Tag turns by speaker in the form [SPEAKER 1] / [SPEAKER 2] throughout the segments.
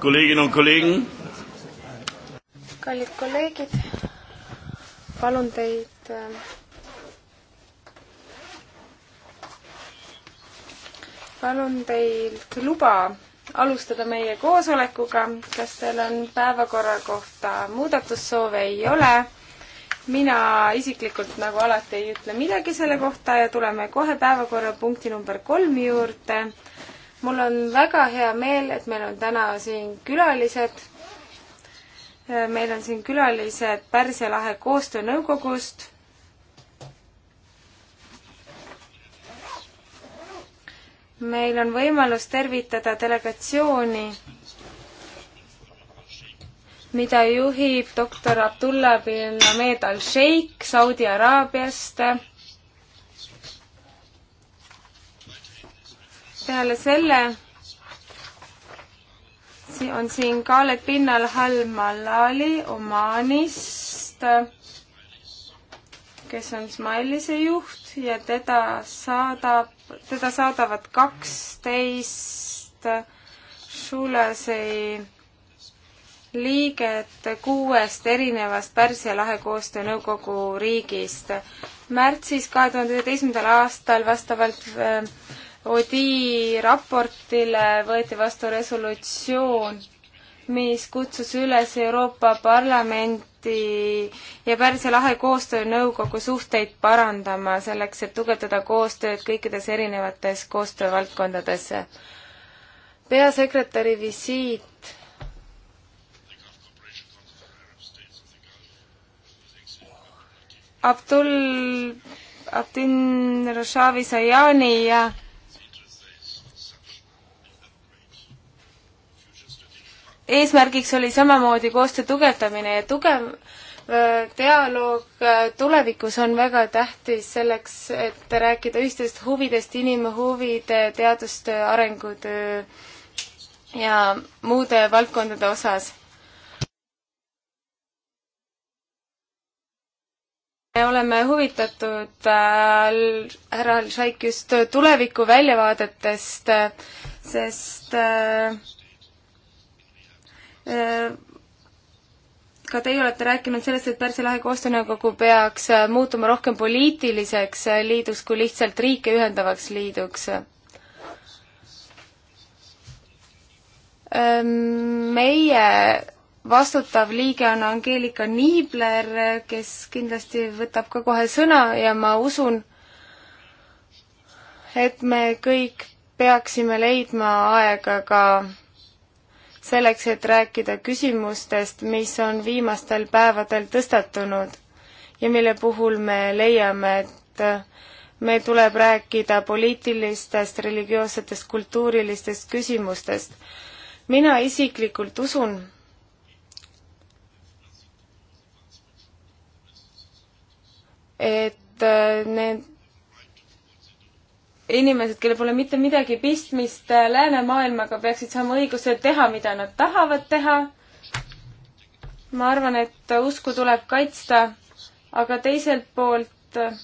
[SPEAKER 1] Kolleginnen und Kollegen. kallid kolleegid, palun teid äh, palun teilt luba alustada meie koosolekuga. kas teil on päevakorra kohta muudatussoove? ei ole. mina isiklikult nagu alati ei ütle midagi selle kohta ja tuleme kohe päevakorrapunkti number kolm juurde mul on väga hea meel, et meil on täna siin külalised. meil on siin külalised Pärsia lahe koostöönõukogust. meil on võimalus tervitada delegatsiooni, mida juhib doktor Abdullah bin Ahmed al-Sheikh Saudi Araabiast peale selle on siin Khaled pinnal Hal-Malali Omaanist, kes on Smilise juht ja teda saadab, teda saadavad kaksteist Šulasi liiget kuuest erinevast Pärsia lahe koostöönõukogu riigist. märtsis kahe tuhande üheteistkümnendal aastal vastavalt äh, Odi raportile võeti vastu resolutsioon, mis kutsus üles Euroopa Parlamenti ja Pärsia lahe koostöönõukogu suhteid parandama selleks, et tugevdada koostööd kõikides erinevates koostöövaldkondades. peasekretäri visiit Abdul Abdin Rošavi Sajani ja eesmärgiks oli samamoodi koostöö tugevdamine ja tugev äh, dialoog äh, tulevikus on väga tähtis selleks, et rääkida ühistest huvidest, inimhuvide, teadustöö, arengutöö ja muude valdkondade osas. me oleme huvitatud äh, härra äh, Al-Shaik just tuleviku väljavaadetest, sest äh, Äh, ka teie olete rääkinud sellest, et Pärsia lahe koostöönõukogu peaks äh, muutuma rohkem poliitiliseks äh, liiduks kui lihtsalt riike ühendavaks liiduks. Ähm, meie vastutav liige on Angeelika Niibler, kes kindlasti võtab ka kohe sõna ja ma usun, et me kõik peaksime leidma aega ka selleks, et rääkida küsimustest, mis on viimastel päevadel tõstatunud ja mille puhul me leiame, et äh, meil tuleb rääkida poliitilistest, religioossetest, kultuurilistest küsimustest. mina isiklikult usun, et äh, need inimesed, kellel pole mitte midagi pistmist äh, läänemaailmaga, peaksid saama õiguse teha, mida nad tahavad teha. ma arvan, et äh, usku tuleb kaitsta, aga teiselt poolt äh,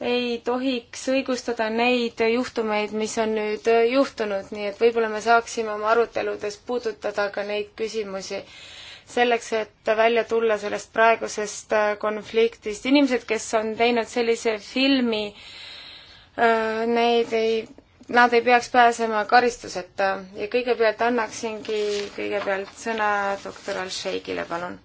[SPEAKER 1] ei tohiks õigustada neid juhtumeid, mis on nüüd juhtunud, nii et võib-olla me saaksime oma aruteludes puudutada ka neid küsimusi selleks, et välja tulla sellest praegusest konfliktist. inimesed, kes on teinud sellise filmi äh, Äh, neid ei, nad ei peaks pääsema karistuseta ja kõigepealt annaksingi kõigepealt sõna doktor Al-Sheikile, palun.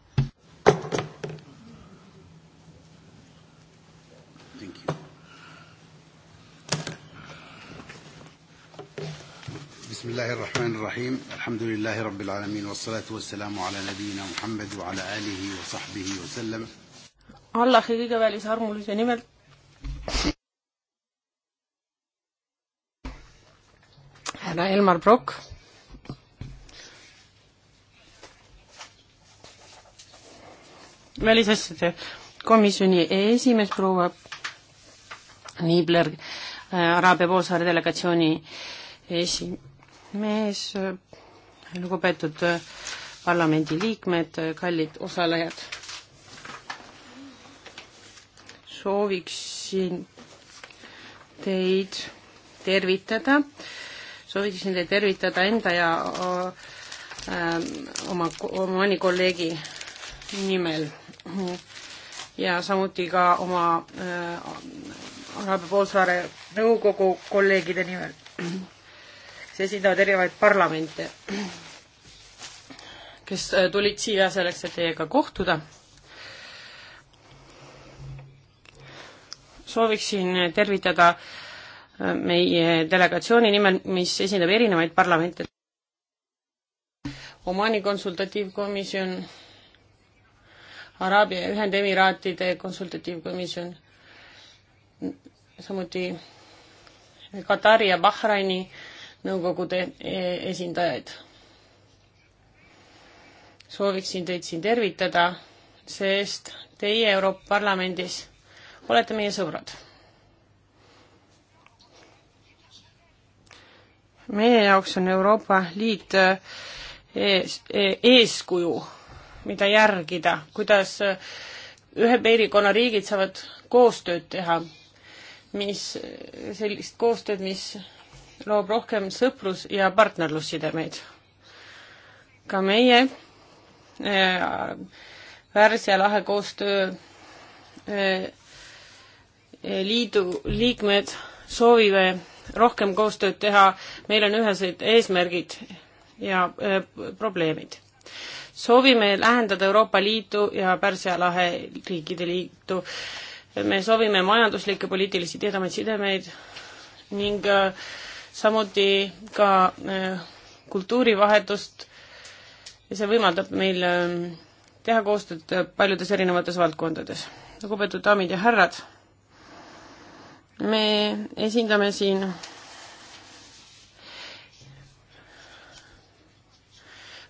[SPEAKER 2] بسم الله الرحمن الرحيم الحمد لله رب العالمين والصلاة والسلام على نبينا محمد وعلى آله وصحبه وسلم الله kõigeväelise armulise nimel härra Elmar Brokk. välisasjade komisjoni esimees proua Niibler, äh, Araabia poolsaare delegatsiooni esimees, äh, lugupeetud äh, parlamendiliikmed, kallid osalejad. sooviksin teid tervitada sooviksin teid tervitada enda ja ähm, oma, oma mõni kolleegi nimel ja samuti ka oma äh, Araabia poolsaare nõukogu kolleegide nimel, kes esindavad erinevaid parlamente, kes äh, tulid siia selleks, et teiega kohtuda. sooviksin tervitada äh, meie delegatsiooni nimel, mis esindab erinevaid parlamente. Omaani konsultatiivkomisjon, Araabia Ühendemiraatide konsultatiivkomisjon, samuti Katari ja Bahraini nõukogude e-, esindajaid. sooviksin teid siin tervitada, sest teie Euroopa Parlamendis olete meie sõbrad meie jaoks on Euroopa Liit äh, ees, e, eeskuju, mida järgida, kuidas äh, ühe piirkonna riigid saavad koostööd teha, mis, sellist koostööd, mis loob rohkem sõprus- ja partnerlussidemeid. ka meie äh, Värsi ja Lahe koostöö liidu liikmed soovime rohkem koostööd teha, meil on ühesed eesmärgid ja öö, äh, probleemid. soovime lähendada Euroopa Liitu ja Pärsia lahe riikide liitu. me soovime majanduslikke, poliitilisi tihedamaid sidemeid ning öö, äh, samuti ka öö, äh, kultuurivahetust ja see võimaldab meil teha koostööd paljudes erinevates valdkondades. lugupeetud daamid ja härrad me esindame siin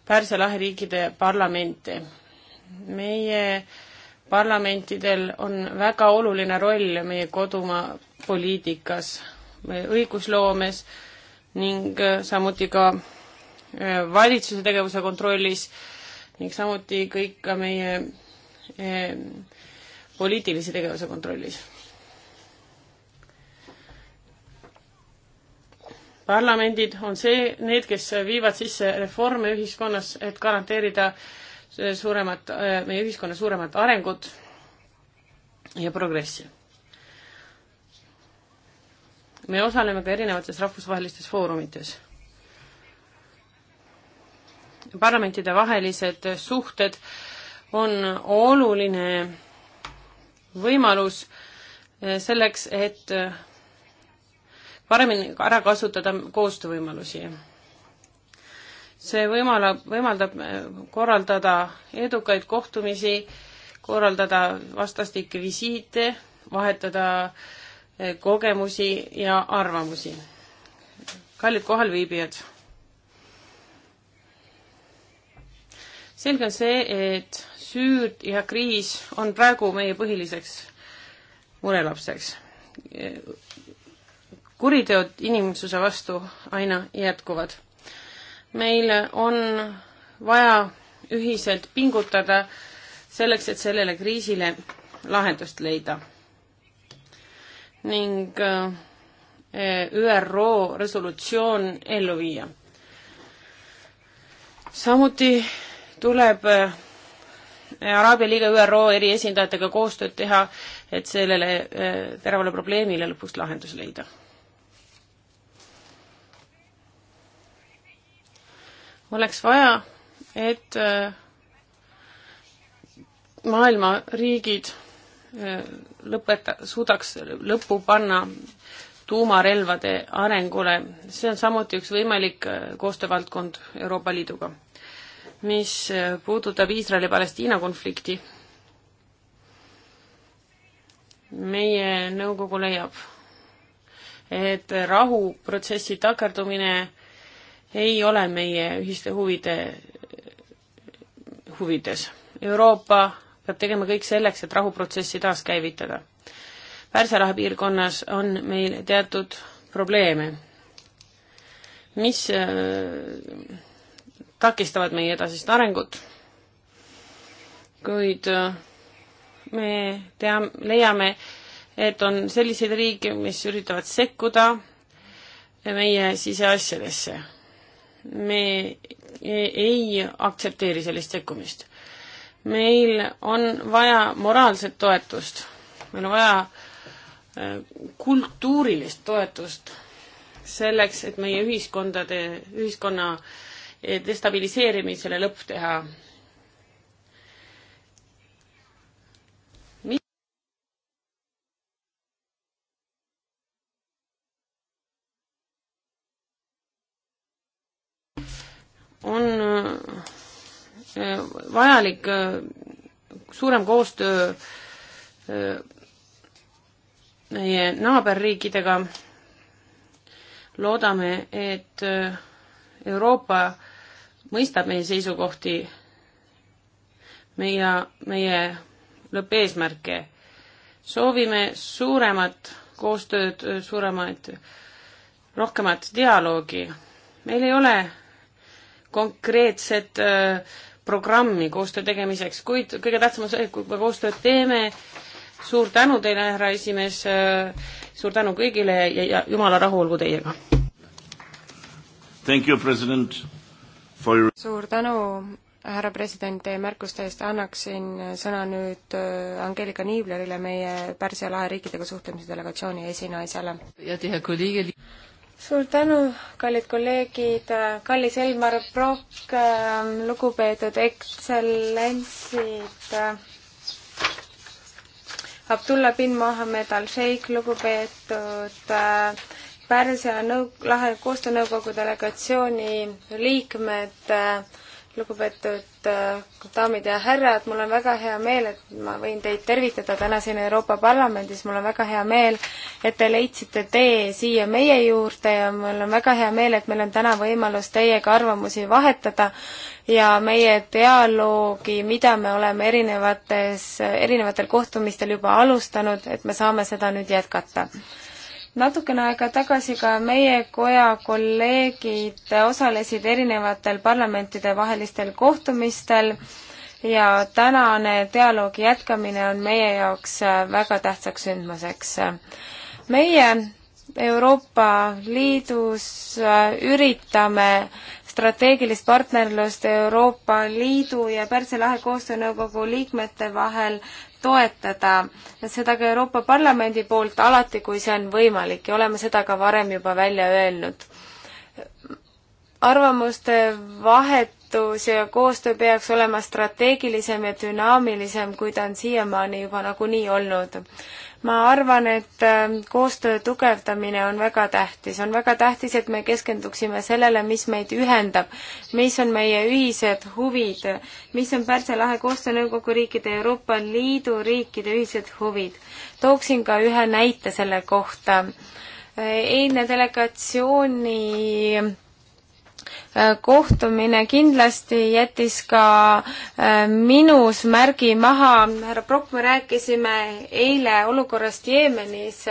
[SPEAKER 2] Pärsia lahe riikide parlamente. meie parlamentidel on väga oluline roll meie kodumaa poliitikas, õigusloomes ning äh, samuti ka äh, valitsuse tegevuse kontrollis ning samuti kõik ka meie äh, poliitilise tegevuse kontrollis parlamendid on see, need, kes viivad sisse reforme ühiskonnas, et garanteerida suuremat, meie ühiskonna suuremat arengut ja progressi. me osaleme ka erinevates rahvusvahelistes foorumites. parlamentidevahelised suhted on oluline võimalus selleks, et paremini ära kasutada koostöövõimalusi. see võimala, võimaldab äh, korraldada edukaid kohtumisi, korraldada vastastikke visiite, vahetada äh, kogemusi ja arvamusi. kallid kohalviibijad selge on see, et Süüria kriis on praegu meie põhiliseks murelapseks kuriteod inimsuse vastu aina jätkuvad. meil on vaja ühiselt pingutada selleks, et sellele kriisile lahendust leida. ning äh, ÜRO resolutsioon ellu viia. samuti tuleb äh, Araabia Liiga ÜRO eriesindajatega koostööd teha, et sellele äh, teravale probleemile lõpuks lahendus leida oleks vaja, et äh, maailma riigid äh, lõpeta-, suudaks lõpu panna tuumarelvade arengule, see on samuti üks võimalik äh, koostöövaldkond Euroopa Liiduga. mis puudutab Iisraeli-Palestiina konflikti, meie nõukogu leiab, et rahuprotsessi takerdumine ei ole meie ühiste huvide huvides. Euroopa peab tegema kõik selleks, et rahuprotsessi taaskäivitada. Pärsia lahe piirkonnas on meil teatud probleeme, mis äh, takistavad meie edasist arengut, kuid äh, me teame, leiame, et on selliseid riike, mis üritavad sekkuda meie siseasjadesse me ei aktsepteeri sellist sekkumist. meil on vaja moraalset toetust, meil on vaja äh, kultuurilist toetust selleks, et meie ühiskondade, ühiskonna destabiliseerimisele lõpp teha vajalik äh, suurem koostöö äh, meie naaberriikidega. loodame, et äh, Euroopa mõistab meie seisukohti, meie, meie lõppeesmärke. soovime suuremat koostööd, suuremaid, rohkemat dialoogi. meil ei ole konkreetset programmi koostöö tegemiseks, kuid kõige tähtsam on see, et kui me koostööd teeme, suur tänu teile, härra esimees, suur tänu kõigile ja, ja jumala rahu olgu teiega! Your...
[SPEAKER 1] suur tänu, härra president, teie märkuste eest, annaksin sõna nüüd äh, Angelika Niiblerile, meie Pärsia lahe riikidega suhtlemise delegatsiooni esinaisele. ja teie kolleegile suur tänu, kallid kolleegid, kallis Elmar Brokk, ähm, lugupeetud ekstsellentsid, Abdullah bin Mohammed al-Sheikh, lugupeetud äh, Pärsia nõu-, lahe koostöönõukogu delegatsiooni liikmed, äh, lugupeetud äh, daamid ja härrad, mul on väga hea meel, et ma võin teid tervitada täna siin Euroopa Parlamendis, mul on väga hea meel, et te leidsite tee siia meie juurde ja mul on väga hea meel, et meil on täna võimalus teiega arvamusi vahetada ja meie dialoogi, mida me oleme erinevates, erinevatel kohtumistel juba alustanud, et me saame seda nüüd jätkata natukene aega tagasi ka meie koja kolleegid osalesid erinevatel parlamentide vahelistel kohtumistel ja tänane dialoogi jätkamine on meie jaoks äh, väga tähtsaks sündmuseks. meie Euroopa Liidus äh, üritame strateegilist partnerlust Euroopa Liidu ja Pärsia lahe koostöönõukogu liikmete vahel toetada seda ka Euroopa Parlamendi poolt alati, kui see on võimalik ja oleme seda ka varem juba välja öelnud. arvamuste vahetus ja koostöö peaks olema strateegilisem ja dünaamilisem, kui ta on siiamaani juba nagunii olnud ma arvan, et ähm, koostöö tugevdamine on väga tähtis, on väga tähtis, et me keskenduksime sellele, mis meid ühendab, mis on meie ühised huvid, mis on Pärsia lahe koostöönõukogu riikide ja Euroopa Liidu riikide ühised huvid. tooksin ka ühe näite selle kohta. Äh, eilne delegatsiooni Äh, kohtumine kindlasti jättis ka äh, minus märgi maha. härra Prokk, me rääkisime eile olukorrast Jeemenis,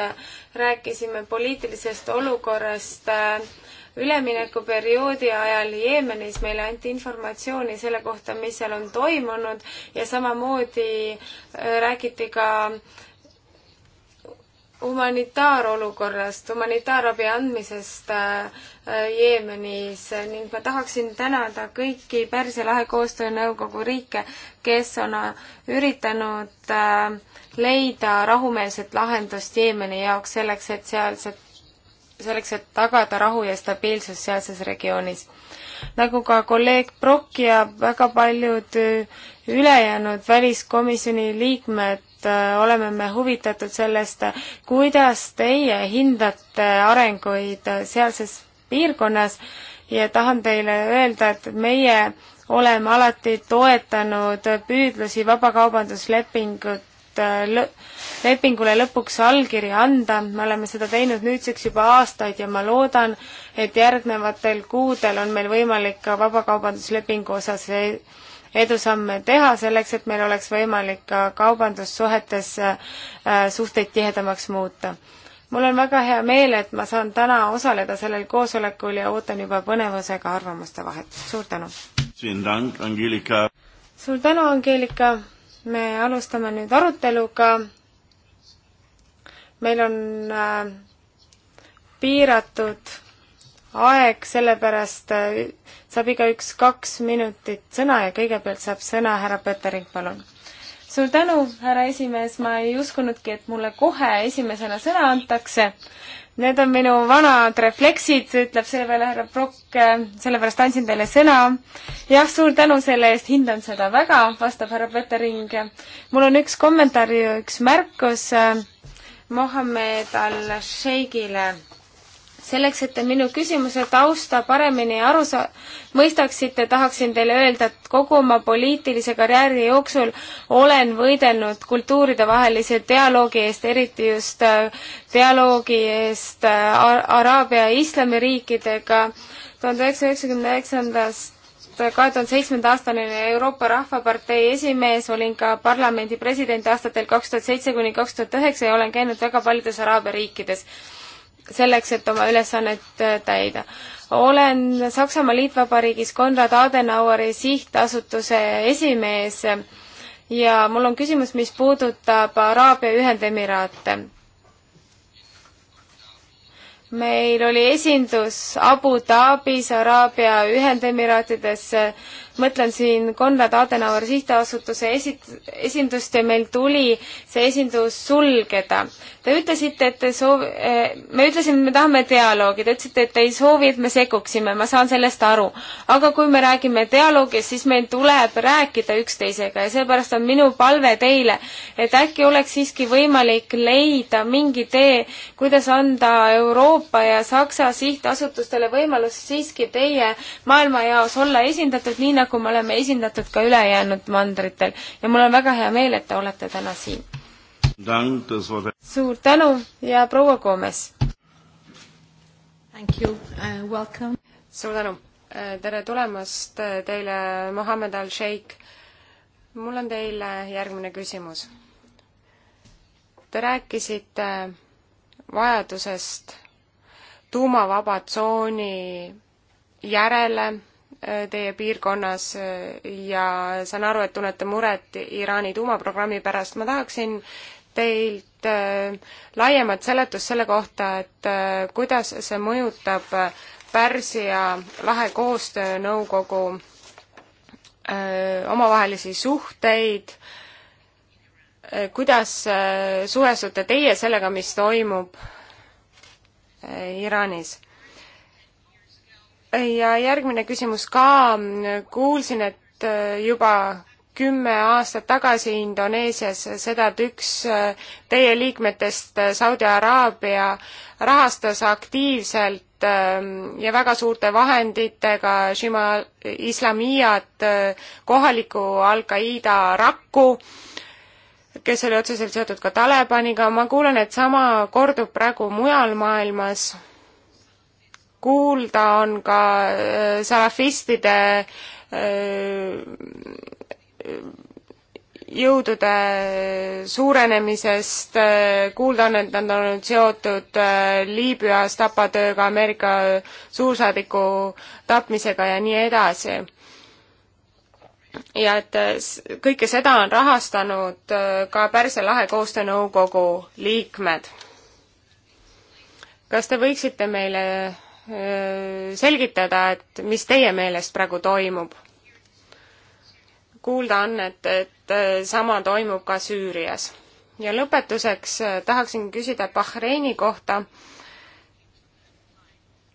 [SPEAKER 1] rääkisime poliitilisest olukorrast äh, üleminekuperioodi ajal Jeemenis meile anti informatsiooni selle kohta, mis seal on toimunud ja samamoodi räägiti ka äh, humanitaarolukorrast, humanitaarabi andmisest äh, äh, Jeemenis ning ma tahaksin tänada kõiki Pärsia lahe koostöönõukogu riike, kes on äh, üritanud leida rahumeelset lahendust Jeemeni jaoks selleks, et sealset, selleks, et tagada rahu ja stabiilsus sealses regioonis. nagu ka kolleeg Brock ja väga paljud ülejäänud väliskomisjoni liikmed Äh, oleme me huvitatud sellest, kuidas teie hindate arenguid äh, sealses piirkonnas ja tahan teile öelda, et meie oleme alati toetanud püüdlusi vabakaubanduslepingut äh, lõ-, lepingule lõpuks allkiri anda, me oleme seda teinud nüüdseks juba aastaid ja ma loodan, et järgnevatel kuudel on meil võimalik ka vabakaubanduslepingu osas edusamme teha selleks, et meil oleks võimalik ka kaubandussuhetes äh, suhteid tihedamaks muuta. mul on väga hea meel, et ma saan täna osaleda sellel koosolekul ja ootan juba põnevusega arvamuste vahetust, suur tänu! suur tänu, Angeelika! me alustame nüüd aruteluga. meil on äh, piiratud aeg, sellepärast äh, saab igaüks kaks minutit sõna ja kõigepealt saab sõna härra Pöttering, palun. suur tänu, härra esimees, ma ei uskunudki, et mulle kohe esimesena sõna antakse. Need on minu vanad refleksid, ütleb selle peale härra Prokk, äh, sellepärast andsin teile sõna. jah, suur tänu selle eest, hindan seda väga, vastab härra Pöttering. mul on üks kommentaar ja üks märkus äh, Mohammed al-Sheigile selleks, et te minu küsimuse tausta paremini aru sa-, mõistaksite, tahaksin teile öelda, et kogu oma poliitilise karjääri jooksul olen võidelnud kultuuridevahelise dialoogi eest, eriti just äh, dialoogi eest äh, Araabia ja islamiriikidega tuhande üheksasaja üheksakümne üheksandast kahe tuhande seitsmenda aastani Euroopa Rahvapartei esimees, olin ka parlamendi president aastatel kaks tuhat seitse kuni kaks tuhat üheksa ja olen käinud väga paljudes Araabia riikides selleks, et oma ülesannet äh, täida. olen Saksamaa Liitvabariigis Konrad Adenaueri sihtasutuse esimees ja mul on küsimus, mis puudutab Araabia Ühendemiraate. meil oli esindus Abu Dhabis Araabia Ühendemiraatides mõtlen siin Konrad Adenauer sihtasutuse esit-, esindust ja meil tuli see esindus sulgeda. Te ütlesite, et te soov-, eh, me ütlesime, et me tahame dialoogi, te ütlesite, et te ei soovi, et me seguksime, ma saan sellest aru. aga kui me räägime dialoogist, siis meil tuleb rääkida üksteisega ja seepärast on minu palve teile, et äkki oleks siiski võimalik leida mingi tee, kuidas anda Euroopa ja Saksa sihtasutustele võimalus siiski teie maailmajaos olla esindatud, nii nagu nagu me oleme esindatud ka ülejäänud mandritel ja mul on väga hea meel, et te olete täna siin. suur tänu ja proua Gomes! Uh, suur tänu! Uh, tere tulemast uh, teile, Mohammed Al-Sheikh. mul on teile järgmine küsimus. Te rääkisite uh, vajadusest tuumavaba tsooni järele teie piirkonnas ja saan aru, et tunnete muret Iraani tuumaprogrammi pärast. ma tahaksin teilt äh, laiemat seletust selle kohta, et äh, kuidas see mõjutab Pärsia lahe koostöönõukogu äh, omavahelisi suhteid, kuidas suhestute teie sellega, mis toimub Iraanis? ja järgmine küsimus ka, kuulsin, et äh, juba kümme aastat tagasi Indoneesias seda, et üks äh, teie liikmetest, äh, Saudi Araabia, rahastas aktiivselt ähm, ja väga suurte vahenditega Shima Islamiyat, kohaliku Al-Qaeda rakku, kes oli otseselt seotud ka Talibaniga, ma kuulen, et sama kordub praegu mujal maailmas kuulda on ka äh, salafistide äh, jõudude suurenemisest, äh, kuulda on, et nad on olnud seotud Liibüas tapatööga, Ameerika suursaadiku tapmisega ja nii edasi. ja et kõike seda on rahastanud ka Pärsia lahe koostöönõukogu liikmed. kas te võiksite meile Äh, selgitada, et mis teie meelest praegu toimub. kuulda on, et, et äh, sama toimub ka Süürias. ja lõpetuseks äh, tahaksin küsida Bahreini kohta.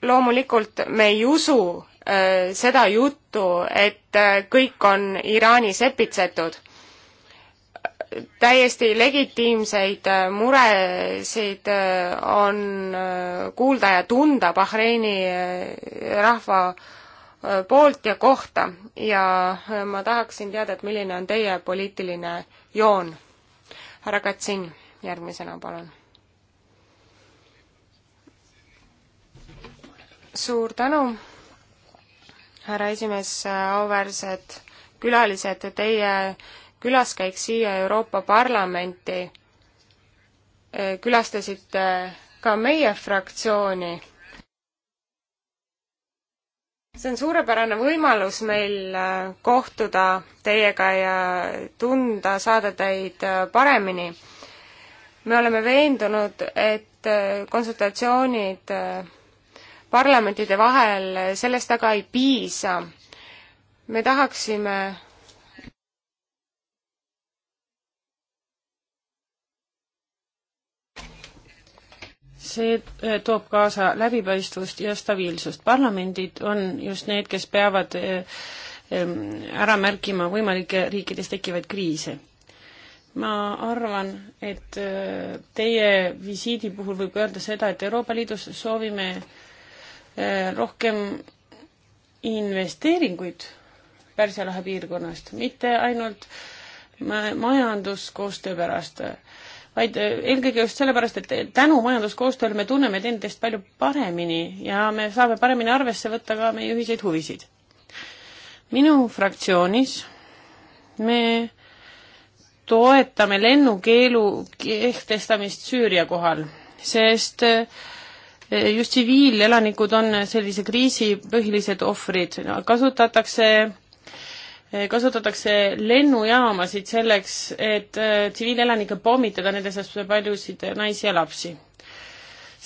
[SPEAKER 1] loomulikult me ei usu seda juttu, et kõik on Iraani sepitsetud täiesti legitiimseid äh, muresid äh, on äh, kuulda ja tunda Bahreini rahva poolt ja kohta ja ma tahaksin teada, et milline on teie poliitiline joon. härra Katsin, järgmisena palun. suur tänu, härra esimees, auväärsed külalised, teie külaskäik siia Euroopa Parlamenti, eh, külastasite ka meie fraktsiooni. see on suurepärane võimalus meil eh, kohtuda teiega ja tunda, saada teid eh, paremini. me oleme veendunud, et konsultatsioonid parlamentide vahel sellest aga ei piisa. me tahaksime see äh, toob
[SPEAKER 2] kaasa läbipaistvust ja stabiilsust. parlamendid on just need, kes peavad äh, ähm, ära märkima võimalike riikides tekkivaid kriise. ma arvan, et äh, teie visiidi puhul võib öelda seda, et Euroopa Liidus soovime rohkem investeeringuid Pärsia lahe piirkonnast, mitte ainult majanduskoostöö pärast vaid äh, eelkõige just sellepärast, et tänu majanduskoostööle me tunneme teineteist palju paremini ja me saame paremini arvesse võtta ka meie ühiseid huvisid. minu fraktsioonis me toetame lennukeelu kehtestamist Süüria kohal, sest äh, just tsiviilelanikud on sellise kriisi põhilised ohvrid, kasutatakse Eh, kasutatakse lennujaamasid selleks, et eh, tsiviilelanikke pommitada, nende seas paljusid naisi ja lapsi.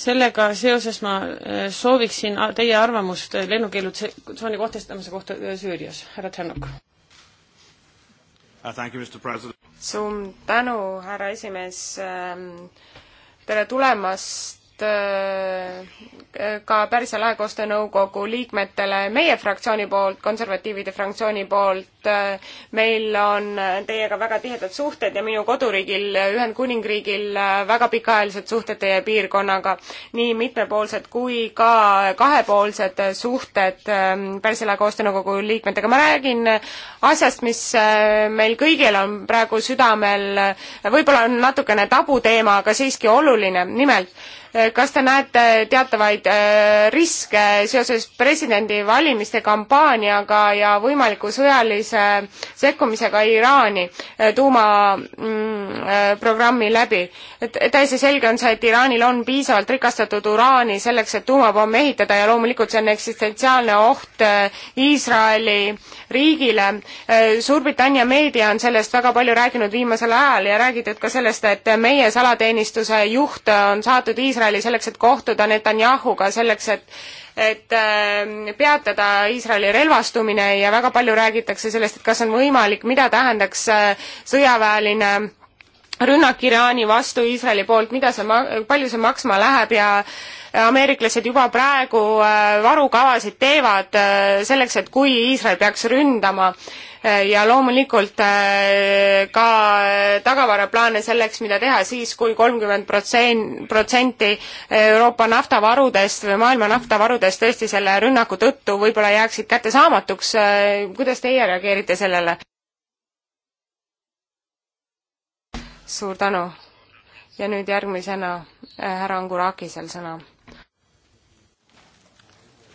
[SPEAKER 2] sellega seoses ma eh, sooviksin teie arvamust lennukeelutsooni kohtestamise kohta Süürias, härra Tšernok. Uh,
[SPEAKER 1] suur tänu, härra esimees, ehm, tere tulemast poolt äh, ka Pärsia lahe koostöönõukogu liikmetele meie fraktsiooni poolt, konservatiivide fraktsiooni poolt. Äh, meil on teiega väga tihedad suhted ja minu koduriigil, Ühendkuningriigil äh, väga pikaajalised suhted teie piirkonnaga, nii mitmepoolsed kui ka kahepoolsed suhted ähm, Pärsia lahe koostöönõukogu liikmetega. ma räägin asjast, mis meil kõigil on praegu südamel, võib-olla on natukene tabuteema, aga siiski oluline, nimelt kas te näete teatavaid äh, riske seoses presidendi valimiste kampaaniaga ja võimaliku sõjalise sekkumisega Iraani äh, tuumaprogrammi mm, äh, läbi? et täiesti selge on see, et Iraanil on piisavalt rikastatud uraani selleks, et tuumapomm ehitada ja loomulikult see on eksistentsiaalne oht Iisraeli riigile. Suurbritannia meedia on sellest väga palju rääkinud viimasel ajal ja räägitud ka sellest, et meie salateenistuse juht on saatud Iisraeli Iisraeli selleks, et kohtuda Netanyahuga, selleks et et äh, peatada Iisraeli relvastumine ja väga palju räägitakse sellest, et kas on võimalik, mida tähendaks äh, sõjaväeline rünnak Iraani vastu Iisraeli poolt, mida see ma-, palju see maksma läheb ja ameeriklased juba praegu äh, varukavasid teevad selleks, et kui Iisrael peaks ründama äh, Eh, ja loomulikult eh, ka eh, tagavaraplaane selleks, mida teha siis kui, kui kolmkümmend protsent, protsenti Euroopa naftavarudest või maailma naftavarudest tõesti selle rünnaku tõttu võib-olla jääksid kättesaamatuks. kuidas teie reageerite sellele? suur tänu. ja nüüd järgmisena härra Angurakisel sõna.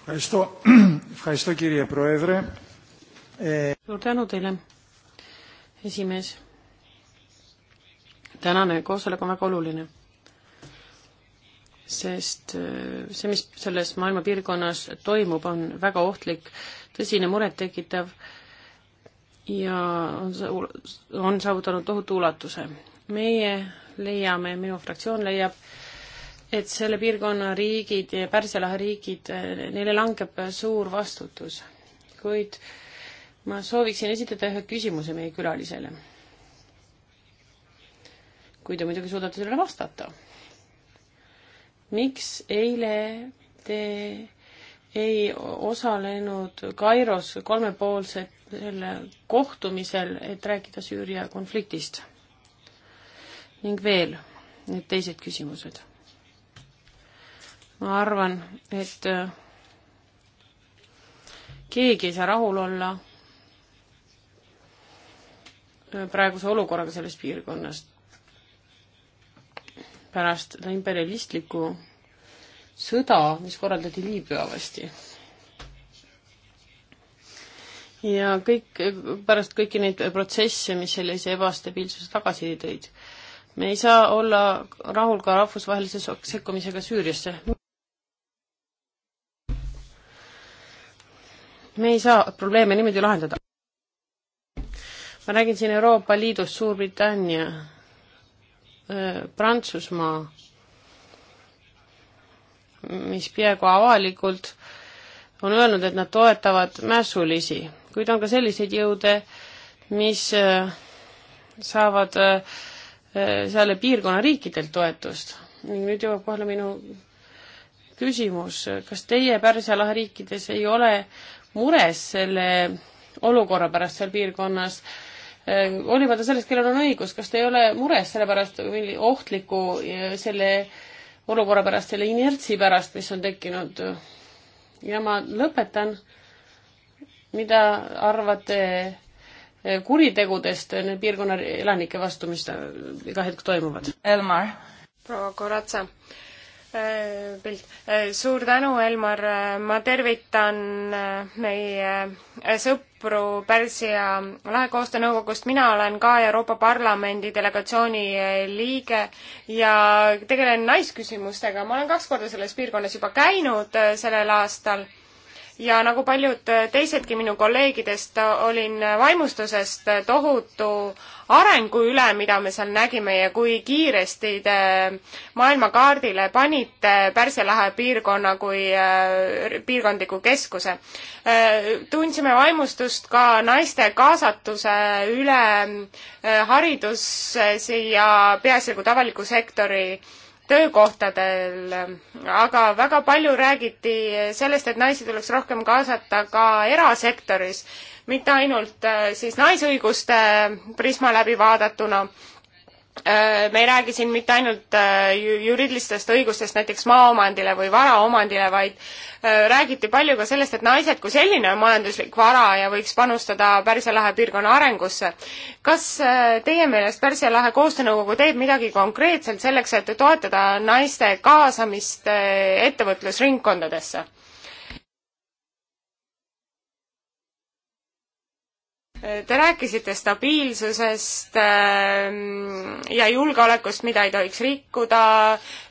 [SPEAKER 2] Ευχαριστώ, ευχαριστώ κύριε Πρόεδρε suur tänu teile, esimees. tänane koosolek on väga oluline, sest äh, see, mis selles maailma piirkonnas toimub, on väga ohtlik, tõsine murettekitav ja on, on saavutanud tohutu ulatuse. meie leiame, minu fraktsioon leiab, et selle piirkonna riigid, Pärsia lahe riigid, äh, neile langeb suur vastutus, kuid äh, ma sooviksin esitada ühe küsimuse meie külalisele. kui te muidugi suudate sellele vastata. miks eile te ei osalenud Kairos kolmepoolsel kohtumisel, et rääkida Süüria konfliktist? ning veel need teised küsimused. ma arvan, et keegi ei saa rahul olla praeguse olukorraga selles piirkonnas. pärast seda imperialistlikku sõda, mis korraldati Liibüa vasti. ja kõik, pärast kõiki neid protsesse, mis sellise ebastabiilsuse tagasi tõid, me ei saa olla rahul ka rahvusvahelise sekkumisega Süüriasse. me ei saa probleeme niimoodi lahendada ma räägin siin Euroopa Liidust, Suurbritannia, Prantsusmaa, mis peaaegu avalikult on öelnud, et nad toetavad mässulisi, kuid on ka selliseid jõude, mis saavad selle piirkonna riikidelt toetust. ning nüüd jõuab kohale minu küsimus, kas teie Pärsia lahe riikides ei ole mures selle olukorra pärast seal piirkonnas äh, Äh, hoolimata sellest, kellel on õigus, kas te ei ole mures selle pärast, ohtliku äh, selle olukorra pärast, selle inertsi pärast, mis on tekkinud? ja ma lõpetan. mida arvate äh, kuritegudest piirkonna elanike vastu, mis iga hetk toimuvad? Elmar.
[SPEAKER 1] proua Koratsa Äh, pilt. Äh, suur tänu, Elmar, äh, ma tervitan meie sõpru Pärsia lahe koostöönõukogust, mina olen ka Euroopa Parlamendi delegatsiooni liige ja tegelen naisküsimustega, ma olen kaks korda selles piirkonnas juba käinud sellel aastal ja nagu paljud äh, teisedki minu kolleegidest, äh, olin äh, vaimustusest tohutu arengu üle, mida me seal nägime ja kui kiiresti te maailmakaardile panite Pärsia lahe piirkonna kui piirkondliku keskuse. tundsime vaimustust ka naiste kaasatuse üle haridusse ja peaasjagu avaliku sektori töökohtadel, aga väga palju räägiti sellest, et naisi tuleks rohkem kaasata ka erasektoris, mitte ainult äh, siis naisõiguste prisma läbi vaadatuna Äh, me ei räägi siin mitte ainult äh, juriidilistest õigustest näiteks maaomandile või varaomandile, vaid äh, räägiti palju ka sellest, et naised kui selline on majanduslik vara ja võiks panustada Pärsia lahe piirkonna arengusse. kas teie meelest Pärsia lahe koostöönõukogu teeb midagi konkreetselt selleks, et toetada naiste kaasamist ettevõtlusringkondadesse? Te rääkisite stabiilsusest ehm, ja julgeolekust, mida ei tohiks rikkuda.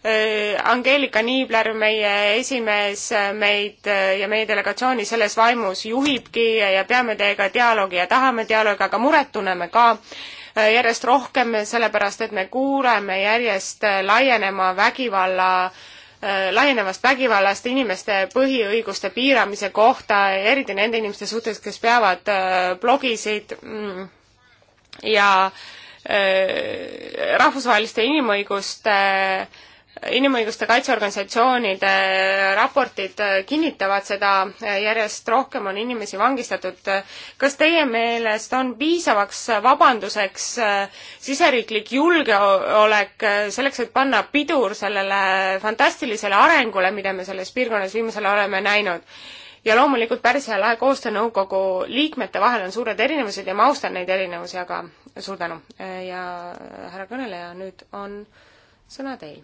[SPEAKER 1] Ehm, Angeelika Niibler, meie esimees, meid eh, ja meie delegatsiooni selles vaimus juhibki ja peame teiega dialoogi ja tahame dialoogi, aga muret tunneme ka eh, järjest rohkem, sellepärast et me kuuleme järjest eh, laienema vägivalla äh, Äh, laienevast vägivallast inimeste põhiõiguste piiramise kohta, eriti nende inimeste suhtes, kes peavad äh, blogisid mm, ja äh, rahvusvaheliste inimõiguste äh, inimõiguste kaitseorganisatsioonide raportid kinnitavad seda, järjest rohkem on inimesi vangistatud. kas teie meelest on piisavaks vabanduseks äh, siseriiklik julgeolek äh, selleks, et panna pidur sellele fantastilisele arengule, mida me selles piirkonnas viimasel ajal oleme näinud? ja loomulikult Pärsia lae koostöönõukogu liikmete vahel on suured erinevused ja ma austan neid erinevusi, aga suur tänu. Äh, ja härra kõneleja, nüüd on sõna teil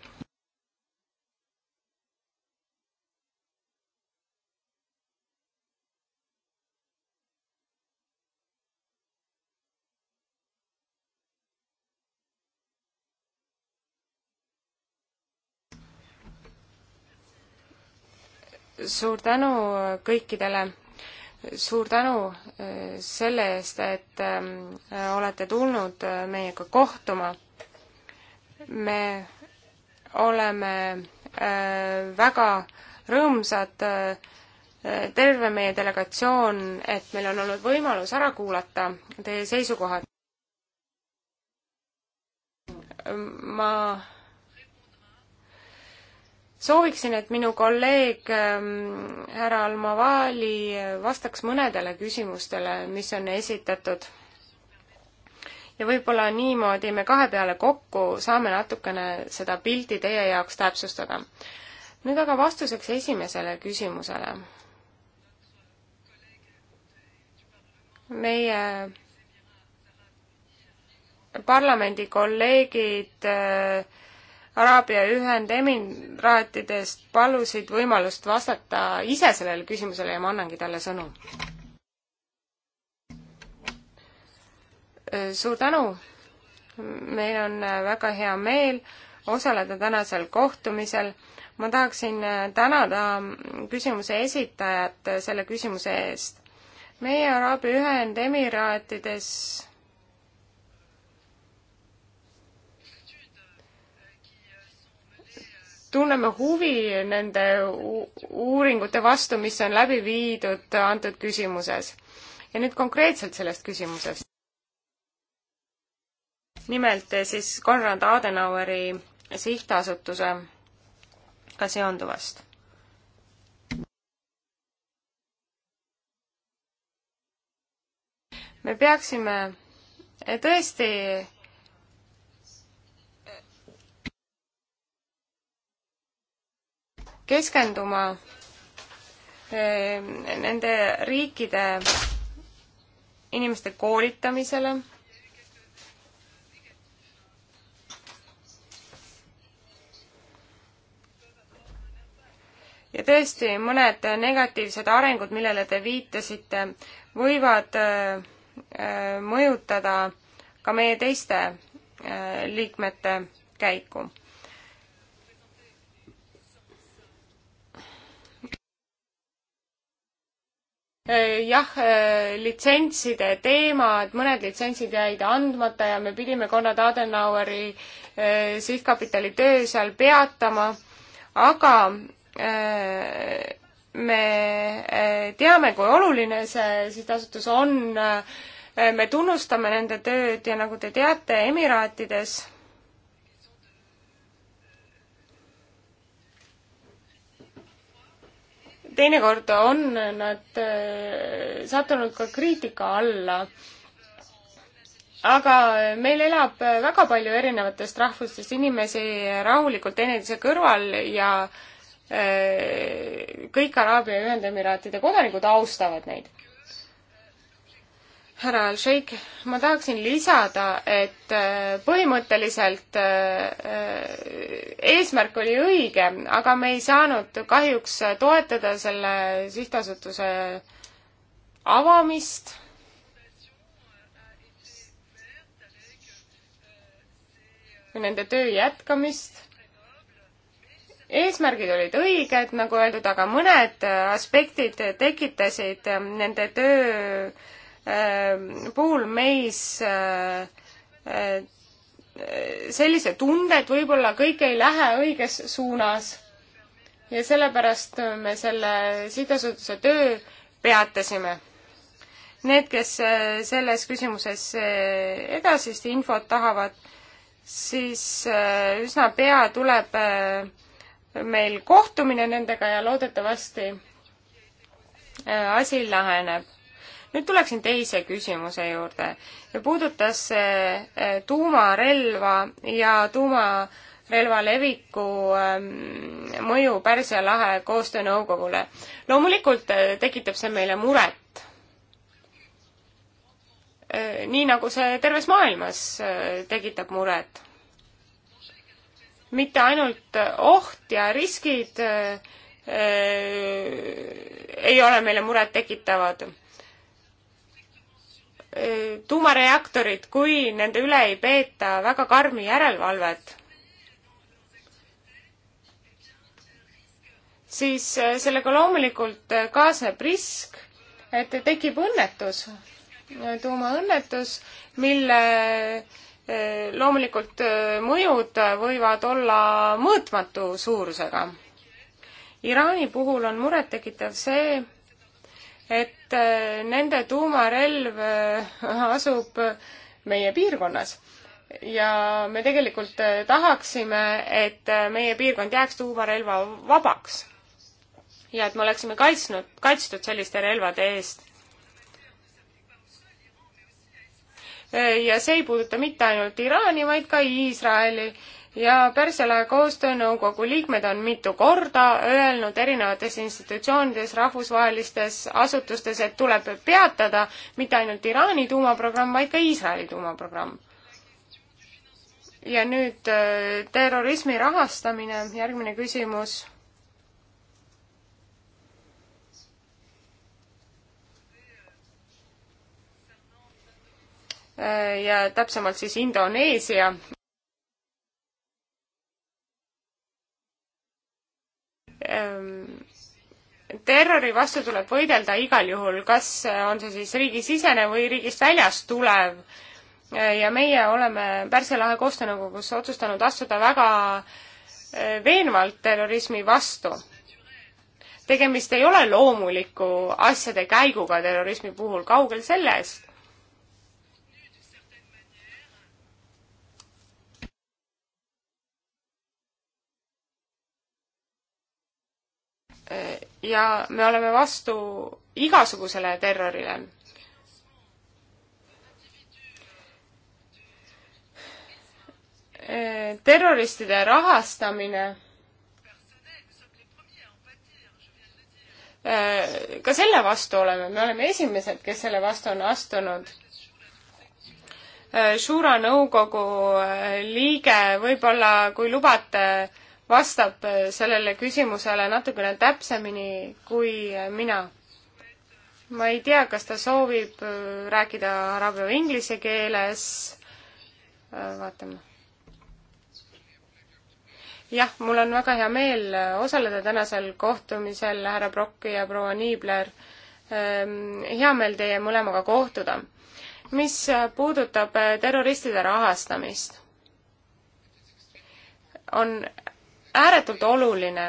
[SPEAKER 1] suur tänu kõikidele, suur tänu äh, selle eest, et ähm, äh, olete tulnud äh, meiega kohtuma. me oleme väga rõõmsad, terve meie delegatsioon, et meil on olnud võimalus ära kuulata teie seisukohad. ma sooviksin, et minu kolleeg ähm, härra Almavali vastaks mõnedele küsimustele, mis on esitatud. ja võib-olla niimoodi me kahe peale kokku saame natukene seda pilti teie jaoks täpsustada. nüüd aga vastuseks esimesele küsimusele. meie parlamendi kolleegid äh, Araabia Ühendemiraatidest palusid võimalust vastata ise sellele küsimusele ja ma annangi talle sõnu. Äh, suur tänu, meil on äh, väga hea meel osaleda tänasel kohtumisel. ma tahaksin äh, tänada mm, küsimuse esitajat selle küsimuse eest. meie Araabia Ühendemiraatides tunneme huvi nende uuringute vastu, mis on läbi viidud antud küsimuses. ja nüüd konkreetselt sellest küsimusest. nimelt eh, siis Konrad Adenaueri sihtasutusega seonduvast. me peaksime eh, tõesti keskenduma eh, nende riikide inimeste koolitamisele ja tõesti, mõned negatiivsed arengud, millele te viitasite, võivad eh, mõjutada ka meie teiste eh, liikmete käiku. jah, eh, litsentside teema, et mõned litsentsid jäid andmata ja me pidime Konrad Adenaueri eh, sihtkapitali töö seal peatama, aga eh, me teame, kui oluline see sihtasutus on, me tunnustame nende tööd ja nagu te teate, Emiraatides teinekord on nad eh, sattunud ka kriitika alla. aga meil elab väga palju erinevatest rahvustest inimesi rahulikult teineteise kõrval ja eh, kõik Araabia Ühendemiraatide kodanikud austavad neid härra Al-Sheik, ma tahaksin lisada, et äh, põhimõtteliselt äh, äh, eesmärk oli õige, aga me ei saanud kahjuks toetada selle sihtasutuse avamist. või nende töö jätkamist. eesmärgid olid õiged, nagu öeldud, aga mõned aspektid tekitasid nende töö Ähm, puhul meis äh, äh, sellise tunde, et võib-olla kõik ei lähe õiges suunas. ja sellepärast me selle sihtasutuse töö peatasime. Need, kes äh, selles küsimuses edasist infot tahavad, siis üsna pea tuleb meil kohtumine nendega ja loodetavasti asi laheneb nüüd tuleksin teise küsimuse juurde. puudutas see eh, eh, tuumarelva ja tuumarelva leviku ehm, mõju Pärsia lahe koostöönõukogule. loomulikult eh, tekitab see meile muret. nii nagu see terves maailmas tekitab muret. mitte ainult oht ja riskid ei ole meile muret tekitavad tuumareaktorid, kui nende üle ei peeta väga karmi järelevalvet, siis äh, sellega loomulikult äh, kaasneb risk, et tekib õnnetus, äh, tuumaõnnetus, mille loomulikult mõjud võivad olla mõõtmatu suurusega. Iraani puhul on murettekitav see, et äh, nende tuumarelv äh, asub meie piirkonnas ja me tegelikult äh, tahaksime, et meie piirkond jääks tuumarelva vabaks. ja et me oleksime kaitsnud, kaitstud selliste relvade eest. ja see ei puuduta mitte ainult Iraani, vaid ka Iisraeli ja Pärsia lahe koostöönõukogu liikmed on mitu korda öelnud erinevates institutsioonides, rahvusvahelistes asutustes, et tuleb peatada mitte ainult Iraani tuumaprogramm, vaid ka Iisraeli tuumaprogramm. ja nüüd äh, terrorismi rahastamine, järgmine küsimus. Äh, ja täpsemalt siis Indoneesia. Ehm, terrori vastu tuleb võidelda igal juhul, kas on see siis riigisisene või riigist väljast tulev e, ja meie oleme Pärsia lahe koostöönõukogus otsustanud astuda väga e, veenvalt terrorismi vastu. tegemist ei ole loomuliku asjade käiguga terrorismi puhul, kaugel sellest. ja me oleme vastu igasugusele terrorile. terroristide rahastamine ka selle vastu oleme, me oleme esimesed, kes selle vastu on astunud. Suura nõukogu liige, võib-olla kui lubate, vastab äh, sellele küsimusele natukene täpsemini kui äh, mina. ma ei tea, kas ta soovib äh, rääkida araabia või inglise keeles. vaatame. jah, mul on väga hea meel osaleda tänasel kohtumisel, härra Brock ja proua Niibler. Ähm, hea meel teie mõlemaga kohtuda. mis puudutab terroristide rahastamist, on ääretult oluline,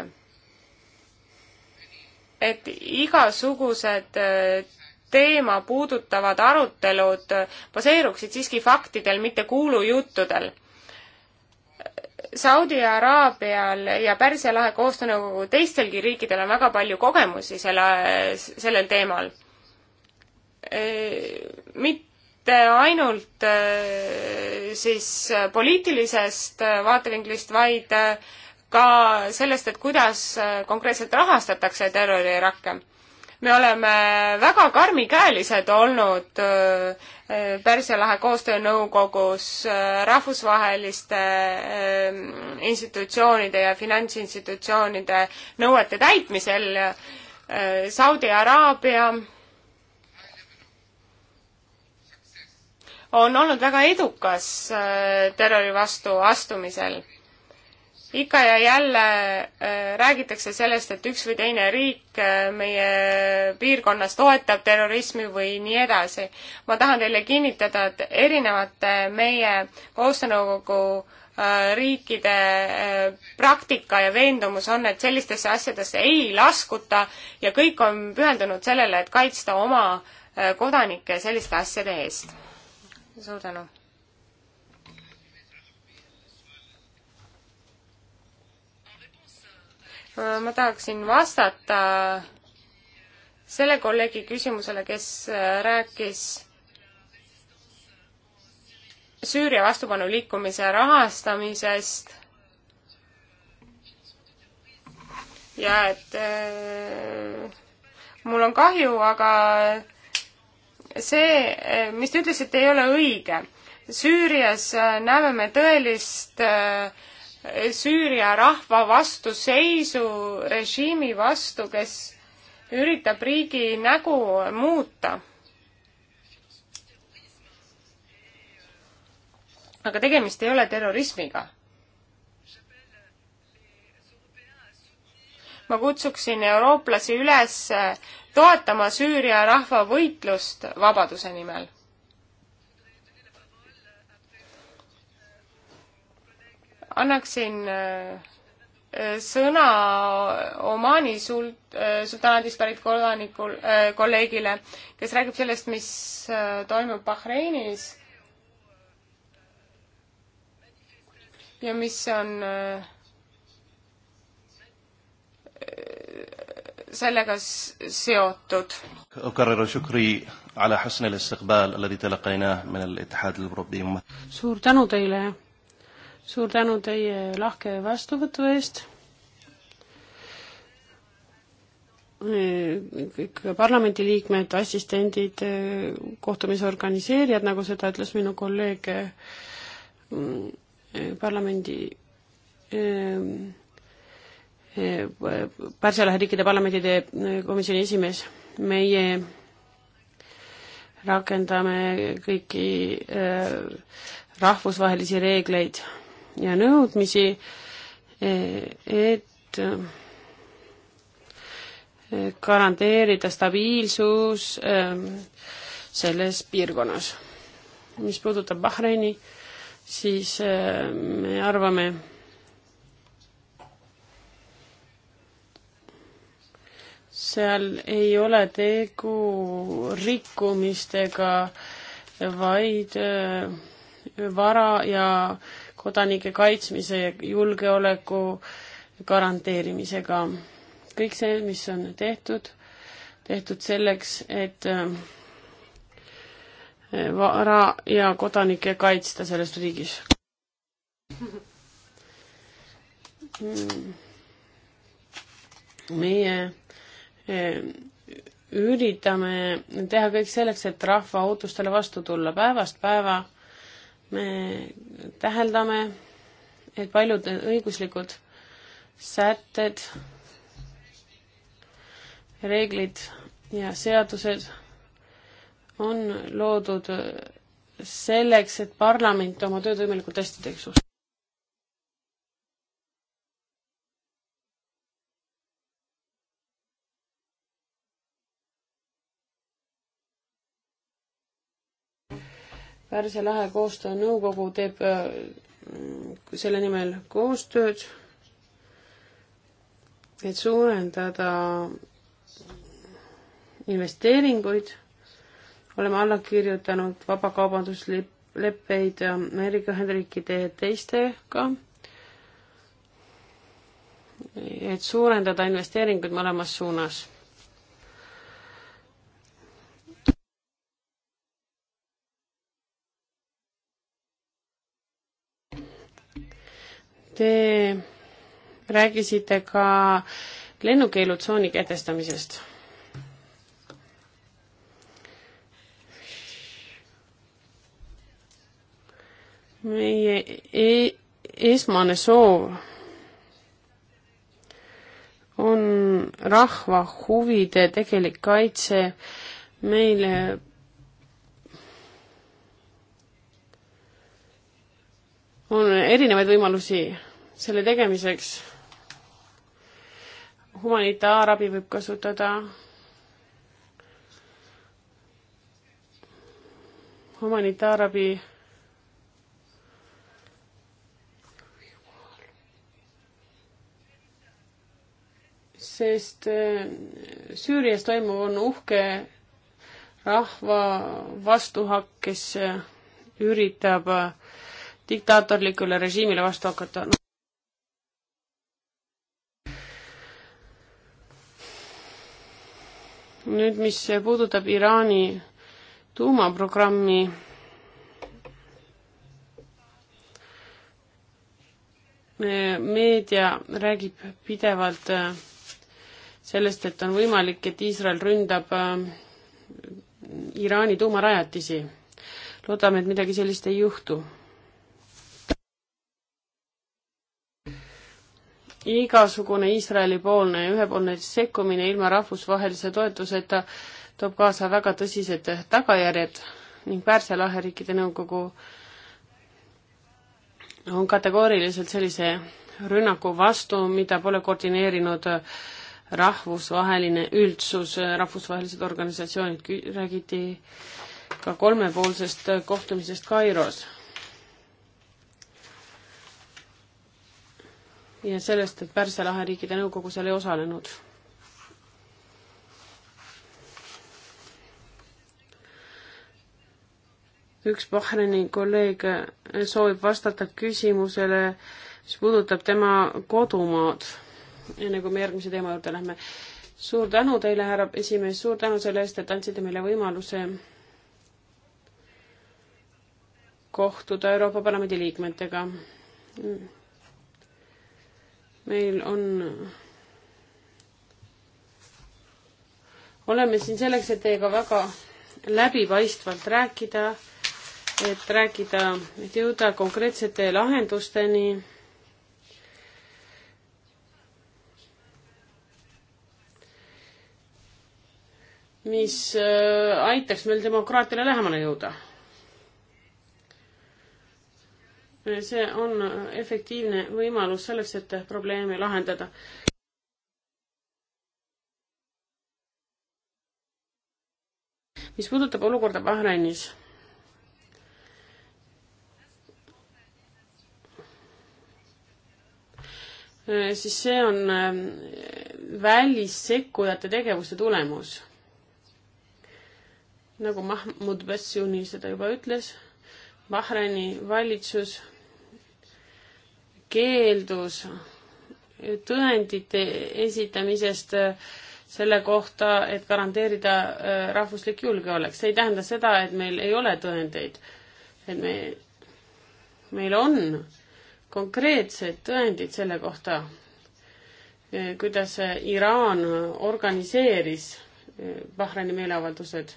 [SPEAKER 1] et igasugused äh, teema puudutavad arutelud baseeruksid siiski faktidel, mitte kuulujuttudel. Saudi Araabial ja Pärsia lahe koostöönõukogu teistelgi riikidel on väga palju kogemusi selle, sellel teemal. Äh, mitte ainult äh, siis poliitilisest vaatevinklist, vaid ka sellest, et kuidas äh, konkreetselt rahastatakse terrorirakke. me oleme väga karmikäelised olnud äh, äh, Pärsia lahe koostöönõukogus rahvusvaheliste institutsioonide ja finantsinstitutsioonide nõuete täitmisel Saudi Araabia on olnud väga edukas terrori vastu astumisel ikka ja jälle äh, räägitakse sellest, et üks või teine riik äh, meie piirkonnas toetab terrorismi või nii edasi. ma tahan teile kinnitada, et erinevate meie koostöönõukogu äh, riikide praktika ja veendumus on, et sellistesse asjadesse ei laskuta ja kõik on pühendunud sellele, et kaitsta oma kodanikke selliste asjade eest. suur tänu! ma tahaksin vastata selle kolleegi küsimusele, kes äh, rääkis Süüria vastupanuliikumise rahastamisest ja et äh, mul on kahju, aga see, äh, mis te ütlesite, ei ole õige. Süürias äh, näeme me tõelist äh, Süüria rahva vastu, seisu režiimi vastu, kes üritab riigi nägu muuta. aga tegemist ei ole terrorismiga. ma kutsuksin eurooplasi üles toetama Süüria rahva võitlust vabaduse nimel annaksin äh, äh, sõna Omaani sult-, äh, sultaanaadist pärit kodanikul, kolleegile, kes räägib sellest, mis toimub Bahreinis ja mis on sellega seotud.
[SPEAKER 2] suur tänu teile suur tänu teie lahke vastuvõtu eest. kõik parlamendiliikmed, assistendid, kohtumise organiseerijad, nagu seda ütles minu kolleeg mm, parlamendi mm, Pärsia lahe riikide parlamendide komisjoni esimees, meie rakendame kõiki eh, rahvusvahelisi reegleid ja nõudmisi, e, et e, garanteerida stabiilsus e, selles piirkonnas. mis puudutab Bahreini, siis me arvame, seal ei ole tegu rikkumistega, vaid vara ja äh, kodanike kaitsmise ja julgeoleku garanteerimisega. kõik see, mis on tehtud, tehtud selleks, et äh, vara ja kodanikke kaitsta selles riigis. meie äh, üritame teha kõik selleks, et rahva ootustele vastu tulla päevast päeva me täheldame, et paljud õiguslikud sätted, reeglid ja seadused on loodud selleks, et parlament oma tööd võimalikult hästi teeks. Pärsia lahe koostöönõukogu teeb äh, selle nimel koostööd, et suurendada investeeringuid, oleme alla kirjutanud vabakaubandusleppeid Ameerika Ühendriikide ja teistega, et suurendada investeeringuid mõlemas suunas rääkisite ka lennukeelutsooni kehtestamisest. meie e esmane soov on rahva huvide tegelik kaitse meil on erinevaid võimalusi selle tegemiseks humanitaarabi võib kasutada humanitaarabi sest äh, Süürias toimuv on uhke rahva vastuhakk, kes äh, üritab äh, diktaatorlikule režiimile vastu hakata no.. nüüd, mis puudutab Iraani tuumaprogrammi, meedia räägib pidevalt äh, sellest, et on võimalik, et Iisrael ründab äh, Iraani tuumarajatisi. loodame, et midagi sellist ei juhtu igasugune Iisraeli-poolne ja ühepoolne sekkumine ilma rahvusvahelise toetuseta toob kaasa väga tõsised tagajärjed ning Pärsia lahe riikide nõukogu on kategooriliselt sellise rünnaku vastu, mida pole koordineerinud rahvusvaheline üldsus, rahvusvahelised organisatsioonid, räägiti ka kolmepoolsest kohtumisest Kairos ja sellest, et Pärsia lahe riikide nõukogu seal ei osalenud. üks Bahreini kolleeg soovib vastata küsimusele, mis puudutab tema kodumaad, enne kui me järgmise teema juurde lähme. suur tänu teile, härra esimees, suur tänu selle eest, et andsite meile võimaluse kohtuda Euroopa Parlamendi liikmetega meil on, oleme siin selleks, et teiega väga läbipaistvalt rääkida, et rääkida, et jõuda konkreetsete lahendusteni mis äh, aitaks meil demokraatiale lähemale jõuda. see on efektiivne võimalus selleks, et probleeme lahendada. mis puudutab olukorda Bahrainis, siis see on ähm, välissekkujate tegevuse tulemus. nagu Mahmud Bassuni seda juba ütles, Bahraini valitsus keeldus tõendite esitamisest äh, selle kohta, et garanteerida äh, rahvuslik julgeolek. see ei tähenda seda, et meil ei ole tõendeid, et me, meil on konkreetsed tõendid selle kohta, äh, kuidas Iraan organiseeris Bahraini meeleavaldused.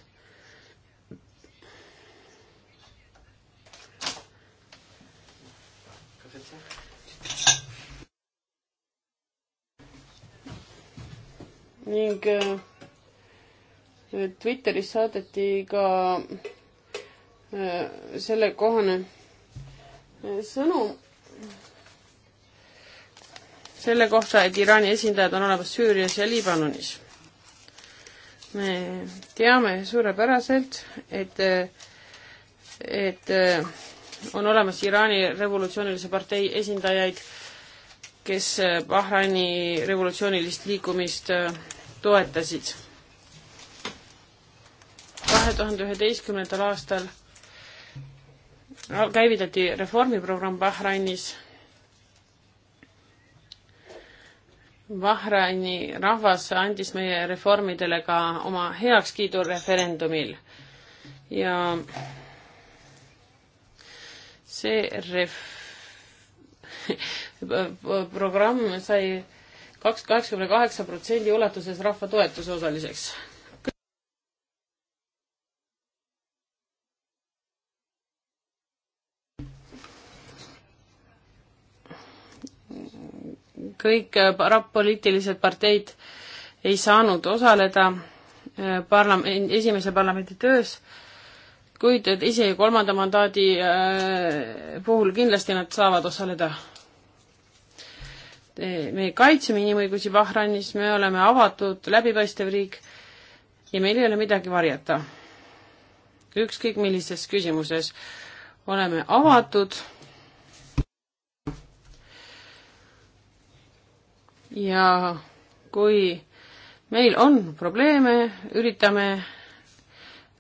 [SPEAKER 2] ning äh, Twitteris saadeti ka äh, sellekohane äh, sõnum selle kohta, et Iraani esindajad on olemas Süürias ja Liibanonis. me teame suurepäraselt, et, et on olemas Iraani revolutsioonilise partei esindajaid, kes Bahraini revolutsioonilist liikumist toetasid. kahe tuhande üheteistkümnendal aastal käivitati reformiprogramm Bahrainis. Bahraini rahvas andis meie reformidele ka oma heakskiidu referendumil ja see ref- programm sai kaks, kaheksakümne kaheksa protsendi ulatuses rahva toetuse osaliseks. kõik äh, poliitilised parteid ei saanud osaleda äh, parlamendi, esimese parlamendi töös, kuid ise kolmanda mandaadi äh, puhul kindlasti nad saavad osaleda Eh, me kaitseme inimõigusi Bahranis, me oleme avatud, läbipaistev riik ja meil ei ole midagi varjata. ükskõik millises küsimuses oleme avatud ja kui meil on probleeme, üritame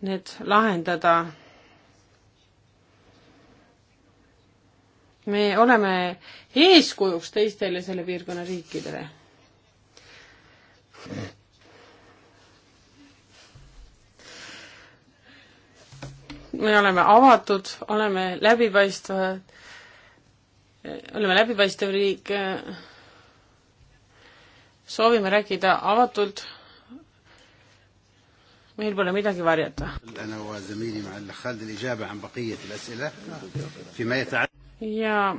[SPEAKER 2] need lahendada me oleme eeskujuks teistele selle piirkonna riikidele. me oleme avatud, oleme läbipaistvad, oleme läbipaistev riik, soovime rääkida avatult, meil pole midagi varjata ja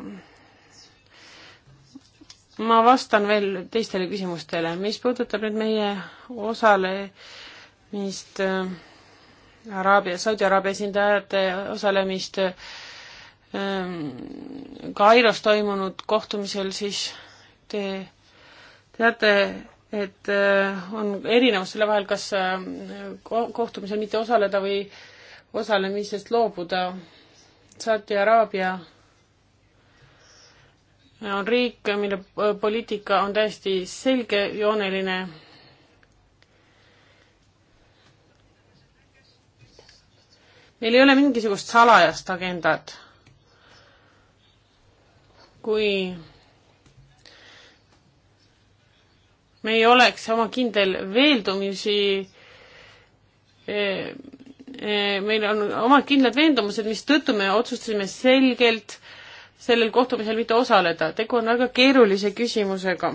[SPEAKER 2] ma vastan veel teistele küsimustele, mis puudutab nüüd meie osalemist äh, Araabia, Saudi-Araabia esindajate osalemist äh, Kairos toimunud kohtumisel, siis te teate, et äh, on erinevus selle vahel, kas äh, ko kohtumisel mitte osaleda või osalemisest loobuda. Saudi-Araabia on riik, mille äh, poliitika on täiesti selgejooneline. meil ei ole mingisugust salajast agendat. kui me ei oleks oma kindel veeldumisi, eh, eh, meil on omad kindlad veendumused, mistõttu me otsustasime selgelt äh, sellel kohtumisel mitte osaleda. tegu on väga keerulise küsimusega.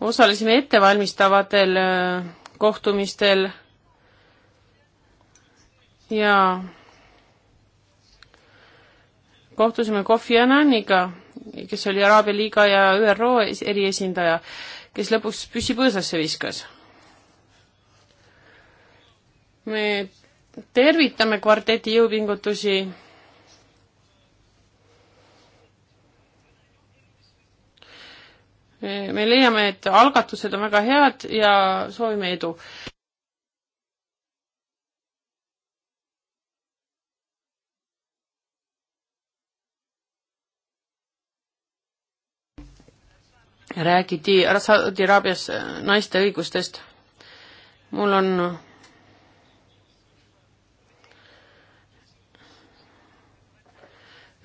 [SPEAKER 2] osalesime ettevalmistavatel äh, kohtumistel ja kohtusime Kofi Annaniga, kes oli Araabia liiga ja ÜRO eriesindaja, kes lõpuks püssi põõsasse viskas. me tervitame kvarteti jõupingutusi. me leiame, et algatused on väga head ja soovime edu. räägiti Saudi Araabias naiste õigustest. mul on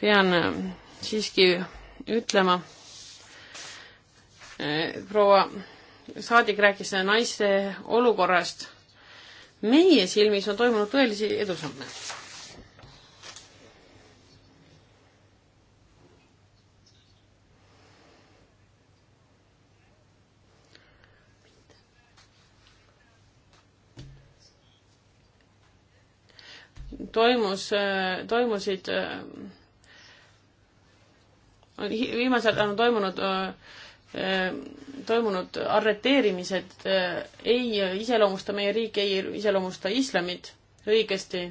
[SPEAKER 2] pean äh, siiski ütlema, äh, proua saadik rääkis äh, naiste olukorrast. meie silmis on toimunud tõelisi edusamme. toimus, toimusid on viimasel ajal on toimunud toimunud arreteerimised ei iseloomusta meie riiki, ei iseloomusta islamit õigesti.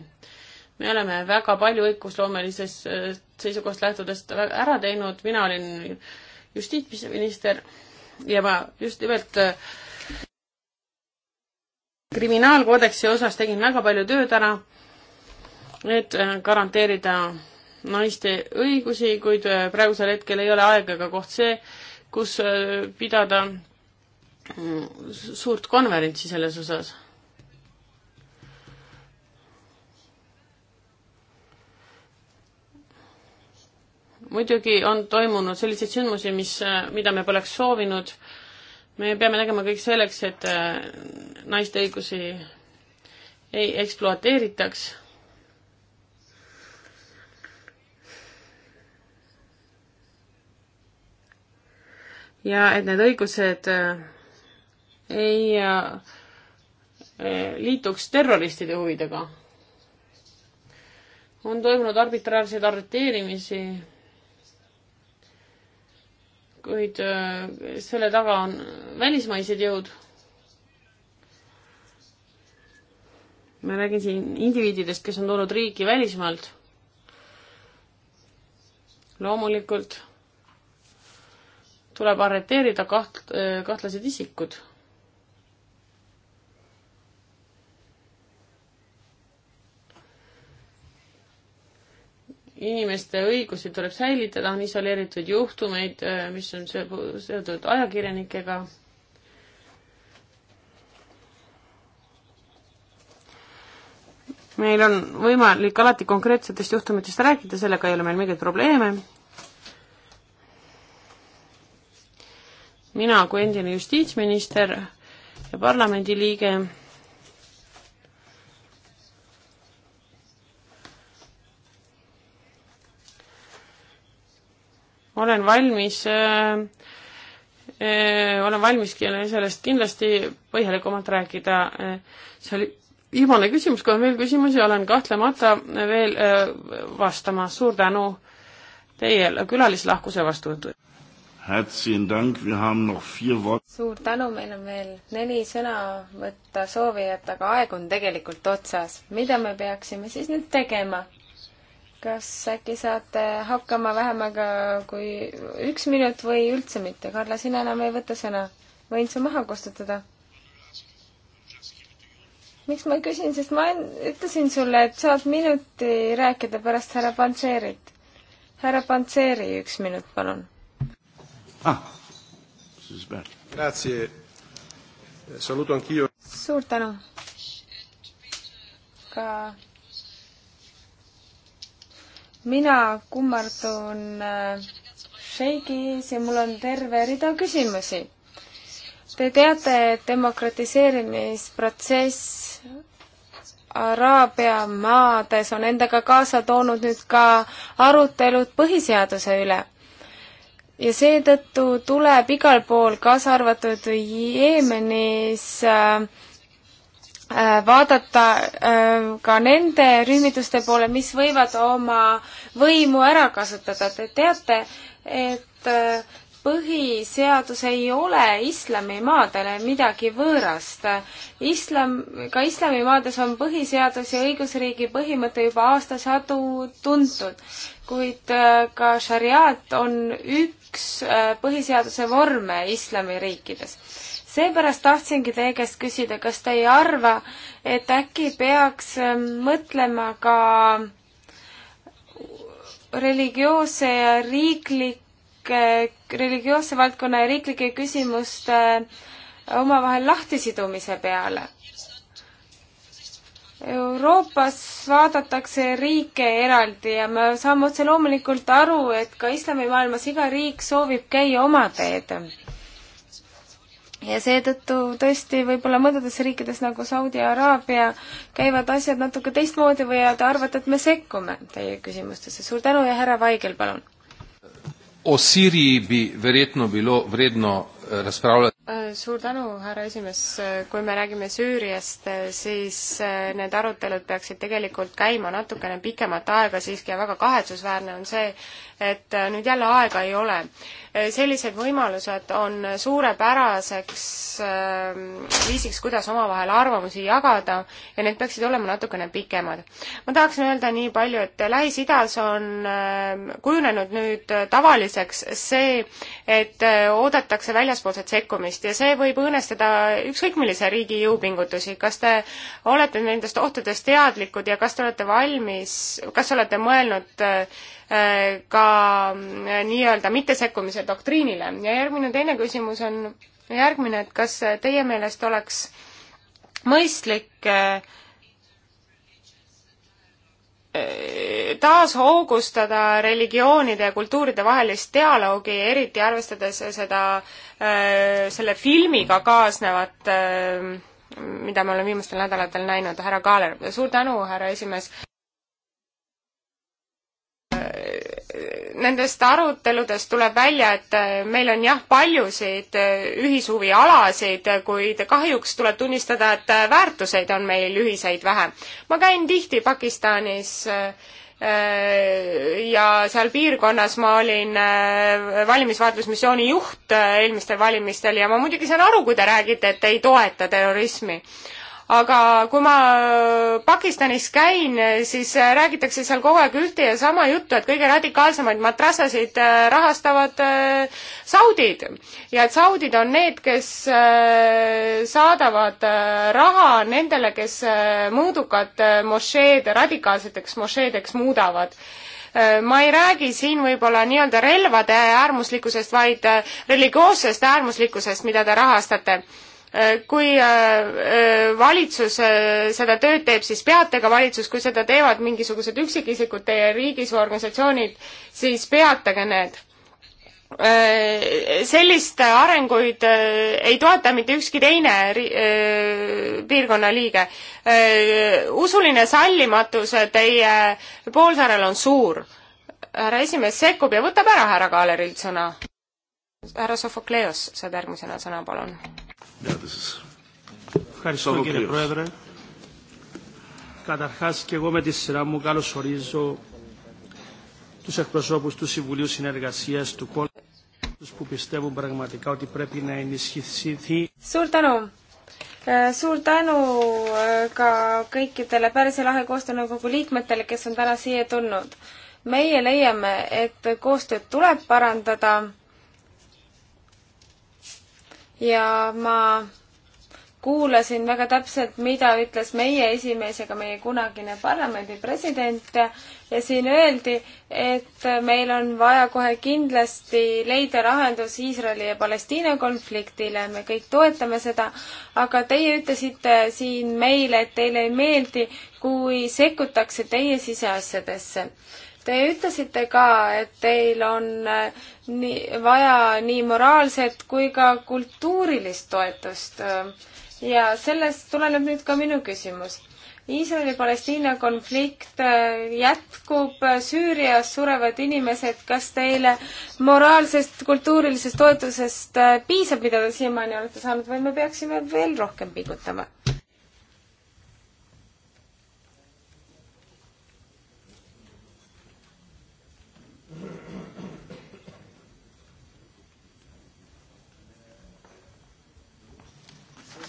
[SPEAKER 2] me oleme väga palju õigusloomelisest seisukohast lähtudes ära teinud, mina olin justiitsminister ja ma just nimelt kriminaalkoodeksi osas tegin väga palju tööd ära, et garanteerida naiste õigusi, kuid äh, praegusel hetkel ei ole aega ega koht see, kus äh, pidada mm, suurt konverentsi selles osas. muidugi on toimunud selliseid sündmusi, mis, äh, mida me poleks soovinud. me peame tegema kõik selleks, et naiste õigusi ei ekspluateeritaks ja et need õigused äh, ei äh, äh, liituks terroristide huvidega. on toimunud arbitraarseid arreteerimisi, kuid selle taga on välismaised jõud. ma räägin siin indiviididest, kes on tulnud riiki välismaalt. loomulikult tuleb arreteerida kaht-, kahtlased isikud. inimeste õigusi tuleb säilitada, on isoleeritud juhtumeid, mis on seotud ajakirjanikega meil on võimalik alati konkreetsetest juhtumitest rääkida, sellega ei ole meil mingeid probleeme, mina kui endine justiitsminister ja parlamendiliige olen valmis öö, äh, öö, äh, olen valmis sellest kindlasti põhjalikumalt rääkida. see oli viimane küsimus, kui on veel küsimusi, olen kahtlemata veel öö, äh, vastama. suur tänu teie külalislahkuse vastuvõtu.
[SPEAKER 1] Herzlichen Dank, wir haben noch vier Wort-. suur tänu, meil on veel neli sõna võtta soovijat, aga aeg on tegelikult otsas. mida me peaksime siis nüüd tegema? kas äkki saate hakkama vähemaga kui üks minut või üldse mitte? Karla, sina enam ei võta sõna. võin su maha kustutada? miks ma küsin, sest ma ütlesin sulle, et saad minuti rääkida pärast härra Pantseerit. härra Pantseeri, üks minut, palun
[SPEAKER 2] ah,. Eh, suur
[SPEAKER 1] tänu. ka mina kummardun äh, Sheigi ees ja mul on terve rida küsimusi. Te teate, et demokratiseerimisprotsess Araabia maades on endaga kaasa toonud nüüd ka arutelud põhiseaduse üle ja seetõttu tuleb igal pool, kaasa arvatud Jeemenis äh,, äh vaadata äh, ka nende rühmituste poole, mis võivad oma võimu ära kasutada. Te teate, et äh, põhiseadus ei ole islamimaadele midagi võõrast. Islam, ka islamimaades on põhiseadus ja õigusriigi põhimõte juba aastasadu tuntud, kuid äh, ka šariaat on üks äh, põhiseaduse vorme islamiriikides. seepärast tahtsingi teie käest küsida, kas te ei arva, et äkki peaks äh, mõtlema ka religioosse ja riikliku religioosse valdkonna ja riiklike küsimuste äh, omavahel lahtisidumise peale. Euroopas vaadatakse riike eraldi ja me saame otse loomulikult aru, et ka islamimaailmas iga riik soovib käia oma teed. ja seetõttu tõesti võib-olla mõndades riikides nagu Saudi Araabia käivad asjad natuke teistmoodi või te arvate, et me sekkume teie küsimustesse. suur tänu ja härra Vaigel, palun!
[SPEAKER 2] O Siriji bi verjetno bilo vredno eh, razpravljati.
[SPEAKER 1] Eh, suur tänu, härra esimees, eh, kui me räägime Süüriast, siis need arutelud peaksid tegelikult käima natukene pikemat aega siiski ja väga kahetsusväärne on see, et äh, nüüd jälle aega ei ole. Äh, sellised võimalused on suurepäraseks ähm, viisiks, kuidas omavahel arvamusi jagada ja need peaksid olema natukene pikemad. ma tahaksin öelda nii palju, et Lähis-Idas on ähm, kujunenud nüüd äh, tavaliseks see, et oodatakse väljaspoolset sekkumist ja see võib õõnestada ükskõik millise riigi jõupingutusi. kas te olete nendest ohtudest teadlikud ja kas te olete valmis, kas olete mõelnud Äh, ka äh, nii-öelda mittesekkumise doktriinile. ja järgmine, teine küsimus on järgmine, et kas teie meelest oleks mõistlik äh, taashoogustada religioonide ja kultuuride vahelist dialoogi, eriti arvestades seda, selle filmiga kaasnevat, mida me oleme viimastel nädalatel näinud, härra Kaaler, suur tänu, härra esimees! nendest aruteludest tuleb välja, et äh, meil on jah, paljusid äh, ühishuvialasid, kuid kahjuks tuleb tunnistada, et äh, väärtuseid on meil ühiseid vähe. ma käin tihti Pakistanis ja seal piirkonnas ma olin valimisvaatlusmissiooni juht eelmistel valimistel ja ma muidugi saan aru, kui te räägite, et te ei toeta terrorismi aga kui ma äh, Pakistanis käin, äh, siis äh, räägitakse seal kogu aeg ühte ja sama juttu, et kõige radikaalsemaid matrassasid rahastavad saudid. ja et saudid on need, kes saadavad raha nendele, kes mõõdukad mošeed radikaalseteks mošeedeks muudavad ma ei räägi siin võib-olla nii-öelda relvade äärmuslikkusest, vaid religioossest äärmuslikkusest, mida te rahastate kui äh, äh, valitsus äh, seda tööd teeb, siis peatega valitsus, kui seda teevad mingisugused üksikisikud teie riigis või organisatsioonid, siis peatage need. sellist arenguid ei toeta mitte ükski teine piirkonna liige. usuline sallimatus teie poolsaarel on suur. härra esimees sekkub ja võtab ära härra Kaalerilt sõna. härra Sofokleos saab järgmisena sõna, palun
[SPEAKER 2] Ευχαριστώ κύριε Πρόεδρε. Καταρχάς και εγώ με τη σειρά μου καλωσορίζω τους εκπροσώπους του Συμβουλίου Συνεργασίας του Κόλπου που πιστεύουν πραγματικά ότι πρέπει να ενισχυθεί.
[SPEAKER 1] Suur tänu! suur tänu ka kõikidele Pärsia lahe koostöönõukogu liikmetele, kes on täna siia tulnud. meie leiame, et koostööd tuleb parandada ja ma kuulasin väga täpselt, mida ütles meie esimees ja ka meie kunagine parlamendi president ja siin öeldi, et meil on vaja kohe kindlasti leida lahendus Iisraeli ja Palestiina konfliktile, me kõik toetame seda, aga teie ütlesite siin meile, et teile ei meeldi, kui sekkutakse teie siseasjadesse Te ütlesite ka, et teil on äh, nii, vaja nii moraalset kui ka kultuurilist toetust. Äh, ja sellest tuleneb nüüd ka minu küsimus. Iisraeli-Palestiina konflikt äh, jätkub, Süürias surevad inimesed, kas teile moraalsest, kultuurilisest toetusest piisab, mida te siiamaani olete saanud või me peaksime veel rohkem pingutama?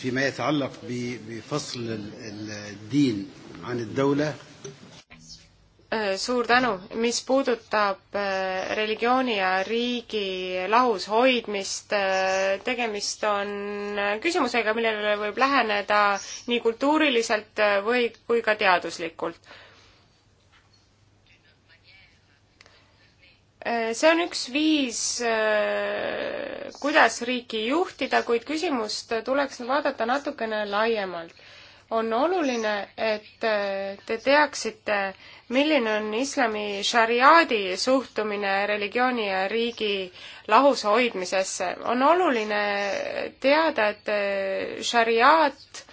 [SPEAKER 2] فيما يتعلق بفصل
[SPEAKER 1] الدين عن الدولة suur tänu, mis puudutab religiooni ja riigi lahus hoidmist, tegemist on küsimusega, millele võib läheneda nii kultuuriliselt või, kui ka teaduslikult Äh, see on üks viis, äh, kuidas riiki juhtida, kuid küsimust tuleks vaadata natukene laiemalt. on oluline, et äh, te teaksite, milline on islami šariaadi suhtumine religiooni ja riigi lahus hoidmisesse. on oluline teada, et šariaat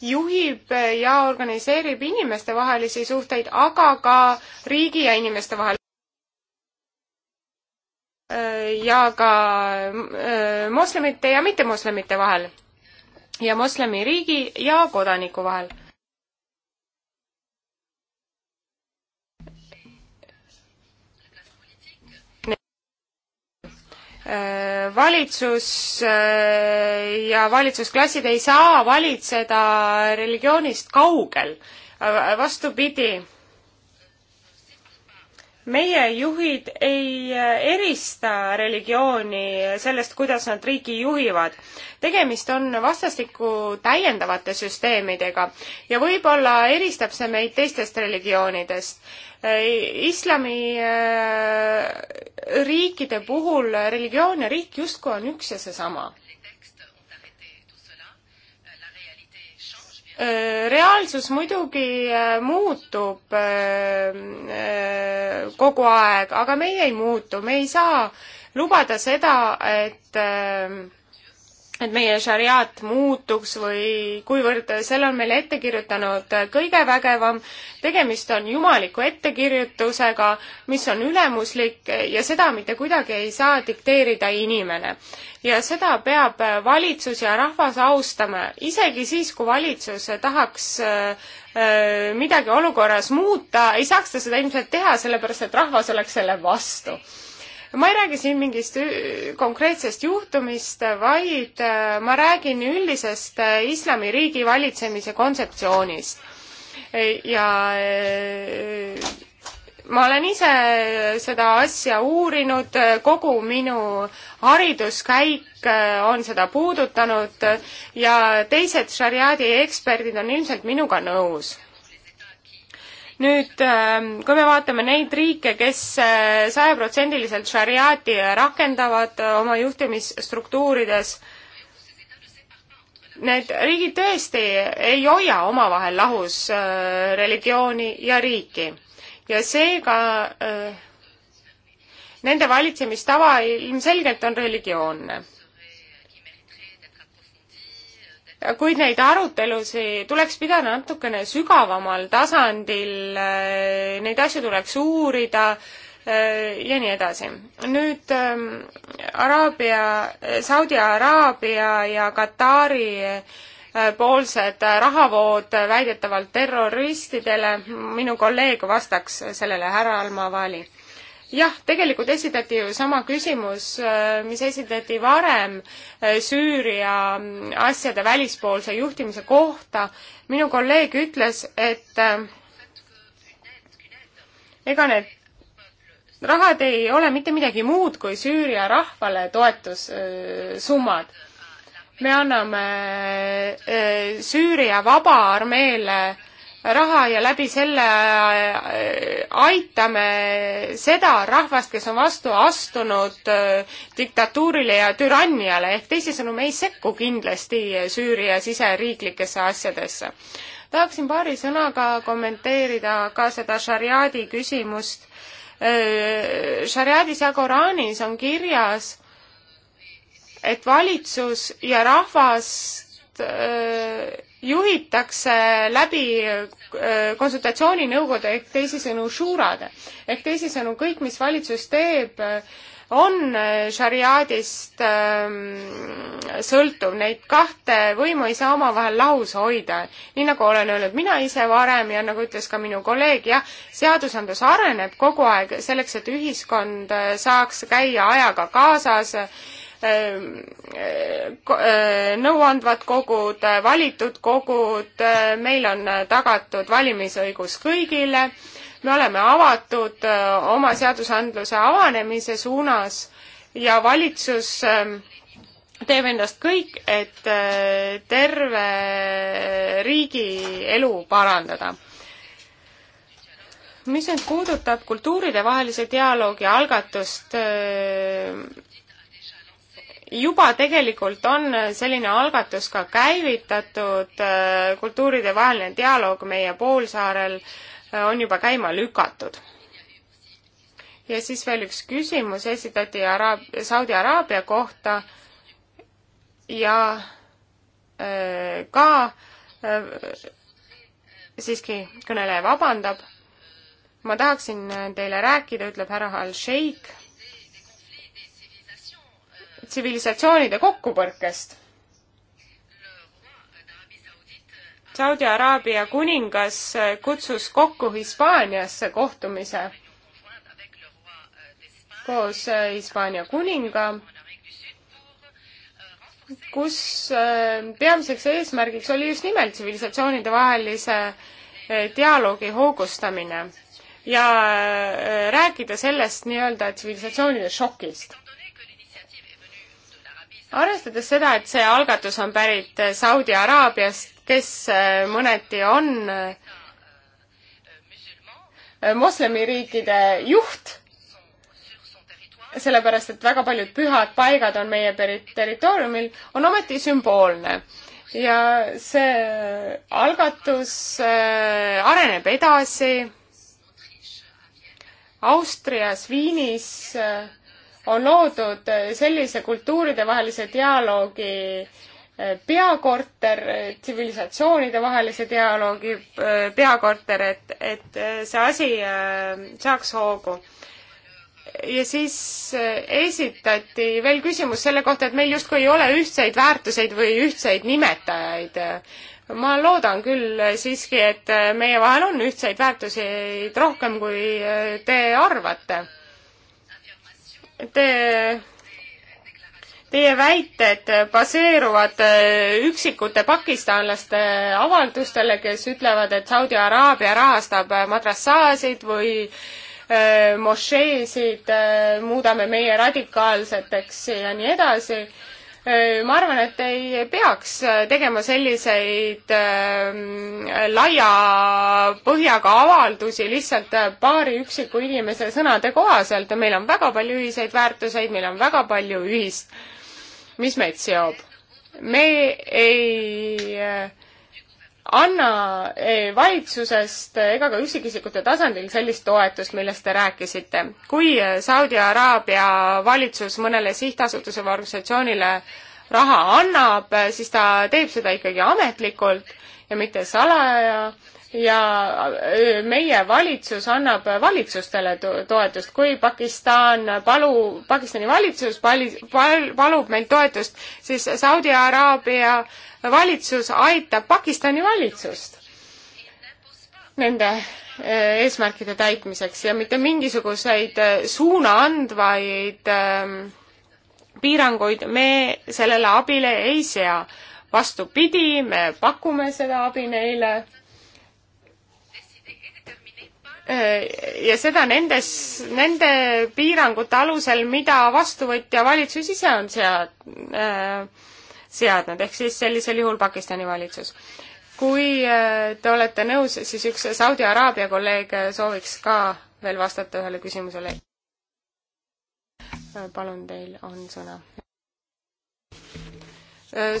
[SPEAKER 1] juhib ja organiseerib inimestevahelisi suhteid, aga ka riigi ja inimeste vahel. Äh, ja ka äh, moslemite ja mittemoslemite vahel ja moslemi riigi ja kodaniku vahel äh, valitsus ja valitsusklassid ei saa valitseda religioonist kaugel. vastupidi, meie juhid ei eh, erista religiooni sellest, kuidas nad riiki juhivad. tegemist on vastastikku täiendavate süsteemidega ja võib-olla eristab see meid teistest religioonidest. Eh, islami eh, riikide puhul religioon ja riik justkui on üks ja seesama Äh, reaalsus muidugi äh, muutub äh, kogu aeg, aga meie ei muutu, me ei saa lubada seda, et et meie šariaat muutuks või kuivõrd selle on meile ette kirjutanud kõige vägevam, tegemist on jumaliku ettekirjutusega, mis on ülemuslik ja seda mitte kuidagi ei saa dikteerida inimene. ja seda peab valitsus ja rahvas austama, isegi siis, kui valitsus tahaks äh, äh, midagi olukorras muuta, ei saaks ta seda ilmselt teha, sellepärast et rahvas oleks selle vastu ma ei räägi siin mingist äh, konkreetsest juhtumist, vaid äh, ma räägin üldisest äh, islamiriigi valitsemise kontseptsioonist. E, ja ma olen ise seda asja uurinud, kogu minu hariduskäik on seda puudutanud ja teised šariaadi eksperdid on ilmselt minuga nõus nüüd ähm, kui me vaatame neid riike kes, kes äh, sajaprotsendiliselt šariaati rakendavad äh, oma juhtimisstruktuurides, need riigid tõesti ei hoia omavahel lahus äh, religiooni ja riiki ja seega nende valitsemistava ilmselgelt on religioonne kuid neid arutelusi tuleks pidada natukene sügavamal tasandil, eh, neid asju tuleks uurida eh, ja nii edasi. nüüd ehm, Araabia, Saudi Araabia ja Katari eh, poolsed rahavood väidetavalt terroristidele, minu kolleeg vastaks sellele, härra Almavali jah, tegelikult esitati ju sama küsimus, äh, mis esitati varem äh, Süüria mm, asjade välispoolse juhtimise kohta. minu kolleeg ütles, et äh, ega need rahad ei ole mitte midagi muud kui Süüria rahvale toetussummad. me anname Süüria Vabaarmeele raha ja läbi selle äh, aitame seda rahvast, kes on vastu astunud äh, diktatuurile ja türanniale, ehk teisisõnu, me ei sekku kindlasti äh, Süüria siseriiklikesse asjadesse. tahaksin paari sõnaga kommenteerida ka seda šariaadi küsimust. Šariaadis ja Koraanis on kirjas, et valitsus ja rahvas Äh, juhitakse läbi äh, konsultatsiooninõukogude ehk teisisõnu šuurade. ehk teisisõnu, kõik, mis valitsus teeb, äh, on šariaadist ähm, sõltuv, neid kahte võimu ei saa omavahel lahus hoida. nii nagu olen öelnud mina ise varem ja nagu ütles ka minu kolleeg, jah, seadusandlus areneb kogu aeg selleks, et ühiskond saaks käia ajaga kaasas Ehm, eh, eh, nõuandvad kogud, eh, valitud kogud, meil on tagatud valimisõigus kõigile, me oleme avatud oma seadusandluse avanemise suunas ja valitsus ehm, teeb endast kõik, et terve riigi elu parandada mis nüüd puudutab kultuuridevahelise dialoogi algatust, ehm, juba tegelikult on selline algatus ka käivitatud, äh, kultuuridevaheline dialoog meie poolsaarel äh, on juba käima lükatud. ja siis veel üks küsimus esitati Araab-, Saudi Araabia kohta ja äh, ka siiski kõneleja vabandab. ma tahaksin teile rääkida, ütleb härra Al-Sheikh tsivilisatsioonide kokkupõrkest. Saudi Araabia kuningas kutsus kokku Hispaaniasse kohtumise koos äh, Hispaania kuninga, kus äh, peamiseks eesmärgiks oli just nimelt tsivilisatsioonide vahelise äh, dialoogi hoogustamine ja rääkida sellest nii-öelda tsivilisatsioonide šokist arvestades seda, et see algatus on pärit äh, Saudi Araabiast, kes äh, mõneti on äh, moslemiriikide juht, sellepärast et väga paljud pühad paigad on meie territooriumil, on ometi sümboolne ja see algatus areneb edasi. Austrias, Viinis on loodud sellise kultuuridevahelise dialoogi eh, peakorter, tsivilisatsioonide vahelise dialoogi eh, peakorter, et, et eh, see asi saaks hoogu. ja siis esitati veel küsimus selle kohta, et meil justkui ei ole ühtseid väärtuseid või ühtseid nimetajaid. ma loodan küll siiski, et meie vahel on ühtseid väärtuseid rohkem, kui te arvate Te Teie väited baseeruvad äh, üksikute pakistanlaste avaldustele, kes ütlevad, et Saudi Araabia rahastab äh, madrassaasid või äh, mošeesid, muudame meie radikaalseteks ja nii edasi Äh, ma arvan, et ei peaks äh, tegema selliseid äh, laia põhjaga avaldusi lihtsalt paari üksiku inimese sõnade kohaselt. meil on väga palju ühiseid väärtuseid, meil on väga palju ühist, mis meid seob. me ei anna eh, valitsusest eh, ega ka üksikisikute tasandil sellist toetust, millest te rääkisite. kui eh, Saudi Araabia valitsus mõnele sihtasutuse või organisatsioonile raha annab, siis ta teeb seda ikkagi ametlikult ja mitte salaja ja meie valitsus annab valitsustele toetust, kui Pakistan palu, Pakistani valitsus pali, pal, palub meilt toetust, siis Saudi Araabia äh, valitsus aitab Pakistani valitsust nende eh, eesmärkide täitmiseks ja mitte mingisuguseid eh, suuna andvaid ehm, piiranguid me sellele abile ei sea. vastupidi, me pakume seda abi neile. Eh, ja seda nendes, nende piirangute alusel, mida vastuvõtja valitsus ise on sead-, seadnud, ehk siis sellisel juhul Pakistani valitsus. kui äh, te olete nõus, siis üks Saudi Araabia kolleeg äh, sooviks ka veel vastata ühele küsimusele. Äh, palun, teil on sõna.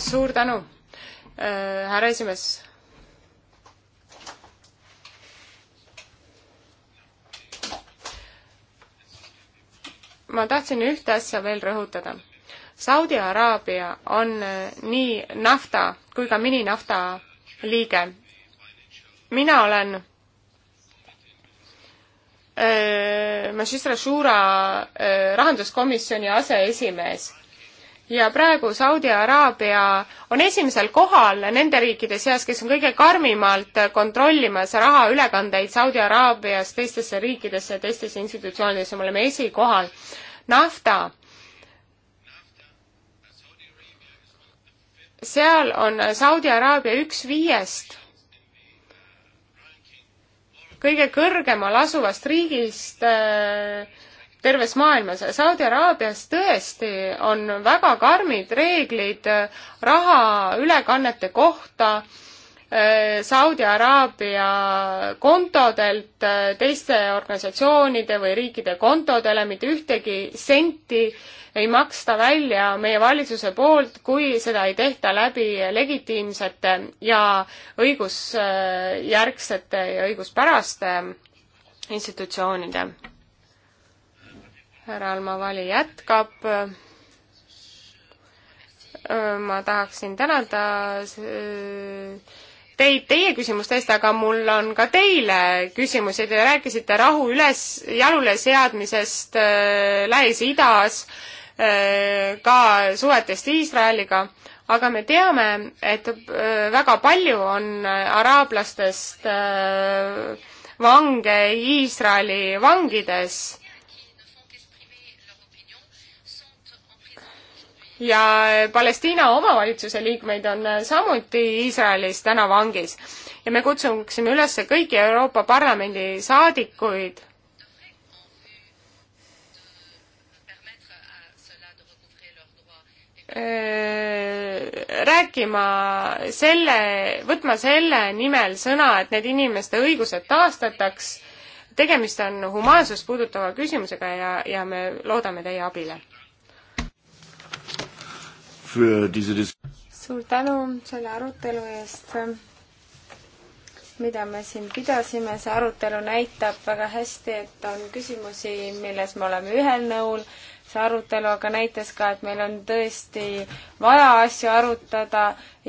[SPEAKER 1] suur tänu, härra esimees ma tahtsin ühte asja veel rõhutada. Saudi Araabia on nii nafta kui ka mininafta liige. mina olen äh, Magistra Shura äh, rahanduskomisjoni aseesimees ja praegu Saudi Araabia on esimesel kohal nende riikide seas, kes on kõige karmimalt kontrollimas raha ülekandeid Saudi Araabiast teistesse riikidesse ja teistesse institutsioonidesse, me oleme esikohal. nafta seal on Saudi Araabia üks viiest kõige kõrgemal asuvast riigist äh, terves maailmas. Saudi Araabias tõesti on väga karmid reeglid äh, raha ülekannete kohta äh, Saudi Araabia kontodelt teiste organisatsioonide või riikide kontodele mitte ühtegi senti äh, ei maksta välja meie valitsuse poolt, kui seda ei tehta läbi legitiimsete ja õigusjärgsete ja õiguspäraste institutsioonide. härra Almavali jätkab ma tahaksin tänada teid teie küsimuste eest, aga mul on ka teile küsimusi. Te rääkisite rahu üles, jalule seadmisest Lähis-Idas äh, Äh, ka suhetest Iisraeliga, aga me teame, et äh, väga palju on äh, araablastest vange Iisraeli vangides ja Palestiina omavalitsuse liikmeid on samuti Iisraelis täna vangis. ja me kutsuksime üles kõiki Euroopa Parlamendi saadikuid Äh, rääkima selle, võtma selle nimel sõna, et need inimeste õigused taastataks. tegemist on humaansust puudutava küsimusega ja, ja me loodame teie abile. suur tänu selle arutelu eest, mida me siin pidasime. see arutelu näitab väga hästi, et on küsimusi, milles me oleme ühel nõul see arutelu aga näitas ka, et meil on tõesti vaja asju arutada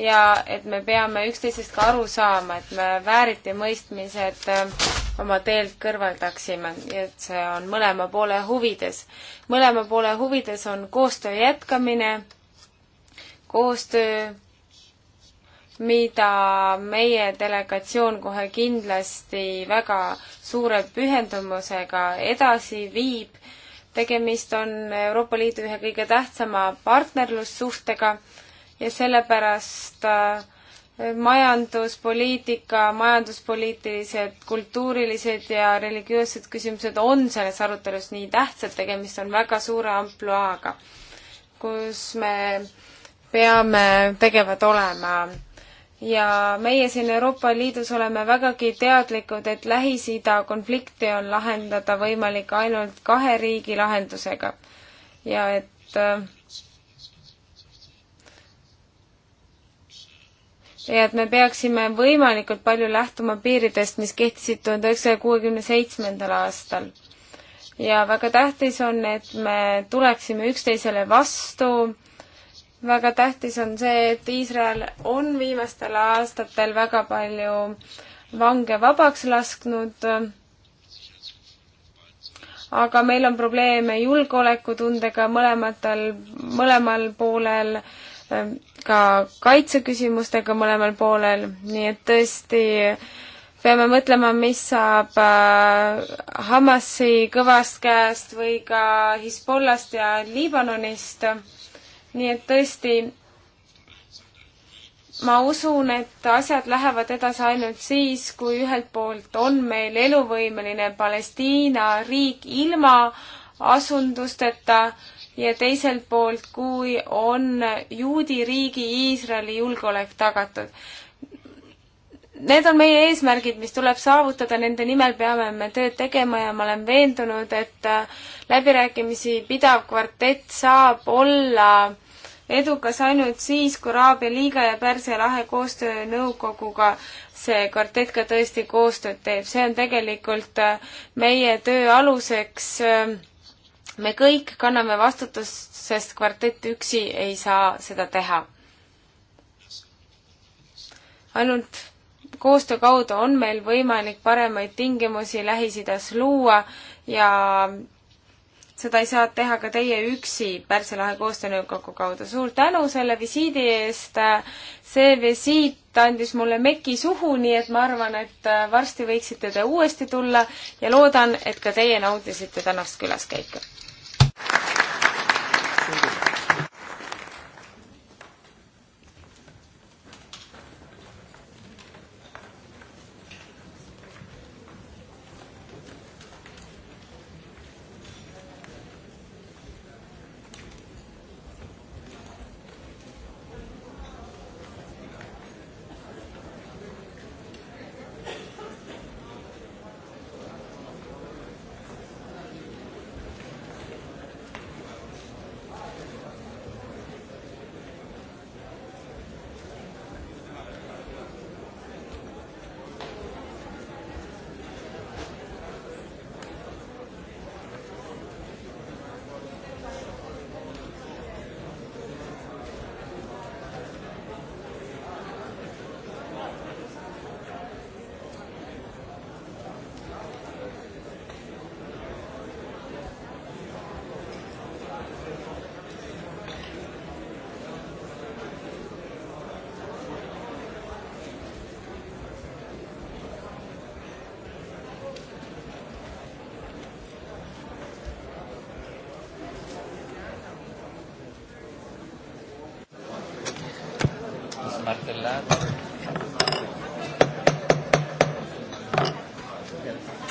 [SPEAKER 1] ja et me peame üksteisest ka aru saama, et me vääritimõistmised äh, oma teelt kõrvaldaksime ja et see on mõlema poole huvides. mõlema poole huvides on koostöö jätkamine, koostöö, mida meie delegatsioon kohe kindlasti väga suure pühendumusega edasi viib tegemist on Euroopa Liidu ühe kõige tähtsama partnerlussuhtega ja sellepärast äh, majanduspoliitika, majanduspoliitilised, kultuurilised ja religioossed küsimused on selles arutelus nii tähtsad, tegemist on väga suure ampluaaga, kus me peame tegevad olema ja meie siin Euroopa Liidus oleme vägagi teadlikud, et Lähis-Ida konflikte on lahendada võimalik ainult kahe riigi lahendusega. ja et äh, ja et me peaksime võimalikult palju lähtuma piiridest, mis kehtisid tuhande üheksasaja kuuekümne seitsmendal aastal. ja väga tähtis on, et me tuleksime üksteisele vastu väga tähtis on see, et Iisrael on viimastel aastatel väga palju vange vabaks lasknud. aga meil on probleeme julgeolekutundega mõlematel, mõlemal poolel, ka kaitseküsimustega mõlemal poolel, nii et tõesti peame mõtlema, mis saab äh, Hamasi kõvast käest või ka Hezbollast ja Liibanonist nii et tõesti, ma usun, et asjad lähevad edasi ainult siis, kui ühelt poolt on meil eluvõimeline Palestiina riik ilma asundusteta ja teiselt poolt, kui on juudi riigi Iisraeli julgeolek tagatud. Need on meie eesmärgid, mis tuleb saavutada, nende nimel peame me tööd tegema ja ma olen veendunud, et läbirääkimisi pidav kvartett saab olla äh, edukas ainult siis, kui Araabia liiga ja Pärsia lahe koostöönõukoguga see kvartett ka tõesti koostööd teeb. see on tegelikult äh, meie töö aluseks. Äh, me kõik kanname vastutust, sest kvartett üksi ei saa seda teha. ainult koostöö kaudu on meil võimalik paremaid tingimusi Lähis-Idas luua ja seda ei saa teha ka teie üksi Pärsia lahe koostöönõukogu kaudu. suur tänu selle visiidi eest. see visiit andis mulle meki suhu, nii et ma arvan, et äh, varsti võiksite te uuesti tulla ja loodan, et ka teie naudisite tänast külaskäiku.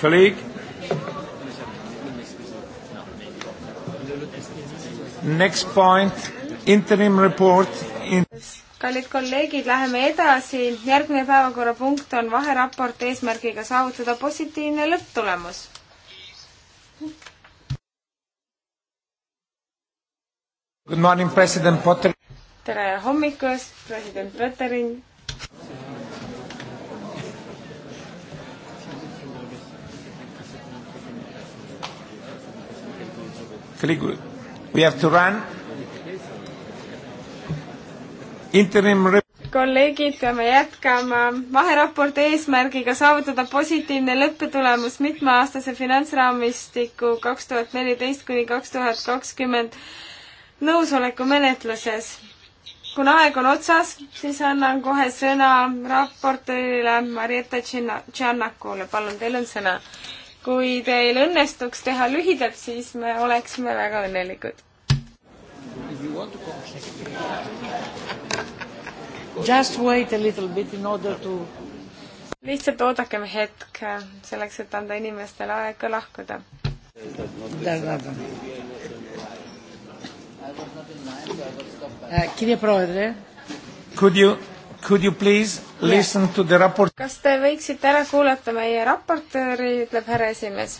[SPEAKER 1] colleague. Next point, interim report in kallid kolleegid, läheme edasi. järgmine päevakorrapunkt on vaheraport eesmärgiga saavutada positiivne lõpptulemus. tere hommikust, president Pöterin
[SPEAKER 2] Caligula. We have to run. Interim
[SPEAKER 1] kolleegid, peame jätkama vaheraporti eesmärgiga saavutada positiivne lõpptulemus mitmeaastase finantsraamistiku kaks tuhat neliteist kuni kaks tuhat kakskümmend nõusoleku menetluses. kuna aeg on otsas, siis annan kohe sõna raportöörile Marietta Tšernakule, palun, teil on sõna kui teil õnnestuks teha lühidalt, siis me oleksime väga õnnelikud. Just wait a
[SPEAKER 2] little bit in order to
[SPEAKER 1] lihtsalt oodakem hetk selleks, et anda inimestele aega lahkuda. Eh, Kirja proovida, jah?
[SPEAKER 2] Could you Could you please listen yeah. to the raport?
[SPEAKER 1] kas te võiksite ära kuulata meie raportööri, ütleb härra esimees.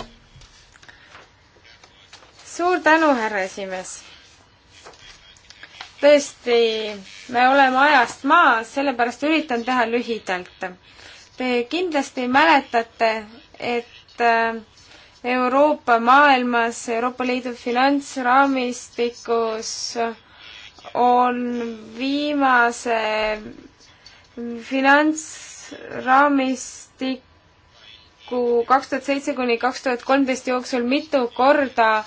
[SPEAKER 1] suur tänu, härra esimees. tõesti, me oleme ajast maas, sellepärast üritan teha lühidalt. Te kindlasti mäletate, et äh, Euroopa maailmas, Euroopa Liidu finantsraamistikus on viimase finantsraamistiku kaks tuhat seitse kuni kaks tuhat kolmteist jooksul mitu korda äh,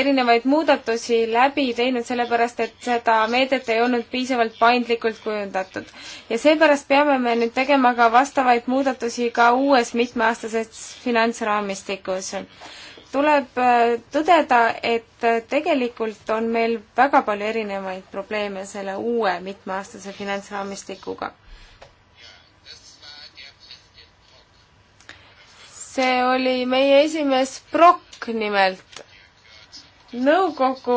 [SPEAKER 1] erinevaid muudatusi läbi teinud, sellepärast et seda meedet ei olnud piisavalt paindlikult kujundatud. ja seepärast peame me nüüd tegema ka vastavaid muudatusi ka uues mitmeaastases finantsraamistikus tuleb äh, tõdeda, et äh, tegelikult on meil väga palju erinevaid probleeme selle uue mitmeaastase finantsraamistikuga. see oli meie esimees Brock nimelt. nõukogu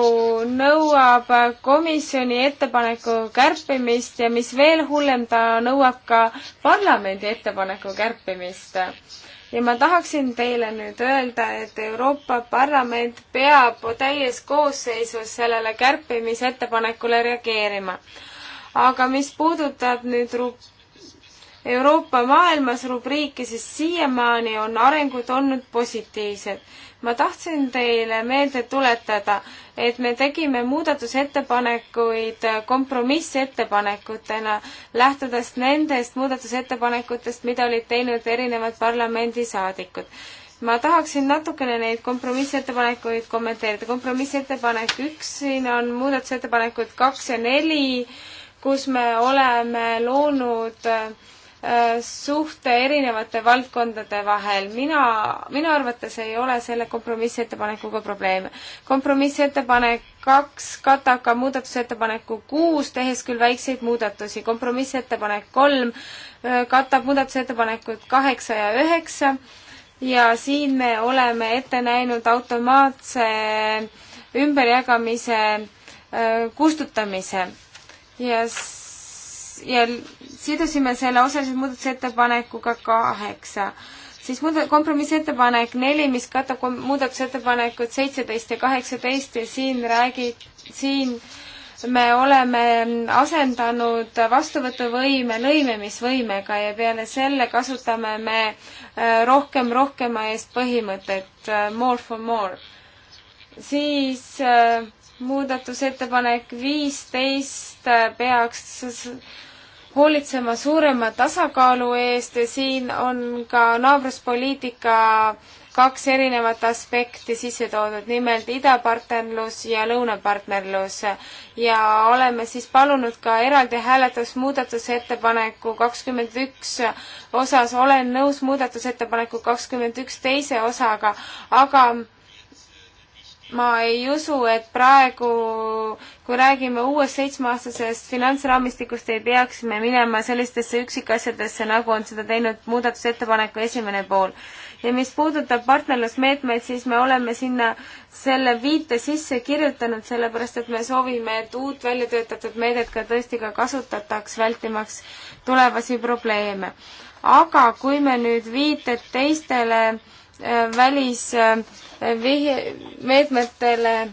[SPEAKER 1] nõuab komisjoni ettepaneku kärpimist ja mis veel hullem, ta nõuab ka parlamendi ettepaneku kärpimist ja ma tahaksin teile nüüd öelda, et Euroopa Parlament peab täies koosseisus sellele kärpimisettepanekule reageerima. aga mis puudutab nüüd Euroopa maailmas rubriiki, sest siiamaani on arengud olnud positiivsed. ma tahtsin teile meelde tuletada, et me tegime muudatusettepanekuid kompromissettepanekutena, lähtudes nendest muudatusettepanekutest, mida olid teinud erinevad parlamendisaadikud ma tahaksin natukene neid kompromissettepanekuid kommenteerida. kompromissettepanek üks, siin on muudatusettepanekud kaks ja neli, kus me oleme loonud äh, Äh, suhte erinevate valdkondade vahel. mina, minu arvates ei ole selle kompromissettepanekuga probleeme. kompromissettepanek kaks katab ka muudatusettepaneku kuus, tehes küll väikseid muudatusi. kompromissettepanek kolm äh, katab muudatusettepanekud kaheksa ja üheksa ja siin me oleme ette näinud automaatse ümberjagamise äh, kustutamise ja yes ja sidusime selle osalise muudatusettepanekuga kaheksa. siis muud-, kompromissettepanek neli, mis katab muudatusettepanekud seitseteist ja kaheksateist ja siin räägib, siin me oleme asendanud vastuvõtuvõime lõimimisvõimega ja peale selle kasutame me äh, rohkem rohkema eest põhimõtet äh, more for more. siis äh, muudatusettepanek viisteist peaks hoolitsema suurema tasakaalu eest ja siin on ka naabruspoliitika kaks erinevat aspekti sisse toodud, nimelt idapartnerlus ja lõunapartnerlus. ja oleme siis palunud ka eraldi hääletust muudatusettepaneku kakskümmend üks osas, olen nõus muudatusettepaneku kakskümmend üks teise osaga, aga ma ei usu, et praegu, kui räägime uuest seitsmeaastasest finantsraamistikust, ei peaks me minema sellistesse üksikasjadesse, nagu on seda teinud muudatusettepaneku esimene pool. ja mis puudutab partnerlusmeetmeid, siis me oleme sinna selle viite sisse kirjutanud, sellepärast et me soovime, et uut välja töötatud meedet ka tõesti ka kasutataks, vältimaks tulevasi probleeme. aga kui me nüüd viited teistele välismeetmetele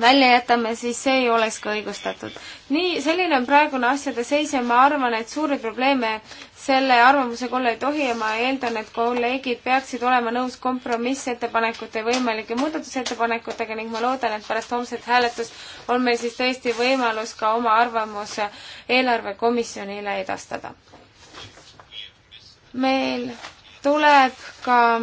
[SPEAKER 1] välja jätame, siis see ei oleks ka õigustatud. nii, selline on praegune asjade seis ja ma arvan, et suuri probleeme selle arvamusega olla ei tohi ja ma eeldan, et kolleegid peaksid olema nõus kompromissettepanekute ja võimalike muudatusettepanekutega ning ma loodan, et pärast homset hääletust on meil siis tõesti võimalus ka oma arvamus eelarvekomisjonile edastada. meil tuleb ka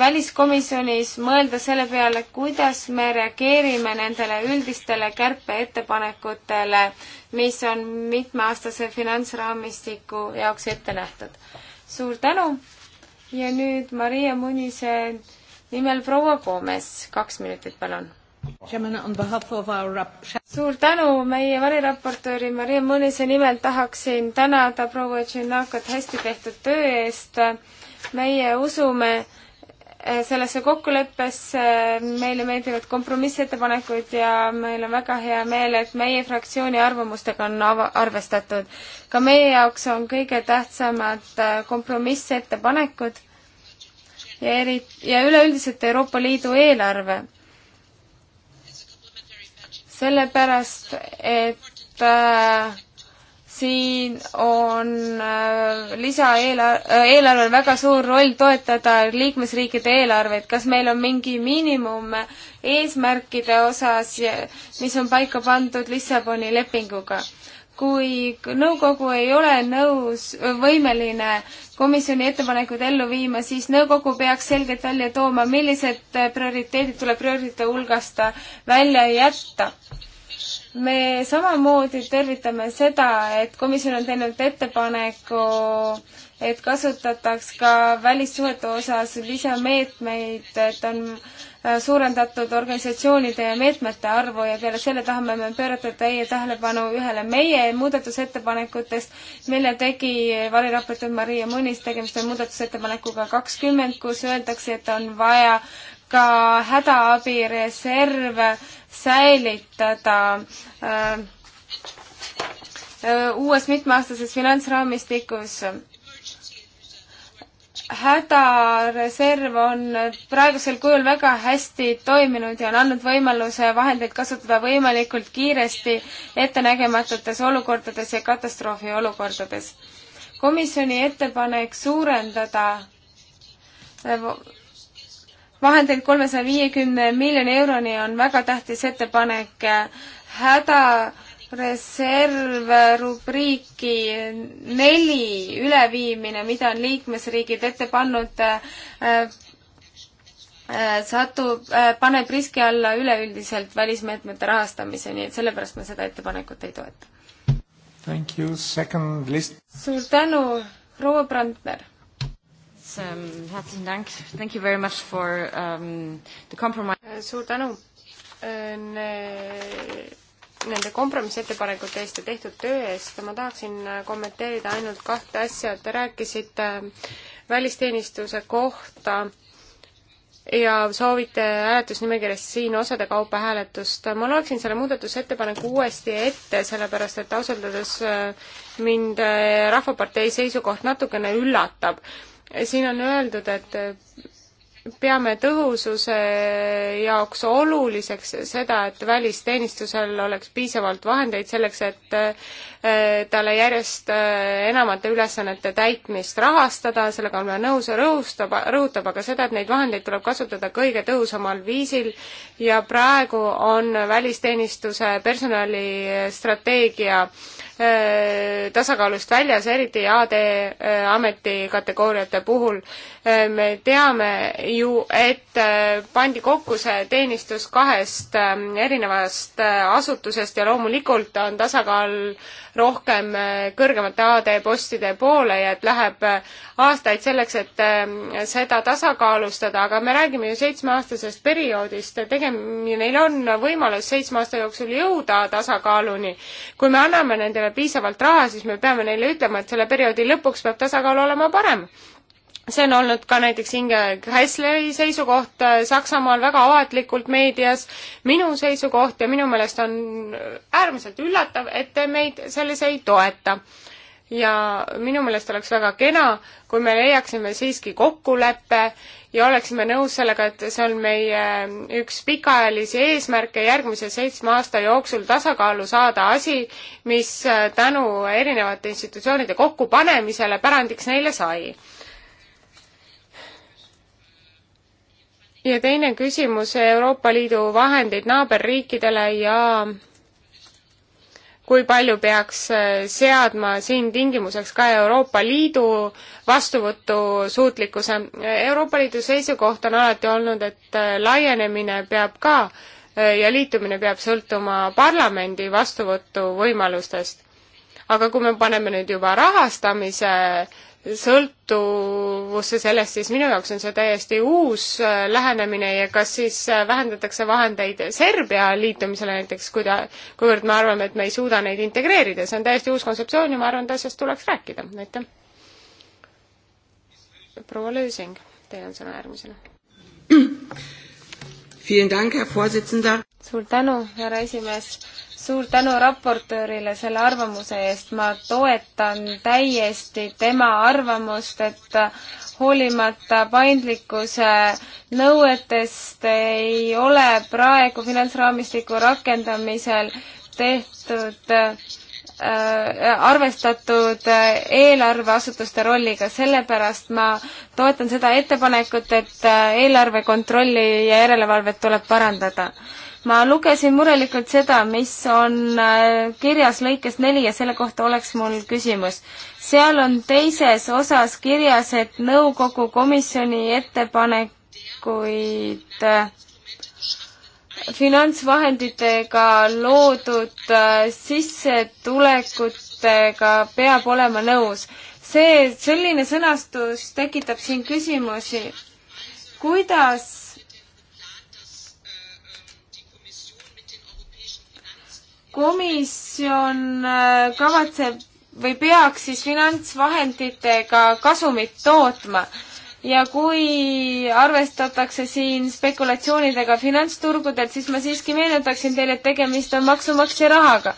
[SPEAKER 1] väliskomisjonis mõelda selle peale, kuidas me reageerime nendele üldistele kärpeettepanekutele, mis on mitmeaastase finantsraamistiku jaoks ette nähtud. suur tänu ja nüüd Maria Munise nimel proua Gomes, kaks minutit, palun. suur tänu meie variraportööri Maria Munise nimel tahaksin tänada proua Tšernakot hästi tehtud töö eest. meie usume, Eh, sellesse kokkuleppesse, eh, meile meeldivad kompromissettepanekud ja meil on väga hea meel, et meie fraktsiooni arvamustega on av-, arvestatud. ka meie jaoks on kõige tähtsamad eh, kompromissettepanekud ja eri-, ja üleüldiselt Euroopa Liidu eelarve. sellepärast, et äh, siin on äh, lisaeelarve, äh, eelarvel väga suur roll toetada liikmesriikide eelarveid. kas meil on mingi miinimum eesmärkide osas, mis on paika pandud Lissaboni lepinguga? kui nõukogu ei ole nõus, äh, võimeline komisjoni ettepanekuid ellu viima, siis nõukogu peaks selgelt välja tooma, millised prioriteedid tuleb prioriteete hulgast välja jätta me samamoodi tervitame seda, et komisjon on teinud ettepaneku, et kasutataks ka välissuhete osas lisameetmeid, et on äh, suurendatud organisatsioonide ja meetmete arvu ja peale selle tahame me pöörata teie tähelepanu ühele meie muudatusettepanekutest, mille tegi variraportöör Maria Munis, tegemist on muudatusettepanekuga kakskümmend, kus öeldakse, et on vaja ka hädaabireserv säilitada äh, äh, uues mitmeaastases finantsraamistikus hädareserv on praegusel kujul väga hästi toiminud ja on andnud võimaluse vahendeid kasutada võimalikult kiiresti ettenägematutes olukordades ja katastroofiolukordades. komisjoni ettepanek suurendada vahendeid kolmesaja viiekümne miljoni euroni on väga tähtis ettepanek hädareserv rubriiki neli üleviimine, mida on liikmesriigid ette pannud äh,, äh satub äh,, paneb riski alla üleüldiselt välismeetmete rahastamise, nii et sellepärast ma seda ettepanekut ei toeta. suur tänu, proua Brandner ähm, herzlichen Dank. Thank you very much for ähm, the compromise. Äh, suur tänu äh, ne, nende kompromissettepanekute eest ja tehtud töö eest. ma tahaksin äh, kommenteerida ainult kahte asja. Te rääkisite välisteenistuse kohta ja soovite hääletusnimekirjast siin osade kaupa hääletust. ma loeksin selle muudatusettepaneku uuesti ette, sellepärast et ausalt öeldes mind Rahvapartei seisukoht natukene üllatab siin on öeldud, et peame tõhususe jaoks oluliseks seda, et välisteenistusel oleks piisavalt vahendeid selleks, et eh, talle järjest eh, enamate ülesannete täitmist rahastada, sellega oleme nõus, rõhustab, rõhutab aga seda, et neid vahendeid tuleb kasutada kõige tõhusamal viisil ja praegu on välisteenistuse personalistrateegia äh, Äh, tasakaalust väljas, eriti AD äh, ametikategooriate puhul. Äh, me teame ju, et pandi kokku see teenistus kahest erinevast asutusest ja loomulikult on tasakaal rohkem äh, kõrgemate AD postide poole ja et läheb äh, aastaid selleks, et ähm, seda tasakaalustada, aga me räägime ju seitsmeaastasest perioodist, tegemine, neil on võimalus seitsme aasta jooksul jõuda tasakaaluni. kui me anname nendele piisavalt raha, siis me peame neile ütlema, et selle perioodi lõpuks peab tasakaal olema parem see on olnud ka näiteks Inge Kressleri seisukoht äh, Saksamaal väga avatlikult meedias, minu seisukoht ja minu meelest on äärmiselt üllatav, et te meid selles ei toeta. ja minu meelest oleks väga kena, kui me leiaksime siiski kokkuleppe ja oleksime nõus sellega, et see on meie äh, üks pikaajalisi eesmärke järgmise seitsme aasta jooksul tasakaalu saada asi, mis äh, tänu erinevate institutsioonide kokkupanemisele pärandiks neile sai ja teine küsimus, Euroopa Liidu vahendeid naaberriikidele ja kui palju peaks äh, seadma siin tingimuseks ka Euroopa Liidu vastuvõtusuutlikkuse. Euroopa Liidu seisukoht on alati olnud, et äh, laienemine peab ka äh, ja liitumine peab sõltuma parlamendi vastuvõtuvõimalustest. aga kui me paneme nüüd juba rahastamise äh, sõltuvusse sellest, siis minu jaoks on see täiesti uus äh, lähenemine ja kas siis äh, vähendatakse vahendeid Serbia liitumisele näiteks, kui ta, kuivõrd me arvame, et me ei suuda neid integreerida, see on täiesti uus kontseptsioon ja ma arvan, et asjast tuleks rääkida, aitäh. proua Lösing, teil on sõna järgmisena. suur tänu, härra esimees suur tänu raportöörile selle arvamuse eest, ma toetan täiesti tema arvamust, et hoolimata paindlikkuse nõuetest ei ole praegu finantsraamistiku rakendamisel tehtud äh, arvestatud eelarveasutuste rolliga, sellepärast ma toetan seda ettepanekut, et äh, eelarve kontrolli ja järelevalvet tuleb parandada ma lugesin murelikult seda, mis on äh, kirjas lõikes neli ja selle kohta oleks mul küsimus. seal on teises osas kirjas, et nõukogu komisjoni ettepanekuid äh, finantsvahenditega loodud äh, sissetulekutega peab olema nõus. see, selline sõnastus tekitab siin küsimusi. kuidas komisjon äh, kavatseb või peaks siis finantsvahenditega kasumit tootma ja kui arvestatakse siin spekulatsioonidega finantsturgudelt, siis ma siiski meenutaksin teile, et tegemist on maksumaksja rahaga.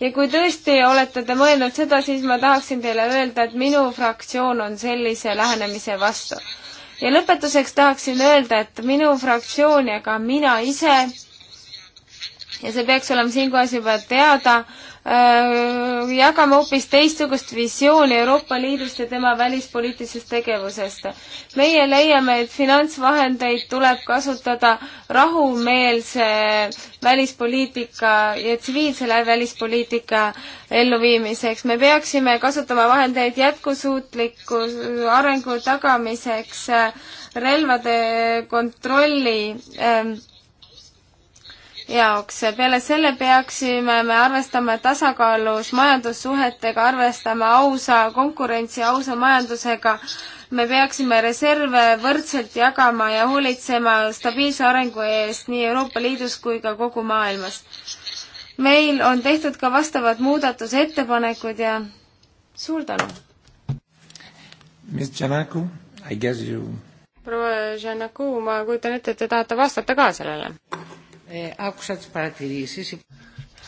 [SPEAKER 1] ja kui tõesti olete te mõelnud seda, siis ma tahaksin teile öelda, et minu fraktsioon on sellise lähenemise vastu. ja lõpetuseks tahaksin öelda, et minu fraktsioon ja ka mina ise ja see peaks olema siinkohas juba teada äh,, jagame hoopis teistsugust visiooni Euroopa Liidust ja tema välispoliitilisest tegevusest. meie leiame, et finantsvahendeid tuleb kasutada rahumeelse välispoliitika ja tsiviilsele välispoliitika elluviimiseks. me peaksime kasutama vahendeid jätkusuutliku arengu tagamiseks, relvade kontrolli äh, jaoks. peale selle peaksime me arvestama tasakaalus majandussuhetega, arvestama ausa konkurentsi, ausa majandusega. me peaksime reserve võrdselt jagama ja hoolitsema stabiilse arengu eest nii Euroopa Liidus kui ka kogu maailmas. meil on tehtud ka vastavad muudatusettepanekud ja suur tänu! Miss Janaku, I guess you proua Janaku, ma kujutan ette, et te tahate vastata ka sellele?
[SPEAKER 2] άκουσα τις παρατηρήσεις.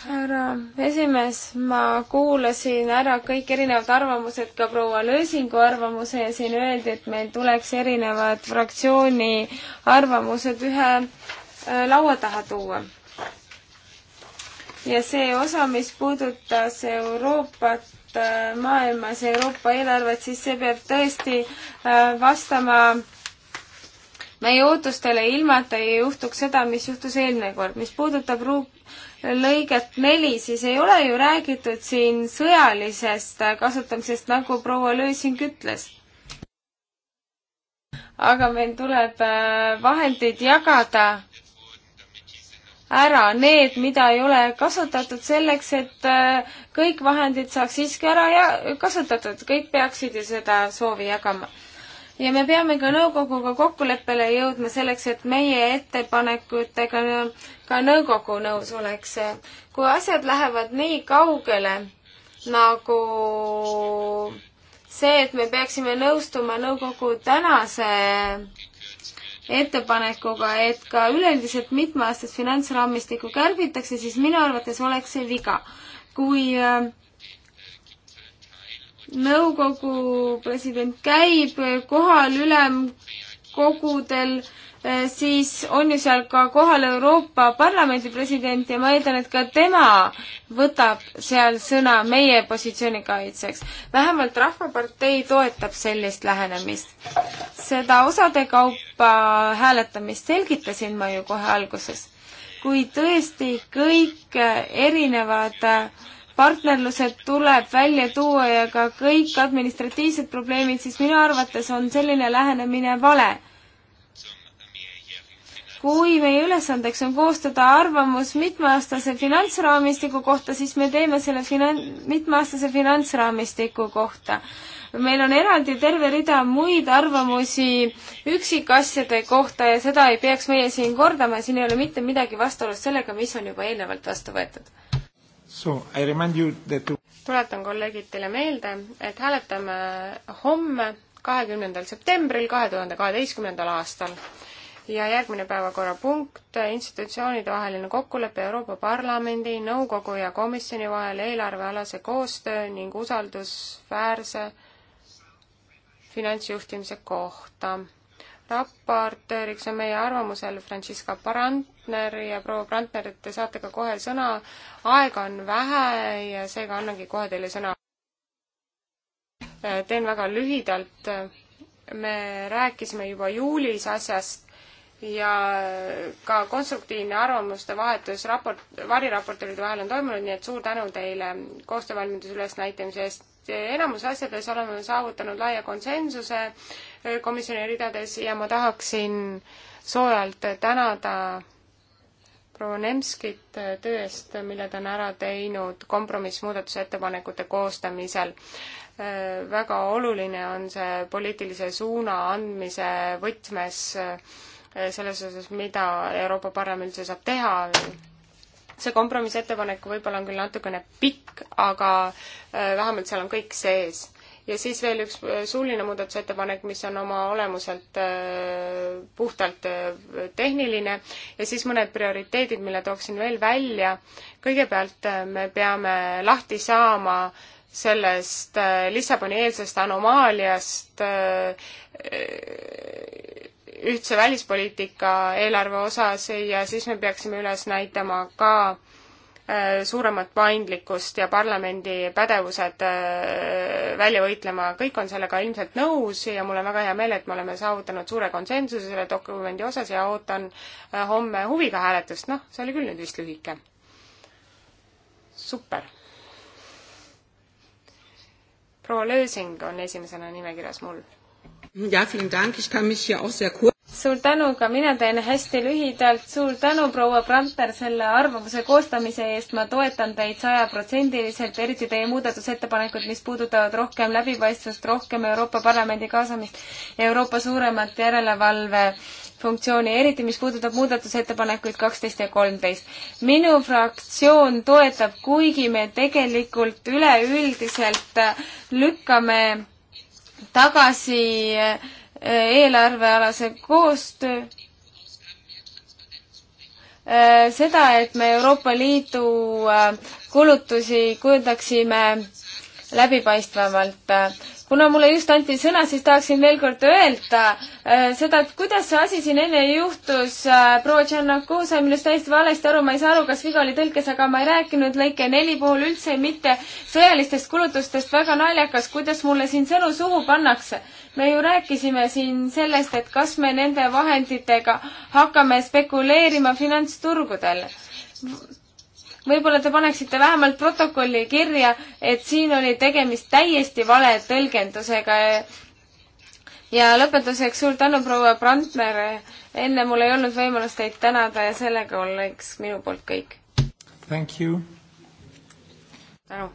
[SPEAKER 1] härra esimees, ma kuulasin ära kõik erinevad arvamused, ka proua Lösingu arvamuse ja siin öeldi, et meil tuleks erinevad fraktsiooni arvamused ühe äh, laua taha tuua. ja see osa, mis puudutas Euroopat äh, maailmas, Euroopa eelarvet, siis see peab tõesti äh, vastama meie ootustele ilma, et ei juhtuks seda, mis juhtus eelmine kord. mis puudutab ruu-, lõiget neli, siis ei ole ju räägitud siin sõjalisest kasutamisest, nagu proua Lüüsing ütles. aga meil tuleb äh, vahendid jagada ära need, mida ei ole kasutatud selleks, et äh, kõik vahendid saaks siiski ära ja kasutatud, kõik peaksid ju seda soovi jagama ja me peame ka nõukoguga kokkuleppele jõudma selleks, et meie ettepanekutega ka nõukogu nõus oleks. kui asjad lähevad nii kaugele nagu see, et me peaksime nõustuma nõukogu tänase ettepanekuga, et ka üleüldiselt mitmeaastast finantsraamistikku kärbitakse, siis minu arvates oleks see viga. kui äh, nõukogu president käib kohal ülemkogudel, eh, siis on ju seal ka kohal Euroopa Parlamendi president ja ma eeldan, et ka tema võtab seal sõna meie positsiooni kaitseks. vähemalt Rahvapartei toetab sellist lähenemist. seda osade kaupa hääletamist selgitasin ma ju kohe alguses. kui tõesti kõik erinevad äh, partnerlused tuleb välja tuua ja ka kõik administratiivsed probleemid, siis minu arvates on selline lähenemine vale. kui meie ülesandeks on koostada arvamus mitmeaastase finantsraamistiku kohta, siis me teeme selle finan-, mitmeaastase finantsraamistiku kohta. meil on eraldi terve rida muid arvamusi üksikasjade kohta ja seda ei peaks meie siin kordama ja siin ei ole mitte midagi vastuolus sellega, mis on juba eelnevalt vastu võetud To... tuletan kolleegid teile meelde, et hääletame homme, kahekümnendal septembril kahe tuhande kaheteistkümnendal aastal ja järgmine päevakorrapunkt, institutsioonide vaheline kokkulepe Euroopa Parlamendi, nõukogu ja komisjoni vahel eelarvealase koostöö ning usaldusväärse finantsjuhtimise kohta raportööriks on meie arvamusel Franziska Brandner ja proua Brandner, et te saate ka kohe sõna. aega on vähe ja seega annangi kohe teile sõna. teen väga lühidalt. me rääkisime juba juulis asjast ja ka konstruktiivne arvamuste vahetus raport, variraportööride vahel on toimunud, nii et suur tänu teile koostöövalmiduse ülesnäitamise eest. enamus asjades oleme saavutanud laia konsensuse komisjoni ridades ja ma tahaksin soojalt tänada proua Nemskit töö eest, mille ta on ära teinud kompromissmuudatusettepanekute koostamisel. väga oluline on see poliitilise suuna andmise võtmes selles osas, mida Euroopa Parlament üldse saab teha. see kompromissettepanek võib-olla on küll natukene pikk, aga eh, vähemalt seal on kõik sees ja siis veel üks äh, suuline muudatusettepanek, mis on oma olemuselt äh, puhtalt äh, tehniline ja siis mõned prioriteedid, mille tooksin veel välja. kõigepealt me peame lahti saama sellest Lissaboni-eelsest anomaaliast ühtse välispoliitika eelarve osas ja siis me peaksime üles näitama ka äh, Äh, suuremat paindlikkust ja parlamendi pädevused äh, välja võitlema, kõik on sellega ilmselt nõus ja mul on väga hea meel, et me oleme saavutanud suure konsensuse selle dokumendi osas ja ootan äh, homme huviga hääletust, noh, see oli küll nüüd vist lühike. super. proua Lösing on esimesena nimekirjas mul. jah, vielen Dank, ich kann mich hier auch sehr kur- suur tänu, ka mina teen hästi lühidalt. suur tänu, proua Brandner, selle arvamuse koostamise eest. ma toetan teid sajaprotsendiliselt, eriti teie muudatusettepanekud, mis puudutavad rohkem läbipaistvust, rohkem Euroopa Parlamendi kaasamist ja Euroopa suuremat järelevalve funktsiooni, eriti mis puudutab muudatusettepanekuid kaksteist ja kolmteist. minu fraktsioon toetab, kuigi me tegelikult üleüldiselt lükkame tagasi äh, eelarvealase koostöö, äh, seda, et me Euroopa Liidu äh, kulutusi kujundaksime läbipaistvamalt. kuna mulle just anti sõna, siis tahaksin veel kord öelda äh, seda, et kuidas see asi siin enne juhtus. proua Tšernaku sai minust täiesti valesti aru, ma ei saa aru, kas viga oli tõlkes, aga ma ei rääkinud lõike neli puhul üldse mitte sõjalistest kulutustest. väga naljakas, kuidas mulle siin sõnu suhu pannakse me ju rääkisime siin sellest, et kas me nende vahenditega hakkame spekuleerima finantsturgudel võib-olla te paneksite vähemalt protokolli kirja, et siin oli tegemist täiesti vale tõlgendusega. ja lõpetuseks suur tänu, proua Brandner. enne mul ei olnud võimalust teid tänada ja sellega oleks minu poolt kõik. Thank you. tänu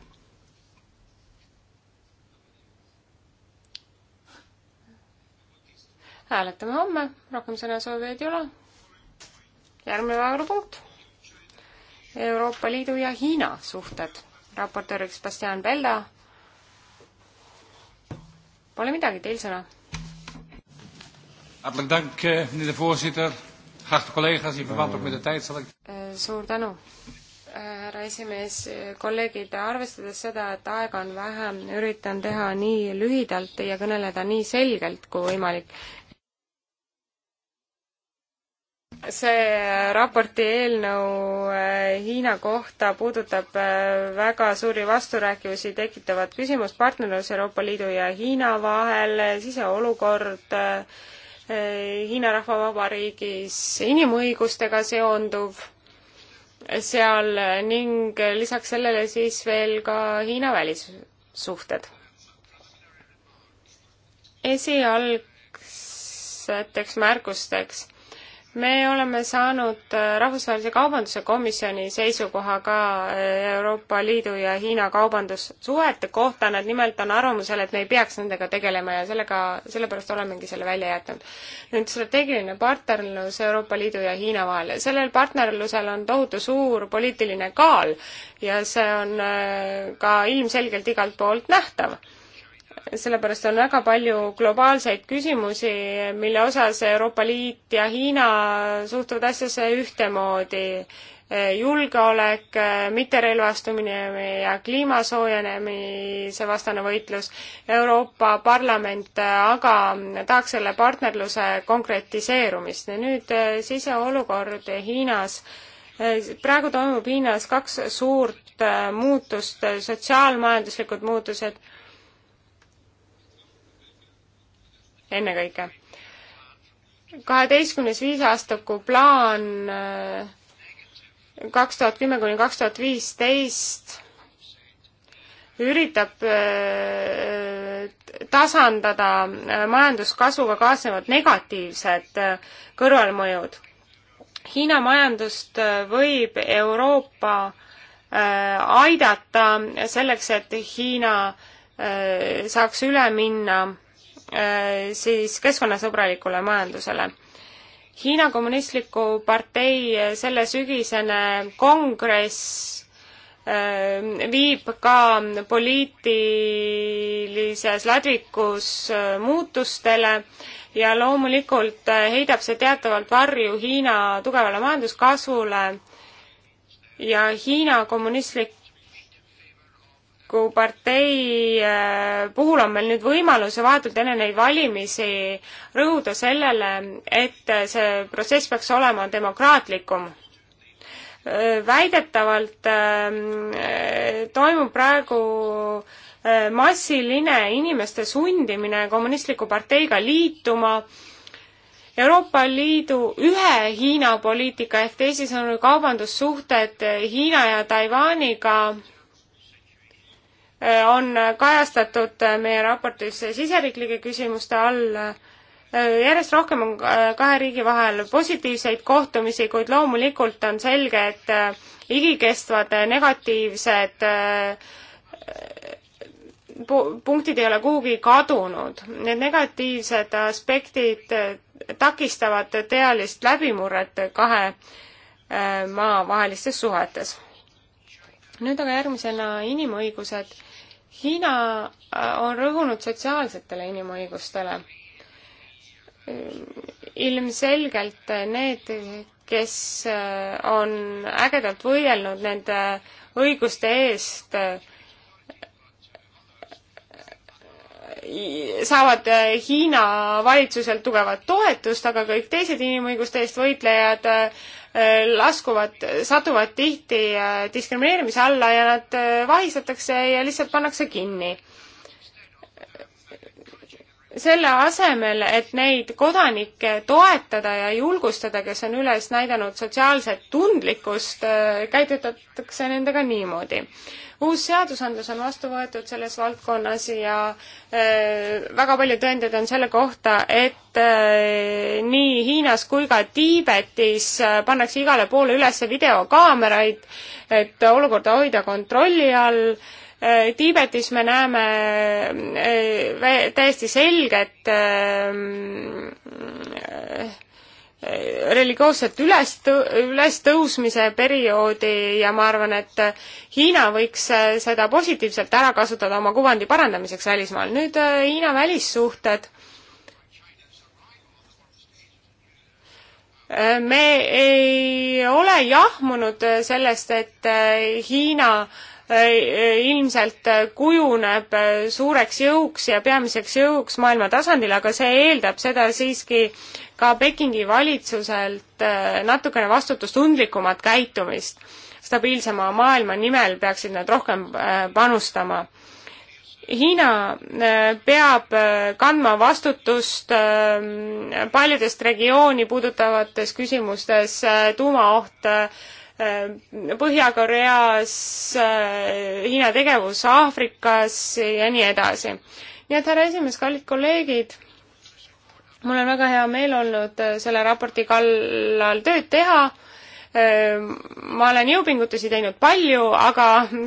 [SPEAKER 1] hääletame homme, rohkem sõnasoovijaid ei ole. järgmine päevakorrapunkt. Euroopa Liidu ja Hiina suhted. raportööriks Bastian Belda. Pole midagi, teil sõna.
[SPEAKER 2] Hartelijk dank, eh, meneer de voorzitter. Geachte collega's, in
[SPEAKER 1] verband ook met de tijd zal ik... Eh, suur tänu, eh, härra esimees. kolleegid, arvestades seda, et aega on vähe, üritan teha nii lühidalt ja kõneleda nii selgelt kui võimalik see raporti eelnõu eh, Hiina kohta puudutab eh, väga suuri vasturääkivusi tekitavat küsimust partnerlus Euroopa Liidu ja Hiina vahel, siseolukord eh, Hiina Rahvavabariigis, inimõigustega seonduv seal ning lisaks sellele siis veel ka Hiina välissuhted. esialgseteks märkusteks me oleme saanud äh, Rahvusvahelise Kaubanduse Komisjoni seisukoha ka äh, Euroopa Liidu ja Hiina kaubandussuhete kohta, nad nimelt on arvamusel, et me ei peaks nendega tegelema ja sellega, sellepärast olemegi selle välja jätnud. nüüd strateegiline partnerlus Euroopa Liidu ja Hiina vahel, sellel partnerlusel on tohutu suur poliitiline kaal ja see on äh, ka ilmselgelt igalt poolt nähtav sellepärast on väga palju globaalseid küsimusi, mille osas Euroopa Liit ja Hiina suhtuvad asjasse ühtemoodi. julgeolek, mitterelvastumine ja kliima soojenemise vastane võitlus. Euroopa Parlament aga tahaks selle partnerluse konkretiseerumist. nüüd eh, siseolukord Hiinas eh, praegu toimub Hiinas kaks suurt eh, muutust, sotsiaalmajanduslikud muutused ennekõike. kaheteistkümnes viisaastaku plaan äh, kaks tuhat kümme kuni kaks tuhat viisteist üritab äh, äh, tasandada majanduskasvuga kaasnevad negatiivsed kõrvalmõjud. Hiina majandust võib Euroopa aidata selleks, et Hiina saaks üle minna Äh, siis keskkonnasõbralikule majandusele. Hiina Kommunistliku Partei äh, selle sügisene kongress äh, viib ka poliitilises ladvikus muutustele ja loomulikult heidab see teatavalt varju Hiina tugevale majanduskasvule ja Hiina kommunistlik Demokraatliku partei äh, puhul on meil nüüd võimalus vahetult enne neid valimisi rõhuda sellele, et äh, see protsess peaks olema demokraatlikum. Äh, väidetavalt ähm, toimub praegu massiline inimeste sundimine kommunistliku parteiga liituma Euroopa Liidu ühe Hiina poliitika ehk teisisõnu kaubandussuhted Hiina ja Taiwaniga Äh, on kajastatud äh, meie raportis siseriiklike küsimuste all. Äh, järjest rohkem on kahe riigi vahel positiivseid kohtumisi, kuid loomulikult on selge, et igikestvad negatiivsed punktid ei ole kuhugi kadunud. Need negatiivsed aspektid takistavad tealist läbimurret kahe maa vahelistes suhetes. nüüd aga järgmisena inimõigused Hiina äh, on rõhunud sotsiaalsetele inimõigustele. ilmselgelt need, kes äh, on ägedalt võidelnud nende õiguste eest, äh, saavad Hiina valitsuselt tugevat toetust, aga kõik teised inimõiguste eest võitlejad äh, laskuvad, satuvad tihti äh, diskrimineerimise alla ja nad äh, vahistatakse ja lihtsalt pannakse kinni selle asemel, et neid kodanikke toetada ja julgustada, kes on üles näidanud sotsiaalset tundlikkust, äh, käidetakse nendega niimoodi. uus seadusandlus on vastu võetud selles valdkonnas ja äh, väga palju tõendeid on selle kohta, et äh, nii Hiinas kui ka Tiibetis äh, pannakse igale poole üles videokaameraid, et olukorda hoida kontrolli all Äh, Tiibetis me näeme äh, täiesti selget äh, religioosset üles, ülestõusmise perioodi ja ma arvan, et Hiina võiks seda positiivselt ära kasutada oma kuvandi parandamiseks välismaal. nüüd Hiina välissuhted. me ei ole jahmunud sellest, et Hiina äh, Äh, ilmselt äh, kujuneb äh, suureks jõuks ja peamiseks jõuks maailma tasandil, aga see eeldab seda siiski ka Pekingi valitsuselt natukene vastutustundlikumat käitumist. stabiilsema maailma nimel peaksid nad rohkem panustama. Hiina peab kandma vastutust ähm, paljudest regiooni puudutavates küsimustes, tuumaoht Äh, Põhja-Koreas, äh, Hiina tegevus Aafrikas ja nii edasi. nii et härra esimees, kallid kolleegid, mul on väga hea meel olnud äh, selle raporti kallal tööd teha ma olen jõupingutusi teinud palju, aga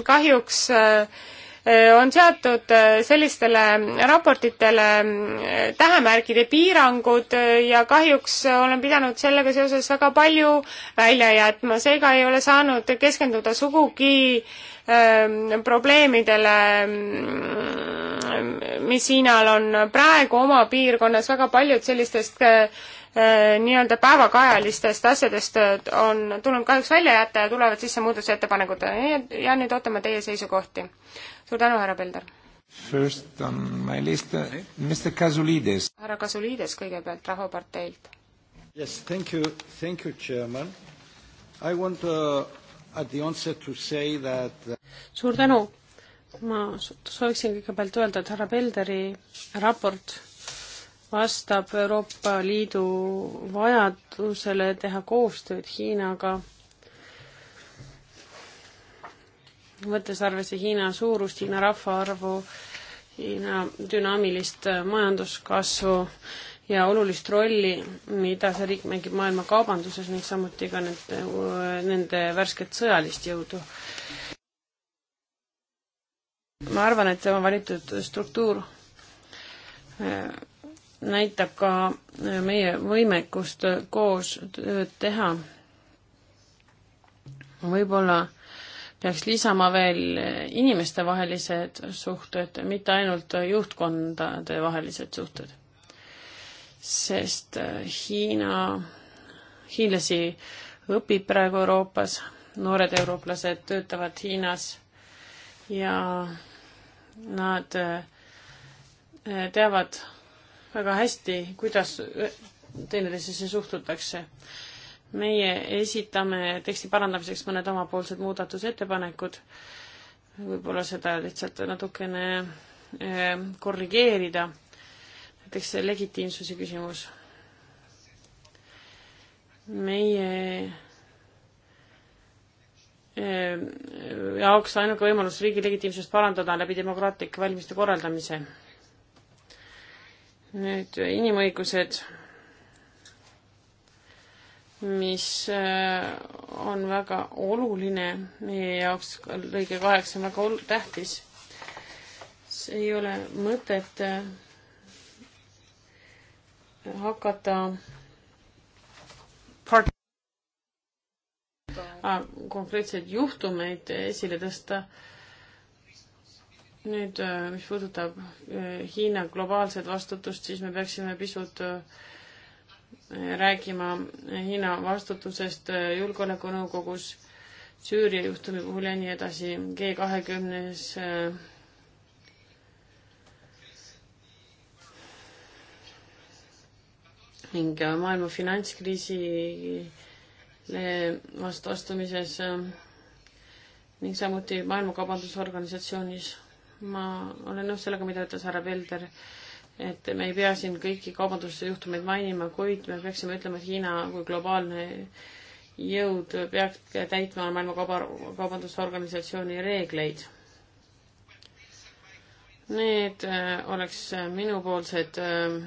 [SPEAKER 1] kahjuks Äh, on seatud äh, sellistele raportitele äh, tähemärgide piirangud ja kahjuks olen pidanud sellega seoses väga palju välja jätma, seega ei ole saanud keskenduda sugugi ähm, probleemidele, mm, mis Hiinal on praegu oma piirkonnas, väga paljud sellistest nii-öelda päevakajalistest asjadest on tulnud kahjuks välja jätta ja tulevad sisse muudatusettepanekud ja nüüd ootame teie seisukohti suur tänu, härra Pelder!
[SPEAKER 2] First on my list uh, Mr Kasulides.
[SPEAKER 1] härra Kasulides kõigepealt Rahvaparteilt. Yes, thank you, thank you, chairman. I want uh, at the onset to say that uh, suur tänu!
[SPEAKER 2] ma sooviksin kõigepealt öelda, et härra Pelderi raport vastab Euroopa Liidu vajadusele teha koostööd Hiinaga võttes arvesse Hiina suurust, Hiina rahvaarvu, Hiina dünaamilist äh, majanduskasvu ja olulist rolli, mida see riik mängib maailma kaubanduses ning samuti ka nende, äh, nende värsket sõjalist jõudu. ma arvan, et tema valitud struktuur äh, näitab ka meie võimekust koos tööd teha. võib-olla äh, peaks lisama veel inimestevahelised suhted, mitte ainult juhtkondadevahelised suhted. sest äh, Hiina, hiinlasi õpib praegu Euroopas, noored eurooplased töötavad Hiinas ja nad äh, teavad väga hästi, kuidas äh, teineteisesse suhtutakse meie esitame teksti parandamiseks mõned omapoolsed muudatusettepanekud, võib-olla seda lihtsalt natukene eh, korrigeerida, näiteks see legitiimsuse küsimus. meie eh, jaoks ainuke võimalus riigi legitiimsust parandada on läbi demokraatlike valimiste korraldamise. nüüd inimõigused mis äh, on väga oluline meie jaoks, lõige kaheksa on väga ol-, tähtis. ei ole mõtet äh, hakata part-, ah, konkreetseid juhtumeid esile tõsta. nüüd, äh, mis puudutab Hiina globaalset vastutust, siis me peaksime pisut äh, rääkima Hiina vastutusest Julgeolekunõukogus, Süüria juhtumi puhul ja nii edasi, G kahekümnes äh, ning maailma finantskriisile vastu astumises äh, ning samuti Maailmakaubandusorganisatsioonis. ma olen nõus sellega, mida ütles härra Pelder et me ei pea siin kõiki kaubanduse juhtumeid mainima, kuid me peaksime ütlema, et Hiina kui globaalne jõud peaks täitma Maailma Kaubandusorganisatsiooni reegleid. Need äh, oleks äh, minupoolsed äh,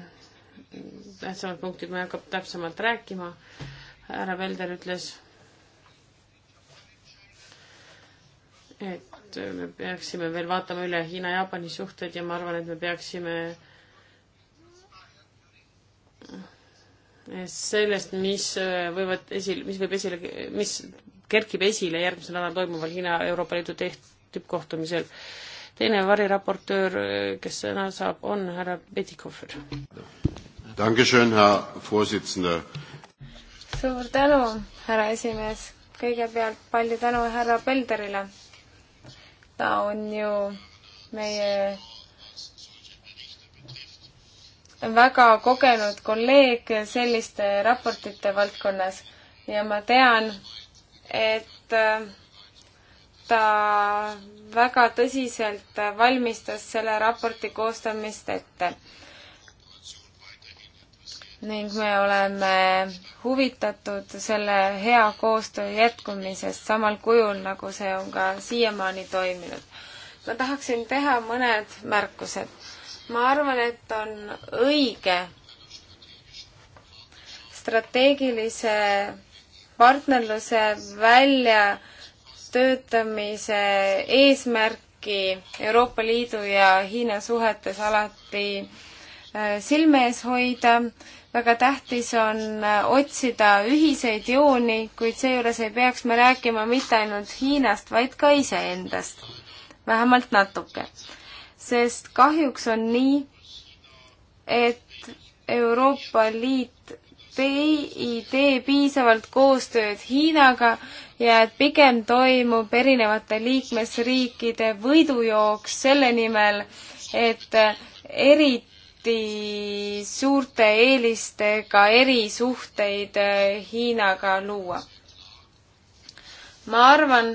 [SPEAKER 2] tähtsamad punktid, ma ei hakka täpsemalt rääkima. härra Velder ütles, et me peaksime veel vaatama üle Hiina-Jaapani suhted ja ma arvan, et me peaksime sellest, mis äh, võivad esile, mis võib esile, mis kerkib esile järgmisel nädalal toimuval Hiina Euroopa Liidu teht-, tippkohtumisel. teine variraportöör, äh, kes sõna saab, on härra Petikofer.
[SPEAKER 1] suur tänu, härra esimees. kõigepealt palju tänu härra Pelderile. ta on ju meie väga kogenud kolleeg selliste raportite valdkonnas ja ma tean, et äh, ta väga tõsiselt valmistas selle raporti koostamist ette. ning me oleme huvitatud selle hea koostöö jätkumisest samal kujul, nagu see on ka siiamaani toiminud. ma tahaksin teha mõned märkused ma arvan, et on õige strateegilise partnerluse väljatöötamise eesmärki Euroopa Liidu ja Hiina suhetes alati äh, silme ees hoida. väga tähtis on äh, otsida ühiseid jooni, kuid seejuures ei peaks me rääkima mitte ainult Hiinast, vaid ka iseendast, vähemalt natuke sest kahjuks on nii, et Euroopa Liit ei tee piisavalt koostööd Hiinaga ja et pigem toimub erinevate liikmesriikide võidujooks selle nimel, et eriti suurte eelistega erisuhteid Hiinaga luua. ma arvan,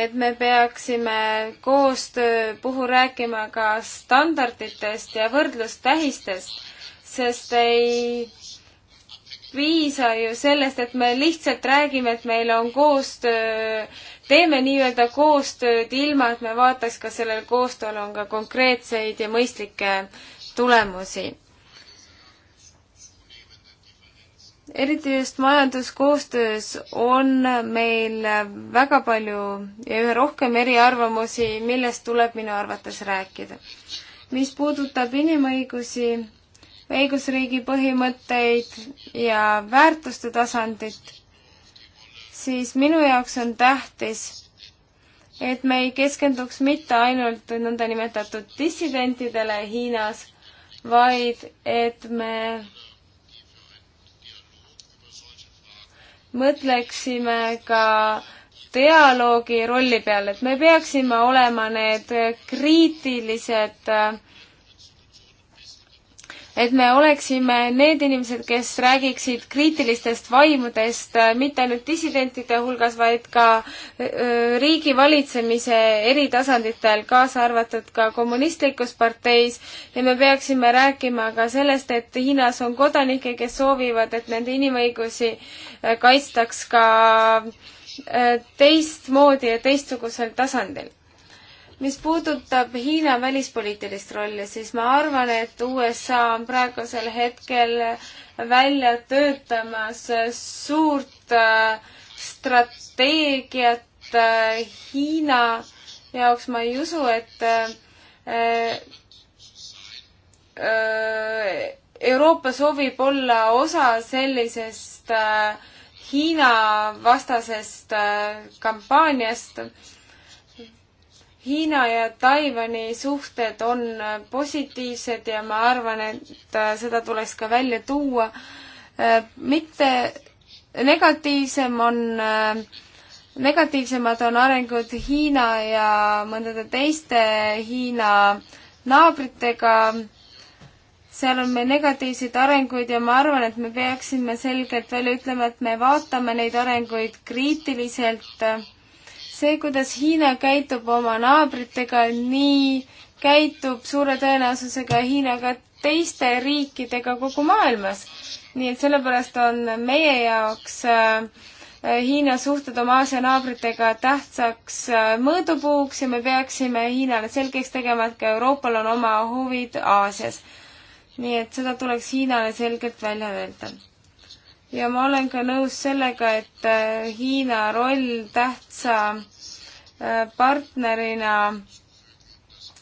[SPEAKER 1] et me peaksime koostöö puhul rääkima ka standarditest ja võrdlustähistest, sest ei piisa ju sellest, et me lihtsalt räägime, et meil on koostöö, teeme nii-öelda koostööd, ilma et me vaataks, kas sellel koostööl on ka konkreetseid ja mõistlikke tulemusi eriti just majanduskoostöös on meil väga palju ja üha rohkem eriarvamusi, millest tuleb minu arvates rääkida. mis puudutab inimõigusi, õigusriigi põhimõtteid ja väärtuste tasandit, siis minu jaoks on tähtis, et me ei keskenduks mitte ainult nõndanimetatud dissidentidele Hiinas, vaid et me mõtleksime ka dialoogi rolli peale, et me peaksime olema need kriitilised äh, et me oleksime need inimesed, kes räägiksid kriitilistest vaimudest mitte ainult dissidentide hulgas, vaid ka riigi valitsemise eri tasanditel, kaasa arvatud ka kommunistlikus parteis. ja me peaksime rääkima ka sellest, et Hiinas on kodanikke, kes soovivad, et nende inimõigusi kaitstaks ka teistmoodi ja teistsugusel tasandil mis puudutab Hiina välispoliitilist rolli, siis ma arvan, et USA on praegusel hetkel välja töötamas suurt äh, strateegiat äh, Hiina jaoks, ma ei usu, et äh, Euroopa soovib olla osa sellisest Hiina vastasest kampaaniast Hiina ja Taiwan'i suhted on positiivsed ja ma arvan, et äh, seda tuleks ka välja tuua. Äh, mitte negatiivsem on, äh, negatiivsemad on arengud Hiina ja mõndade teiste Hiina naabritega. seal on meil negatiivseid arenguid ja ma arvan, et me peaksime selgelt välja ütlema, et me vaatame neid arenguid kriitiliselt see, kuidas Hiina käitub oma naabritega, nii käitub suure tõenäosusega Hiina ka teiste riikidega kogu maailmas. nii et sellepärast on meie jaoks äh, Hiina suhted oma Aasia naabritega tähtsaks äh, mõõdupuuks ja me peaksime Hiinale selgeks tegema, et ka Euroopal on oma huvid Aasias. nii et seda tuleks Hiinale selgelt välja öelda. ja ma olen ka nõus sellega, et äh, Hiina roll tähtsa partnerina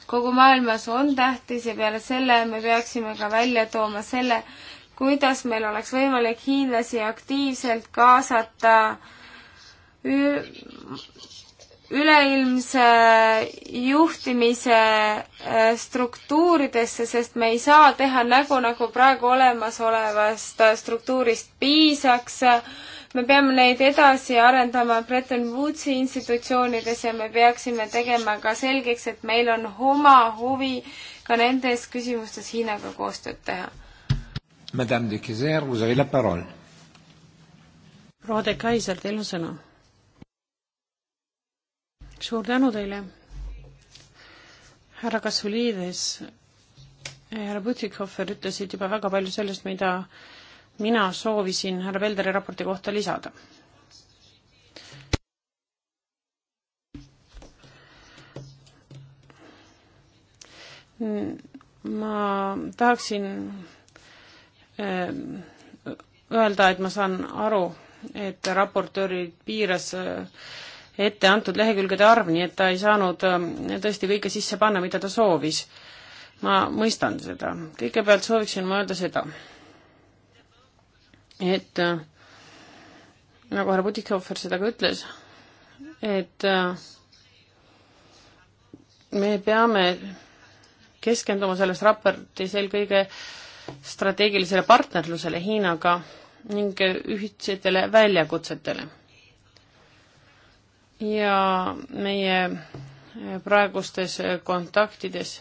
[SPEAKER 1] kogu maailmas on tähtis ja peale selle me peaksime ka välja tooma selle, kuidas meil oleks võimalik hiinlasi aktiivselt kaasata üleilmse juhtimise äh, struktuuridesse, sest me ei saa teha nägu, nagu praegu olemasolevast äh, struktuurist piisaks me peame neid edasi arendama Bretton Woodsi institutsioonides ja me peaksime tegema ka selgeks, et meil on oma huvi ka nendes küsimustes Hiinaga koostööd teha. Madame de Kaiser, vous avez la parole.
[SPEAKER 2] proua de Kaiser, teil on sõna. suur tänu teile. härra Kasuliides, härra Putikofer ütlesid juba väga palju sellest, mida mina soovisin härra Pelderi raporti kohta lisada. ma tahaksin ähm, öelda, et ma saan aru, et raportöörid piiras äh, ette antud lehekülgede arv, nii et ta ei saanud ähm, tõesti kõike sisse panna, mida ta soovis. ma mõistan seda. kõigepealt sooviksin ma öelda seda, et äh, nagu härra Putikohver seda ka ütles, et äh, me peame keskenduma selles raportis eelkõige strateegilisele partnerlusele Hiinaga ning ühtsetele väljakutsetele. ja meie praegustes kontaktides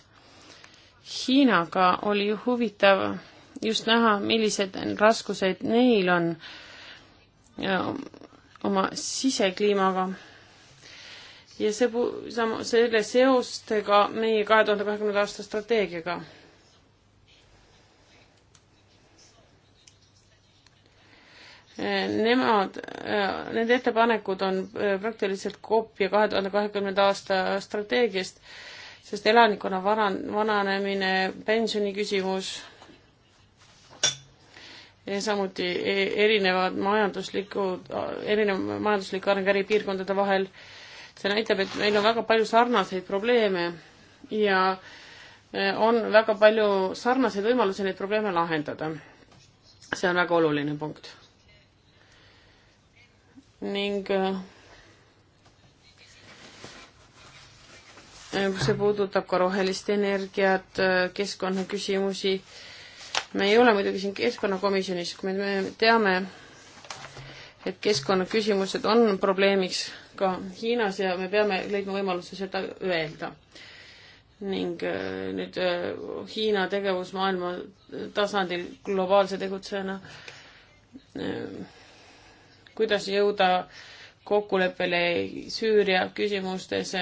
[SPEAKER 2] Hiinaga oli huvitav just näha, millised raskused neil on oma sisekliimaga. ja see pu-, sama, selle seostega meie kahe tuhande kahekümnenda aasta strateegiaga. Nemad, need ettepanekud on äh, praktiliselt koopia kahe tuhande kahekümnenda aasta strateegiast, sest elanikkonna vana, vananemine, pensioniküsimus, samuti e-, erinevad majanduslikud, erinev majanduslik areng äripiirkondade vahel. see näitab, et meil on väga palju sarnaseid probleeme ja e, on väga palju sarnaseid võimalusi neid probleeme lahendada. see on väga oluline punkt. ning e, see puudutab ka rohelist energiat, keskkonnaküsimusi me ei ole muidugi siin keskkonnakomisjonis, kuid me teame, et keskkonnaküsimused on probleemiks ka Hiinas ja me peame leidma võimaluse seda öelda. ning äh, nüüd äh, Hiina tegevus maailma tasandil globaalse tegutsejana, äh, kuidas jõuda kokkuleppele Süüria küsimustes,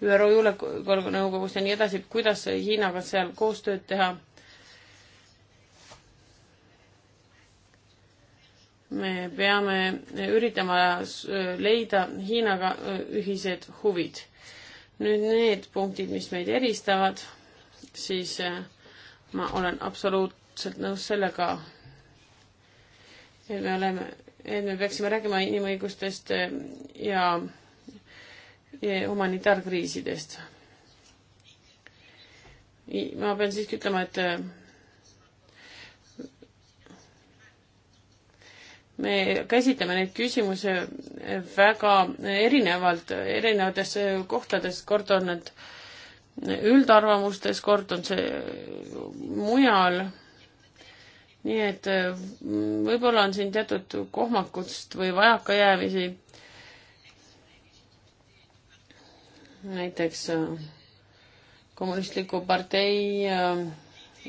[SPEAKER 2] ÜRO Julgeolekunõukogus ja nii edasi, kuidas Hiinaga seal koostööd teha me peame eh, üritama eh, leida Hiinaga eh, ühised huvid. nüüd need punktid, mis meid eristavad, siis ma olen absoluutselt nõus sellega, et me oleme, et me peaksime rääkima inimõigustest ja, ja humanitaarkriisidest. ma pean siiski ütlema, et me käsitleme neid küsimusi väga erinevalt, erinevates kohtades, kord on need üldarvamustes, kord on see mujal. nii et mm, võib-olla on siin teatud kohmakust või vajakajäämisi. näiteks äh, kommunistliku partei äh,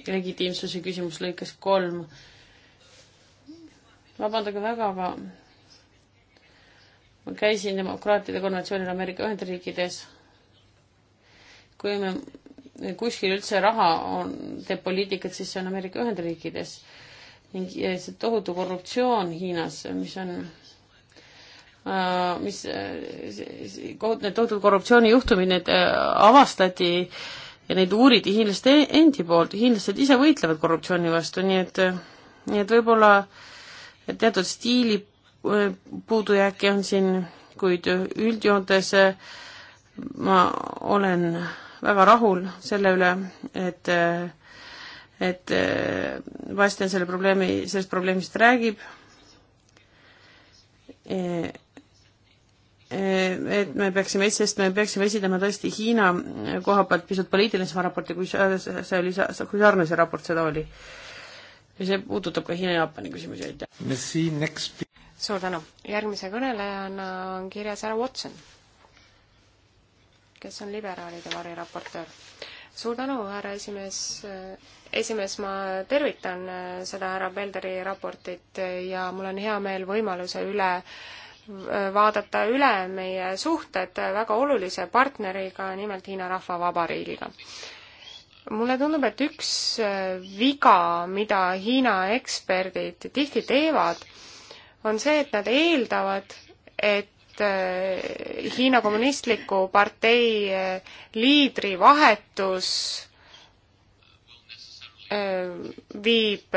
[SPEAKER 2] legitiimsuse küsimus lõikes kolm vabandage väga, aga ma käisin demokraatide konventsioonil Ameerika Ühendriikides. kui me kuskil üldse raha on, teeb poliitikat, siis see on Ameerika Ühendriikides ning see tohutu korruptsioon Hiinas, mis on äh, mis äh, kohut-, need tohutud korruptsioonijuhtumid, need äh, avastati ja neid uuriti hiinlaste endi poolt, hiinlased ise võitlevad korruptsiooni vastu, nii et, nii et võib-olla äh, teatud stiili äh, puudujääke on siin, kuid üldjoontes äh, ma olen väga rahul selle üle, et äh, et Bastion selle probleemi, sellest probleemist räägib et me peaksime, sest me peaksime esitama tõesti Hiina koha pealt pisut poliitilisema raporti, kui see oli, kui sarnase raport seda oli ja see puudutab ka Hiina-Jaapani küsimusi,
[SPEAKER 1] aitäh! suur tänu! järgmise kõnelejana on kirjas härra Watson, kes on liberaalide variraportöör. suur tänu, härra esimees, esimees, ma tervitan seda härra Belderi raportit ja mul on hea meel võimaluse üle vaadata üle meie suhted väga olulise partneriga, nimelt Hiina Rahvavabariigiga mulle tundub, et üks äh, viga, mida Hiina eksperdid tihti teevad, on see, et nad eeldavad, et äh, Hiina Kommunistliku Partei äh, liidri vahetus viib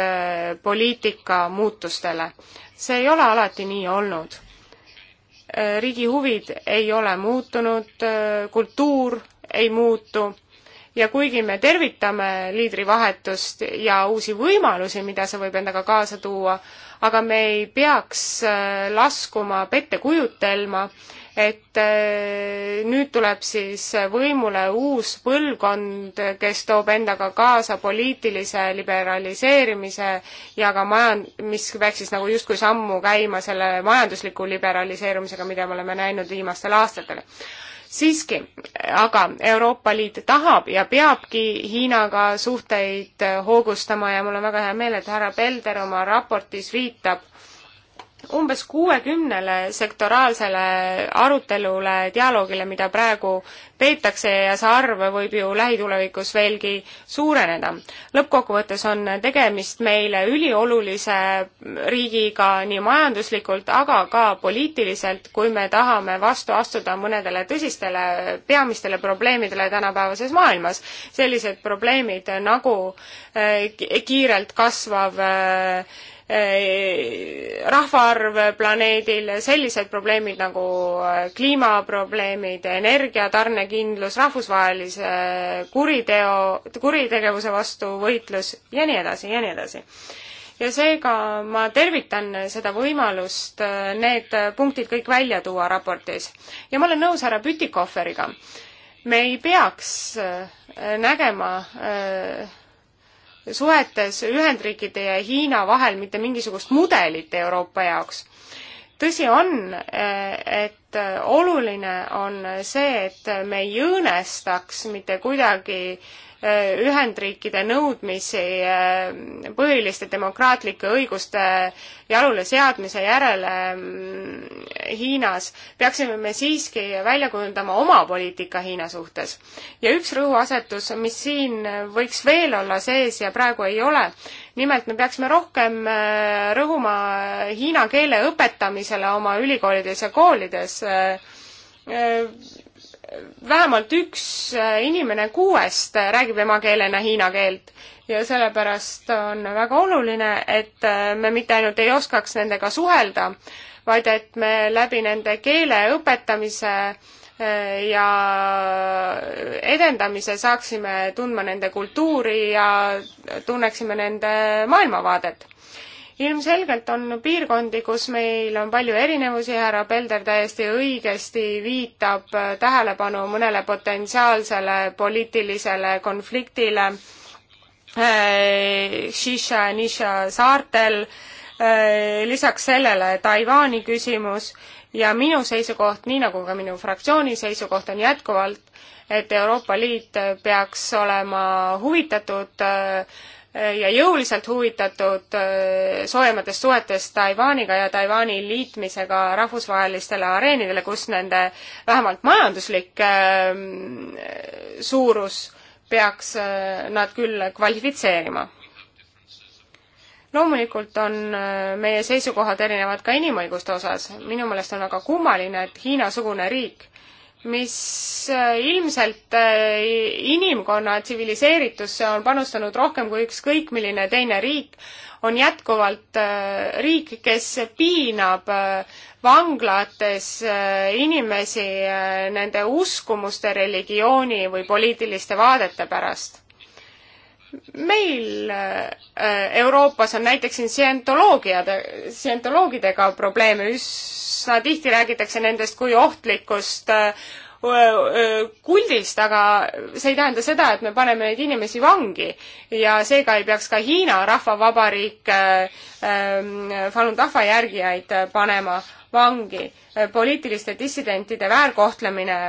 [SPEAKER 1] poliitika muutustele. see ei ole alati nii olnud. riigi huvid ei ole muutunud, kultuur ei muutu ja kuigi me tervitame liidrivahetust ja uusi võimalusi, mida see võib endaga kaasa tuua, aga me ei peaks äh, laskuma pettekujutelma, et äh, nüüd tuleb siis võimule uus põlvkond, kes toob endaga kaasa poliitilise liberaliseerimise ja ka majand-, mis peaks siis nagu justkui sammu käima selle majandusliku liberaliseerumisega, mida me oleme näinud viimastel aastatel siiski, aga Euroopa Liit tahab ja peabki Hiinaga suhteid hoogustama ja mul on väga hea meel, et härra Pelder oma raportis viitab umbes kuuekümnele sektoraalsele arutelule, dialoogile, mida praegu peetakse ja see arv võib ju lähitulevikus veelgi suureneda. lõppkokkuvõttes on tegemist meile üliolulise riigiga nii majanduslikult, aga ka poliitiliselt, kui me tahame vastu astuda mõnedele tõsistele peamistele probleemidele tänapäevases maailmas. sellised probleemid nagu eh, kiirelt kasvav eh, Äh, rahvaarv planeedil, sellised probleemid nagu äh, kliimaprobleemid, energiatarnekindlus, rahvusvahelise äh, kuriteo, kuritegevuse vastu võitlus ja nii edasi ja nii edasi. ja seega ma tervitan seda võimalust need punktid kõik välja tuua raportis. ja ma olen nõus härra Pütikohveriga, me ei peaks nägema öö, suhetes Ühendriikide ja Hiina vahel mitte mingisugust mudelit Euroopa jaoks tõsi on, eh, et oluline on see, et me ei õõnestaks mitte kuidagi eh, Ühendriikide nõudmisi eh, põhiliste demokraatlike õiguste jalule seadmise järele mm, Hiinas, peaksime me siiski välja kujundama oma poliitika Hiina suhtes. ja üks rõhuasetus, mis siin võiks veel olla sees ja praegu ei ole, nimelt me peaksime rohkem äh, rõhuma hiina keele õpetamisele oma ülikoolides ja koolides. Äh, äh, vähemalt üks inimene kuuest räägib emakeelena hiina keelt ja sellepärast on väga oluline, et me mitte ainult ei oskaks nendega suhelda, vaid et me läbi nende keele õpetamise äh, ja edendamise saaksime tundma nende kultuuri ja tunneksime nende maailmavaadet ilmselgelt on piirkondi, kus meil on palju erinevusi, härra Pelder täiesti õigesti viitab tähelepanu mõnele potentsiaalsele poliitilisele konfliktile eh, Shisha, Nisha saartel, eh, lisaks sellele Taiwan'i küsimus ja minu seisukoht, nii nagu ka minu fraktsiooni seisukoht, on jätkuvalt, et Euroopa Liit peaks olema huvitatud äh, ja jõuliselt huvitatud äh, soojematest suhetest Taiwaniga ja Taiwani liitmisega rahvusvahelistele areenidele, kus nende vähemalt majanduslik ähm, suurus peaks äh, nad küll kvalifitseerima loomulikult on äh, meie seisukohad erinevad ka inimõiguste osas. minu meelest on väga kummaline, et Hiina-sugune riik, mis äh, ilmselt äh, inimkonna tsiviliseeritusse on panustanud rohkem kui ükskõik milline teine riik, on jätkuvalt riik, kes piinab vanglates inimesi nende uskumuste, religiooni või poliitiliste vaadete pärast meil äh, Euroopas on näiteks scientoloogiad, scientoloogidega probleeme, üsna tihti räägitakse nendest kui ohtlikust äh, äh, kuldist, aga see ei tähenda seda, et me paneme neid inimesi vangi ja seega ei peaks ka Hiina rahvavabariik ähm, Falun Dafa järgijaid panema vangi. poliitiliste dissidentide väärkohtlemine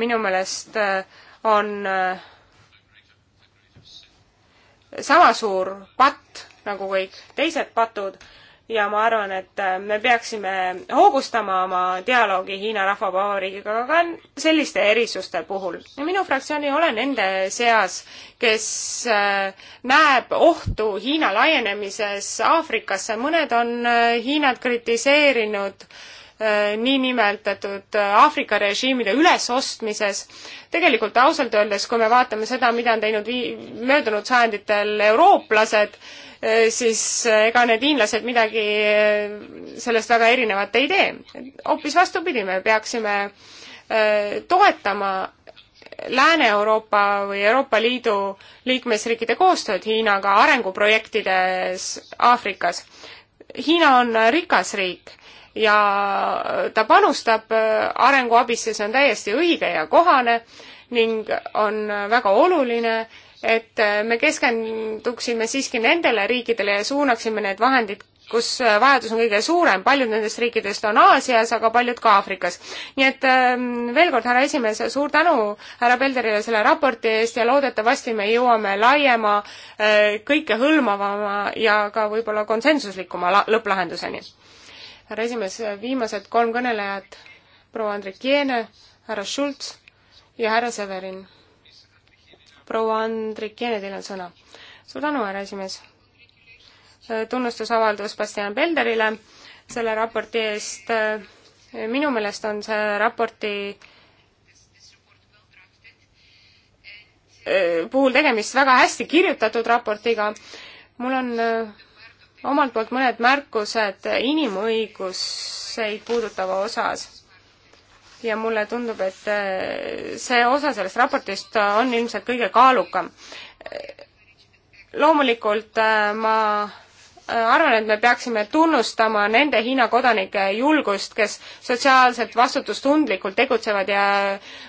[SPEAKER 1] minu meelest on äh, sama suur patt nagu kõik teised patud ja ma arvan, et äh, me peaksime hoogustama oma dialoogi Hiina Rahvavabariigiga ka selliste erisuste puhul. ja minu fraktsioon ei ole nende seas, kes äh, näeb ohtu Hiina laienemises Aafrikasse, mõned on äh, Hiinat kritiseerinud äh, Äh, niinimetatud äh, Aafrika režiimide ülesostmises. tegelikult ausalt öeldes, kui me vaatame seda, mida on teinud vii-, möödunud sajanditel eurooplased, äh, siis ega need hiinlased midagi sellest väga erinevat ei tee. hoopis vastupidi, me peaksime toetama Lääne-Euroopa või Euroopa Liidu liikmesriikide koostööd Hiinaga arenguprojektides Aafrikas. Hiina on rikas riik ja ta panustab äh, arenguabisse, see on täiesti õige ja kohane ning on väga oluline, et äh, me keskenduksime siiski nendele riikidele ja suunaksime need vahendid kus äh, vajadus on kõige suurem, paljud nendest riikidest on Aasias, aga paljud ka Aafrikas. nii et ähm, veel kord, härra esimees, suur tänu härra Pelderile selle raporti eest ja loodetavasti me jõuame laiema, kõikehõlmavama ja ka võib-olla konsensuslikuma lõpplahenduseni härra esimees, viimased kolm kõnelejat, proua Andrek Jeene, härra Schultz ja härra Severin. proua Andrek Jeene, teil on sõna. suur tänu, härra esimees. tunnustusavaldus Bastian Belderile selle raporti eest. minu meelest on see raporti puhul tegemist väga hästi kirjutatud raportiga. mul on omalt poolt mõned märkused inimõiguseid puudutava osas. ja mulle tundub, et äh, see osa sellest raportist on ilmselt kõige kaalukam. loomulikult äh, ma arvan, et me peaksime tunnustama nende Hiina kodanike julgust, kes sotsiaalselt vastutustundlikult tegutsevad ja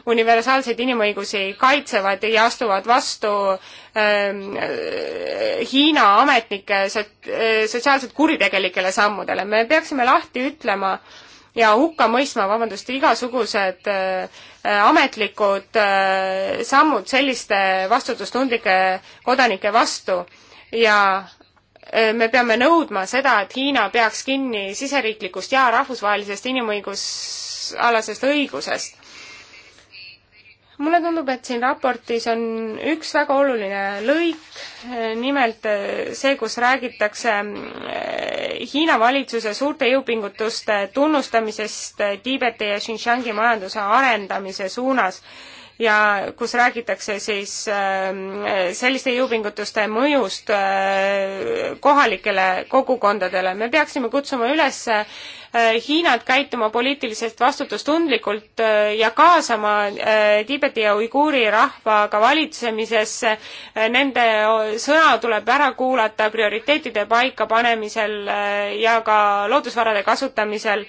[SPEAKER 1] universaalseid inimõigusi kaitsevad ja astuvad vastu ähm, Hiina ametnike sot-, äh, sotsiaalselt kuritegelikele sammudele. me peaksime lahti ütlema ja hukka mõistma, vabandust, igasugused äh, ametlikud äh, sammud selliste vastutustundlike kodanike vastu ja me peame nõudma seda, et Hiina peaks kinni siseriiklikust ja rahvusvahelisest inimõigusalasest õigusest. mulle tundub, et siin raportis on üks väga oluline lõik, nimelt see, kus räägitakse Hiina valitsuse suurte jõupingutuste tunnustamisest Tiibeti ja Xinjiangi majanduse arendamise suunas ja kus räägitakse siis ähm, selliste jõupingutuste mõjust äh, kohalikele kogukondadele. me peaksime kutsuma üles äh, Hiinat käituma poliitiliselt vastutustundlikult äh, ja kaasama Tiibeti ja Uiguuri rahvaga valitsemisesse. Nende sõna tuleb ära kuulata prioriteetide paikapanemisel ja ka loodusvarade kasutamisel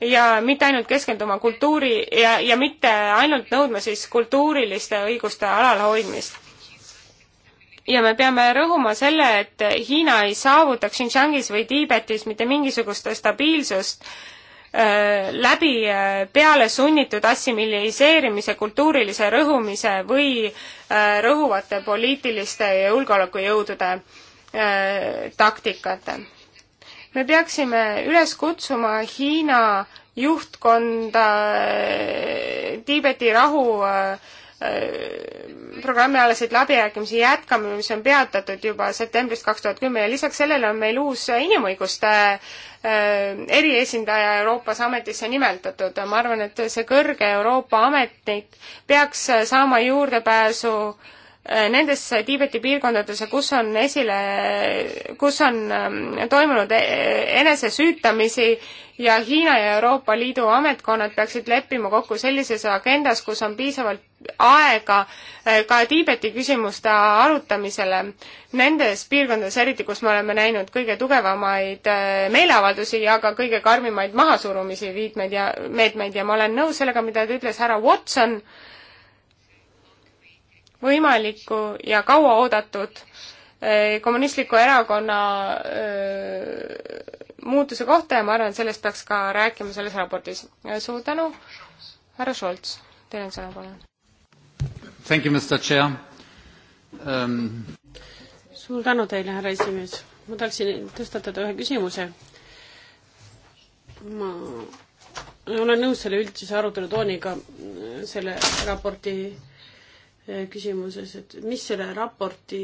[SPEAKER 1] ja mitte ainult keskenduma kultuuri ja, ja mitte ainult nõudma siis kultuuriliste õiguste alalhoidmist. ja me peame rõhuma selle, et Hiina ei saavutaks Xinjiangis või Tiibetis mitte mingisugust stabiilsust äh, läbi äh, peale sunnitud assimiliseerimise, kultuurilise rõhumise või äh, rõhuvate poliitiliste ja julgeolekujõudude äh, taktikate me peaksime üles kutsuma Hiina juhtkonda eh, Tiibeti rahu eh, eh, programmialaseid läbirääkimisi jätkame, mis on peatatud juba septembrist kaks tuhat kümme ja lisaks sellele on meil uus inimõiguste eriesindaja Euroopas ametisse nimetatud. ma arvan, et see kõrge Euroopa ametnik peaks saama juurdepääsu äh, Äh, nendesse Tiibeti piirkondadesse, kus on esile, kus on ähm, toimunud e-, enesesüütamisi ja Hiina ja Euroopa Liidu ametkonnad peaksid leppima kokku sellises agendas, kus on piisavalt aega äh, ka Tiibeti küsimuste arutamisele nendes piirkondades, eriti kus me oleme näinud kõige tugevamaid äh, meeleavaldusi ja ka kõige karmimaid mahasurumisi viitmeid ja meetmeid ja ma olen nõus sellega, mida ta ütles, härra Watson, võimalikku ja kauaoodatud eh, kommunistliku erakonna öö, eh, muutuse kohta ja ma arvan, et sellest peaks ka rääkima selles raportis. suur tänu, härra Scholz, teil on sõna, palun.
[SPEAKER 2] Thank you, Mr Chair um.... suur tänu teile, härra esimees. ma tahaksin tõstatada ühe küsimuse. ma olen nõus selle üldise arutelu tooniga selle raporti Äh, küsimuses, et mis selle raporti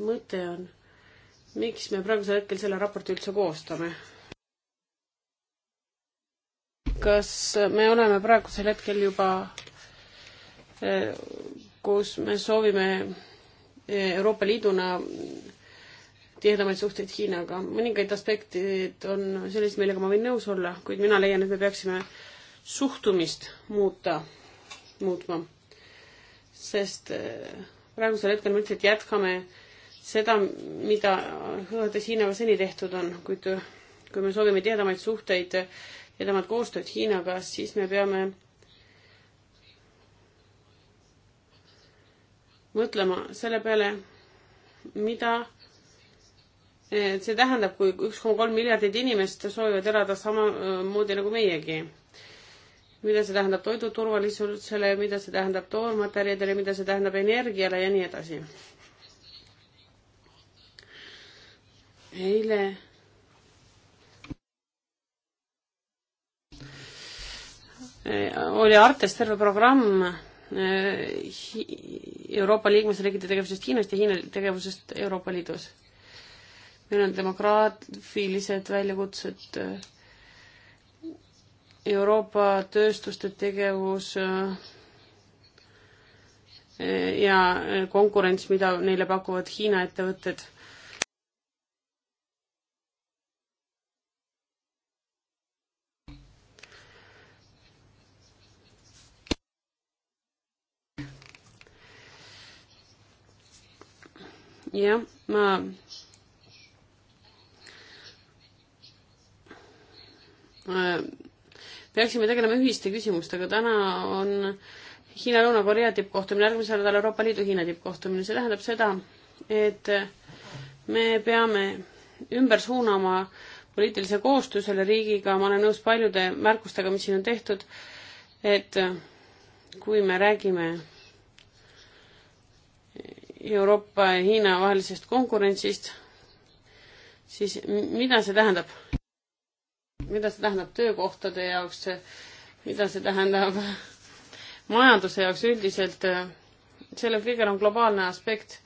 [SPEAKER 2] mõte on? miks me praegusel hetkel selle raporti üldse koostame? kas me oleme praegusel hetkel juba, äh, kus me soovime äh, Euroopa Liiduna tihedamaid suhteid Hiinaga. mõningaid aspektid on sellised, millega ma võin nõus olla, kuid mina leian, et me peaksime suhtumist muuta, muutma sest äh, praegusel hetkel me üldiselt jätkame seda, mida suhetes Hiinaga seni tehtud on, kuid äh, kui me soovime tihedamaid suhteid, tihedamat koostööd Hiinaga, siis me peame mõtlema selle peale, mida äh, see tähendab, kui üks koma kolm miljardit inimest soovivad elada samamoodi nagu meiegi mida see tähendab toiduturvalisusele, mida see tähendab toormaterjalidele, mida see tähendab energiale ja nii edasi. eile oli Artes terve programm eh, Euroopa liikmesriikide tegevusest Hiinast ja Hiina tegevusest Euroopa Liidus. meil on demograafilised väljakutsed eh, Euroopa tööstuste tegevus äh, ja äh, konkurents, mida neile pakuvad Hiina ettevõtted. jah, ma äh, peaksime tegelema ühiste küsimustega, täna on Hiina-Lõuna-Korea tippkohtumine, järgmisel nädalal Euroopa Liidu Hiina tippkohtumine, see tähendab seda, et me peame ümber suunama poliitilise koostöö selle riigiga, ma olen nõus paljude märkustega, mis siin on tehtud, et kui me räägime Euroopa ja Hiina vahelisest konkurentsist, siis mida see tähendab? mida see tähendab töökohtade jaoks, mida see tähendab majanduse jaoks üldiselt, sellel kõigel on globaalne aspekt.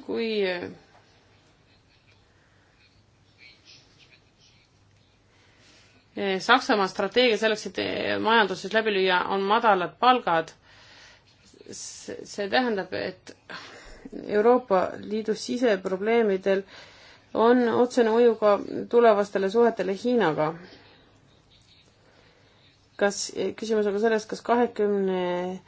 [SPEAKER 2] kui eh, Saksamaa strateegia selleks, et eh, majanduses läbi lüüa, on madalad palgad. see tähendab, et Euroopa Liidu siseprobleemidel äh, on otsene mõju ka tulevastele suhetele Hiinaga. kas, küsimus on ka selles, kas kahekümne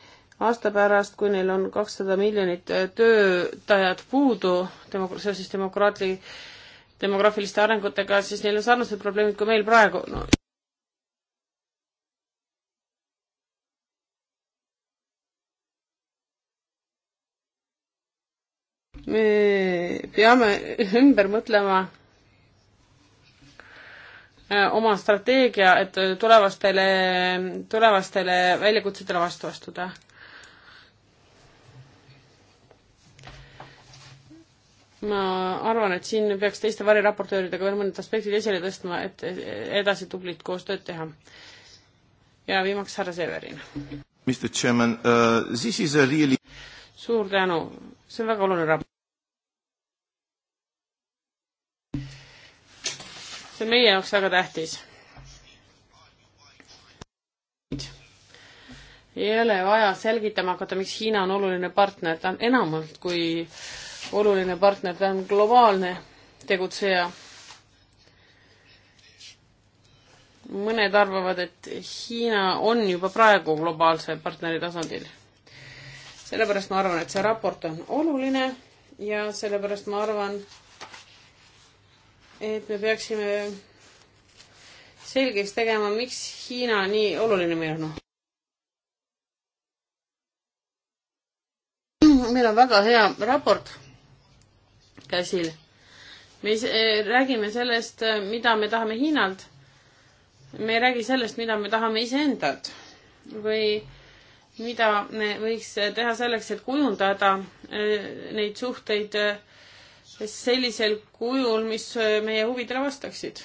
[SPEAKER 2] aasta pärast, kui neil on kakssada miljonit töötajat puudu demok-, seoses demokraatli-, demograafiliste arengutega, siis neil on sarnased probleemid kui meil praegu no.. me peame ümber mõtlema äh, oma strateegia, et tulevastele, tulevastele väljakutsetele vastu astuda. ma arvan, et siin peaks teiste variraportööridega veel mõned aspektid esile tõstma, et edasi tublit koostööd teha. ja viimaks härra Severin.
[SPEAKER 1] Mr Chairman uh,, this is a really
[SPEAKER 2] suur tänu, see on väga oluline raport see on meie jaoks väga tähtis. ei ole vaja selgitama hakata, miks Hiina on oluline partner, ta on enamalt kui oluline partner, ta on globaalne tegutseja. mõned arvavad, et Hiina on juba praegu globaalse partneri tasandil. sellepärast ma arvan, et see raport on oluline ja sellepärast ma arvan, et me peaksime selgeks tegema, miks Hiina nii oluline meil on. Noh. meil on väga hea raport käsil. me eh, räägime sellest, eh, mida me tahame Hiinalt. me ei räägi sellest, mida me tahame iseendalt või mida me võiks eh, teha selleks, et kujundada neid suhteid äh, sellisel kujul, mis äh, meie huvidele vastaksid.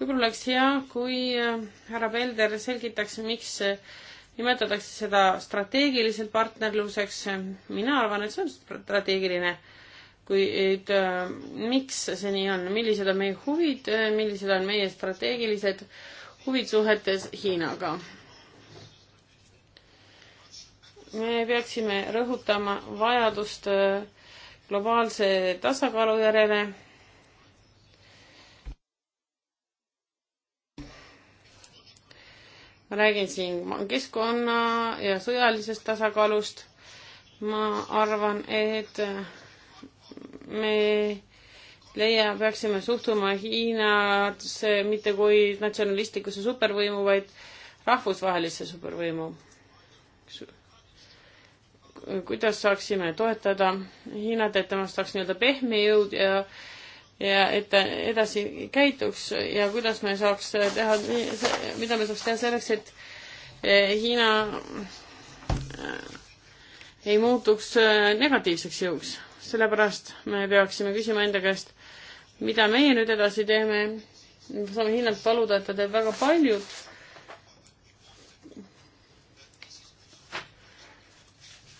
[SPEAKER 2] võib-olla oleks hea, kui äh, härra Pelder selgitaks, miks äh, nimetatakse seda strateegiliselt partnerluseks. mina arvan, et see on strateegiline kuid äh, miks see nii on, millised on meie huvid, millised on meie strateegilised huvid suhetes Hiinaga? me peaksime rõhutama vajadust äh, globaalse tasakaalu järele. ma räägin siin keskkonna ja sõjalisest tasakaalust. ma arvan, et me leia, peaksime suhtuma Hiinasse mitte kui natsionalistlikusse supervõimu, vaid rahvusvahelisse supervõimu kuidas saaksime toetada Hiinat, et temast saaks nii-öelda pehme jõud ja ja et ta edasi käituks ja kuidas me saaks teha, mida me saaks teha selleks, et eh, Hiina eh, ei muutuks eh, negatiivseks jõuks. sellepärast me peaksime küsima enda käest, mida meie nüüd edasi teeme. saame Hiinalt paluda, et ta teeb väga paljud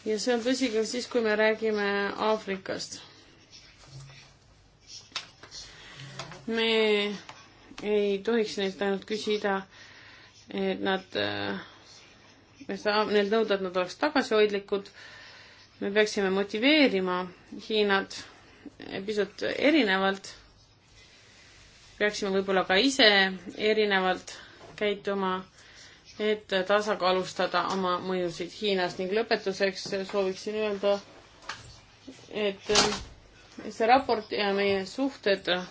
[SPEAKER 2] ja see on tõsi ka siis, kui me räägime Aafrikast. me ei tohiks neilt ainult küsida, et nad, äh, neilt nõuda, et nad oleks tagasihoidlikud. me peaksime motiveerima Hiinat pisut erinevalt. peaksime võib-olla ka ise erinevalt käituma et tasakaalustada oma mõjusid Hiinas ning lõpetuseks sooviksin öelda, et äh, see raport ja meie suhted äh,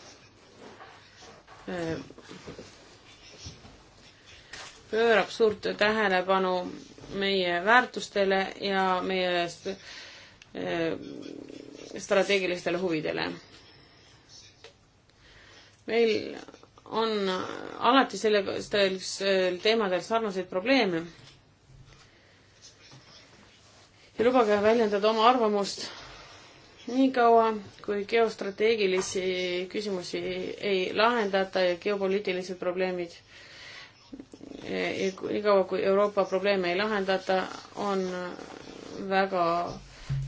[SPEAKER 2] pöörab suurt tähelepanu meie väärtustele ja meie äh, strateegilistele huvidele. meil on alati sellistel teemadel sarnaseid probleeme. ja lubage väljendada oma arvamust niikaua, kui geostrateegilisi küsimusi ei lahendata ja geopoliitilised probleemid niikaua, kui Euroopa probleeme ei lahendata, on väga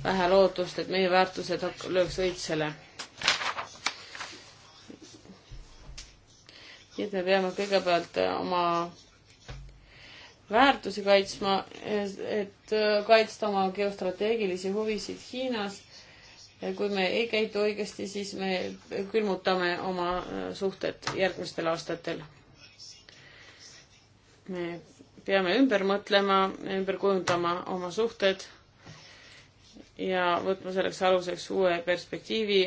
[SPEAKER 2] vähe lootust, et meie väärtused lööks õitsele nii et me peame kõigepealt äh, oma väärtusi kaitsma, et äh, kaitsta oma geostrateegilisi huvisid Hiinas. kui me ei käitu õigesti, siis me külmutame oma äh, suhted järgmistel aastatel. me peame ümber mõtlema, ümber kujundama oma suhted ja võtma selleks aluseks uue perspektiivi,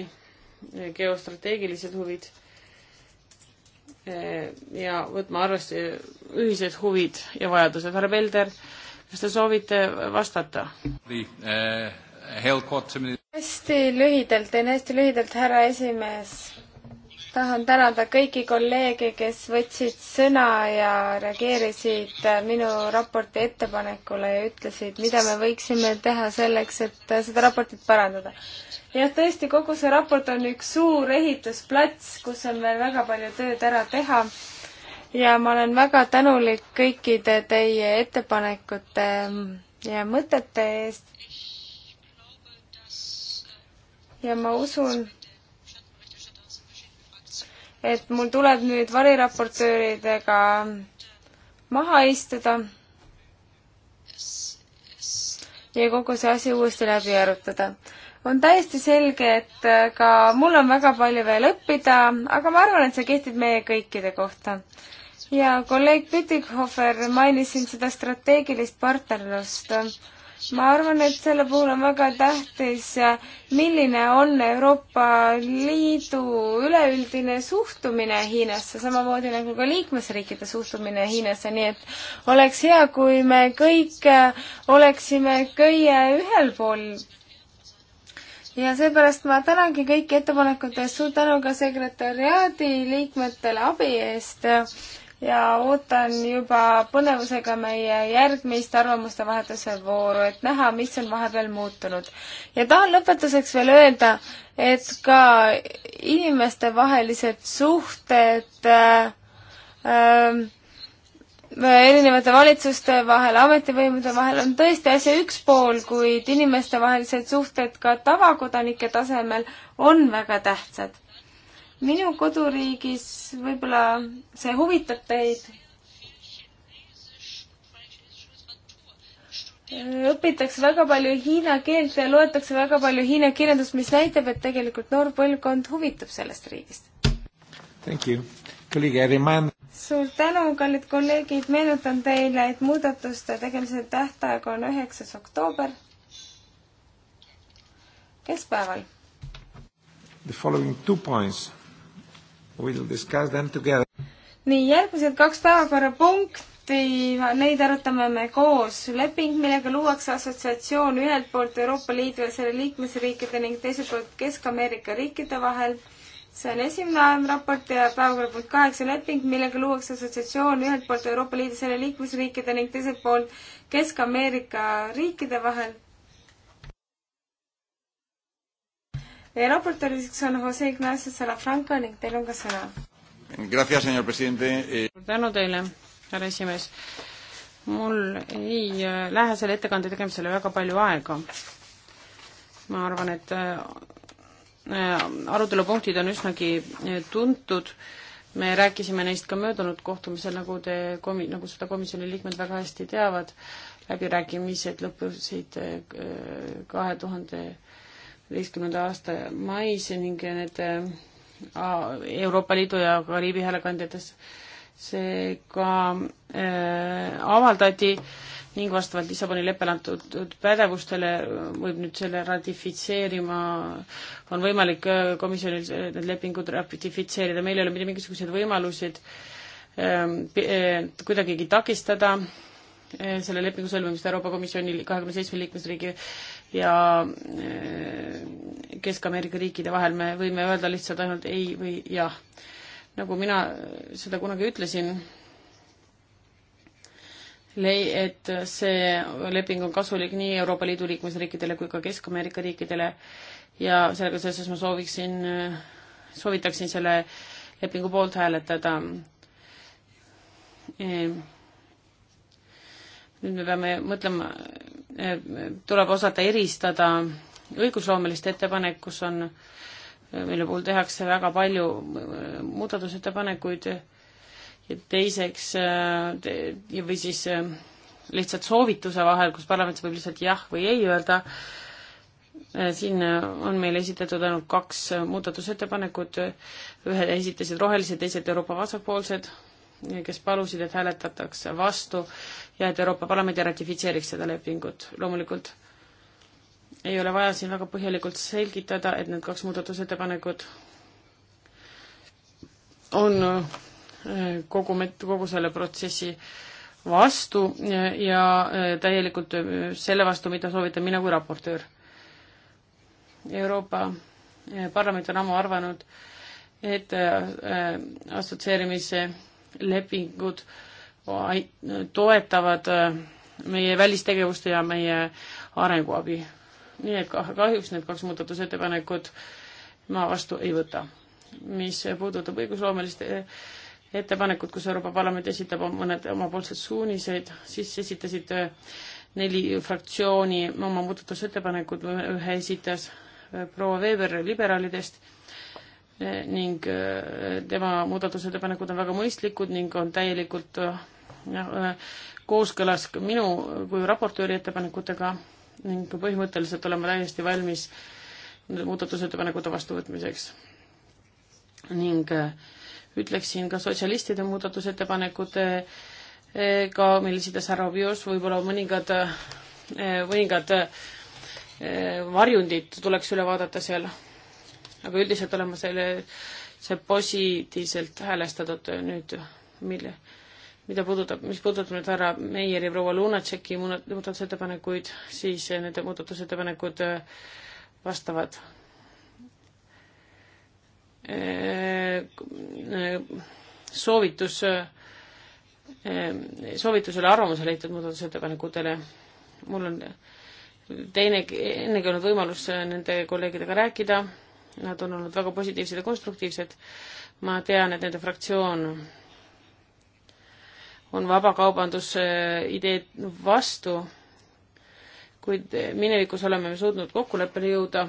[SPEAKER 2] geostrateegilised huvid Eh, ja võtma arvesse ühised huvid ja vajadused. härra Pelder, kas te soovite vastata? Eh, hästi
[SPEAKER 1] lühidalt, teen hästi lühidalt, härra esimees tahan tänada kõiki kolleege, kes võtsid sõna ja reageerisid minu raporti ettepanekule ja ütlesid, mida me võiksime teha selleks, et seda raportit parandada. jah, tõesti, kogu see raport on üks suur ehitusplats, kus on veel väga palju tööd ära teha ja ma olen väga tänulik kõikide teie ettepanekute ja mõtete eest. ja ma usun, et mul tuleb nüüd variraportööridega maha istuda ja kogu see asi uuesti läbi arutada. on täiesti selge, et äh, ka mul on väga palju veel õppida, aga ma arvan, et see kehtib meie kõikide kohta. ja kolleeg Pütikhofer mainis siin seda strateegilist partnerlust ma arvan, et selle puhul on väga tähtis, milline on Euroopa Liidu üleüldine suhtumine Hiinasse, samamoodi nagu ka liikmesriikide suhtumine Hiinasse, nii et oleks hea, kui me kõik äh, oleksime köie ühel pool. ja seepärast ma tänangi kõiki ettepanekute eest, suur tänu ka sekretäriaadi liikmetele abi eest ja ootan juba põnevusega meie järgmist arvamuste vahetuse vooru, et näha, mis on vahepeal muutunud. ja tahan lõpetuseks veel öelda, et ka inimestevahelised suhted äh, äh, erinevate valitsuste vahel, ametivõimude vahel on tõesti asja üks pool, kuid inimestevahelised suhted ka tavakodanike tasemel on väga tähtsad minu koduriigis võib-olla see huvitab teid. õpitakse väga palju hiina keelt ja loetakse väga palju hiina kirjandust, mis näitab, et tegelikult noor põlvkond huvitub sellest riigist.
[SPEAKER 2] Thank you. Kolleeg Erimann.
[SPEAKER 1] suur tänu, kallid kolleegid, meenutan teile, et muudatuste tegemise tähtaeg on üheksas oktoober. keskpäeval.
[SPEAKER 2] The following two points We'll discuss them together.
[SPEAKER 1] nii, järgmised kaks päevakorrapunkti, neid arutame me koos. leping, millega luuakse assotsiatsioon ühelt poolt Euroopa Liidu ja selle liikmesriikide ning teiselt poolt Kesk-Ameerika riikide vahel. see on esimene raport ja päevakorrapunkt kaheksa leping, millega luuakse assotsiatsioon ühelt poolt Euroopa Liidu ja selle liikmesriikide ning teiselt poolt Kesk-Ameerika riikide vahel ja eh, raportööriks on Jose Ignacio Salafranca ning teil on ka sõna.
[SPEAKER 2] Eh, suur tänu
[SPEAKER 1] teile, härra
[SPEAKER 2] esimees. mul ei eh, lähe selle ettekande tegemisele väga palju aega. ma arvan, et arutelupunktid on üsnagi tuntud, me rääkisime neist ka möödunud kohtumisel, nagu te komi-, nagu seda komisjoni liikmed väga hästi teavad, läbirääkimised lõppesid kahe tuhande 2000 viiskümnenda aasta mais ning need äh, Euroopa Liidu ja Kariibi häälekandjates see ka äh, avaldati ning vastavalt Lissaboni leppele antud pädevustele võib nüüd selle ratifitseerima, on võimalik äh, komisjonil need lepingud ratifitseerida, meil ei ole mitte mingisuguseid võimalusi, ähm, et äh, kuidagigi takistada äh, Eh, selle lepingu sõlmimist Euroopa Komisjoni kahekümne seitsme liikmesriigi ja eh, Kesk-Ameerika riikide vahel, me võime öelda lihtsalt ainult ei või jah. nagu mina seda kunagi ütlesin, lei-, et see leping on kasulik nii Euroopa Liidu liikmesriikidele kui ka Kesk-Ameerika riikidele ja sellega seoses ma sooviksin, eh, soovitaksin selle lepingu poolt hääletada e nüüd me peame mõtlema, eh, tuleb osata eristada õigusloomelist ettepanek, kus on, eh, mille puhul tehakse väga palju eh, muudatusettepanekuid ja teiseks te, või siis lihtsalt soovituse vahel, kus parlament võib lihtsalt jah või ei öelda, siin on meile esitatud ainult kaks muudatusettepanekut, ühe esitasid rohelised, teised Euroopa vasakpoolsed kes palusid, et hääletataks vastu ja et Euroopa Parlament ratifitseeriks seda lepingut. loomulikult ei ole vaja siin väga põhjalikult selgitada, et need kaks muudatusettepanekut on äh, kogu met-, kogu selle protsessi vastu ja, ja äh, täielikult äh, selle vastu, mida soovitan mina kui raportöör. Euroopa Parlament on ammu arvanud, et assotsieerimise äh, lepingud toetavad äh, meie välistegevust ja meie arenguabi. nii et kahjuks need kaks muudatusettepanekut ma vastu ei võta. mis puudutab õigusloomelist äh, ettepanekut, kus Euroopa Parlament esitab mõned omapoolsed suunised, siis esitasid äh, neli fraktsiooni oma muudatusettepanekud, ühe esitas proua Weber liberaalidest ning äh, tema muudatusettepanekud on väga mõistlikud ning on täielikult äh, äh, kooskõlas minu kui raportööri ettepanekutega ning põhimõtteliselt oleme täiesti valmis muudatusettepanekute vastuvõtmiseks. ning ütleksin ka sotsialistide muudatusettepanekutega, mille esitas härra Bios, võib-olla mõningad, mõningad varjundid tuleks üle vaadata seal aga üldiselt olen ma selle, see positiivselt häälestatud äh, nüüd, mille, mida puudutab, mis puudutab nüüd härra Meieri, proua Lunatšeki muudatusettepanekuid, siis äh, need muudatusettepanekud äh, vastavad soovitus, soovitusele arvamusele leitud muudatusettepanekutele. mul on teine, ennegi olnud võimalus nende kolleegidega rääkida Nad on olnud väga positiivsed ja konstruktiivsed. ma tean, et nende fraktsioon on vabakaubanduse äh, ideed vastu, kuid äh, minevikus oleme me suutnud kokkuleppele jõuda.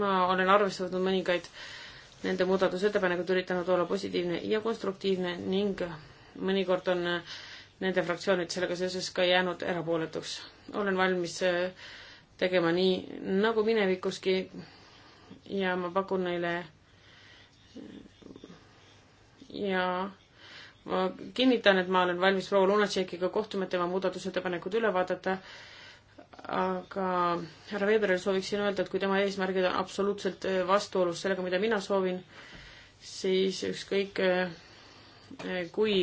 [SPEAKER 2] ma olen arvesse võtnud mõningaid nende muudatusettepanekud üritanud olla positiivne ja konstruktiivne ning mõnikord on äh, nende fraktsioonid sellega seoses ka jäänud erapooletuks. olen valmis tegema nii nagu minevikuski, ja ma pakun neile ja ma kinnitan, et ma olen valmis proua Lunatšekiga kohtuma, et tema muudatusettepanekud üle vaadata, aga härra Weberile sooviksin öelda, et kui tema eesmärgid on absoluutselt äh, vastuolus sellega, mida mina soovin, siis ükskõik äh, äh, kui,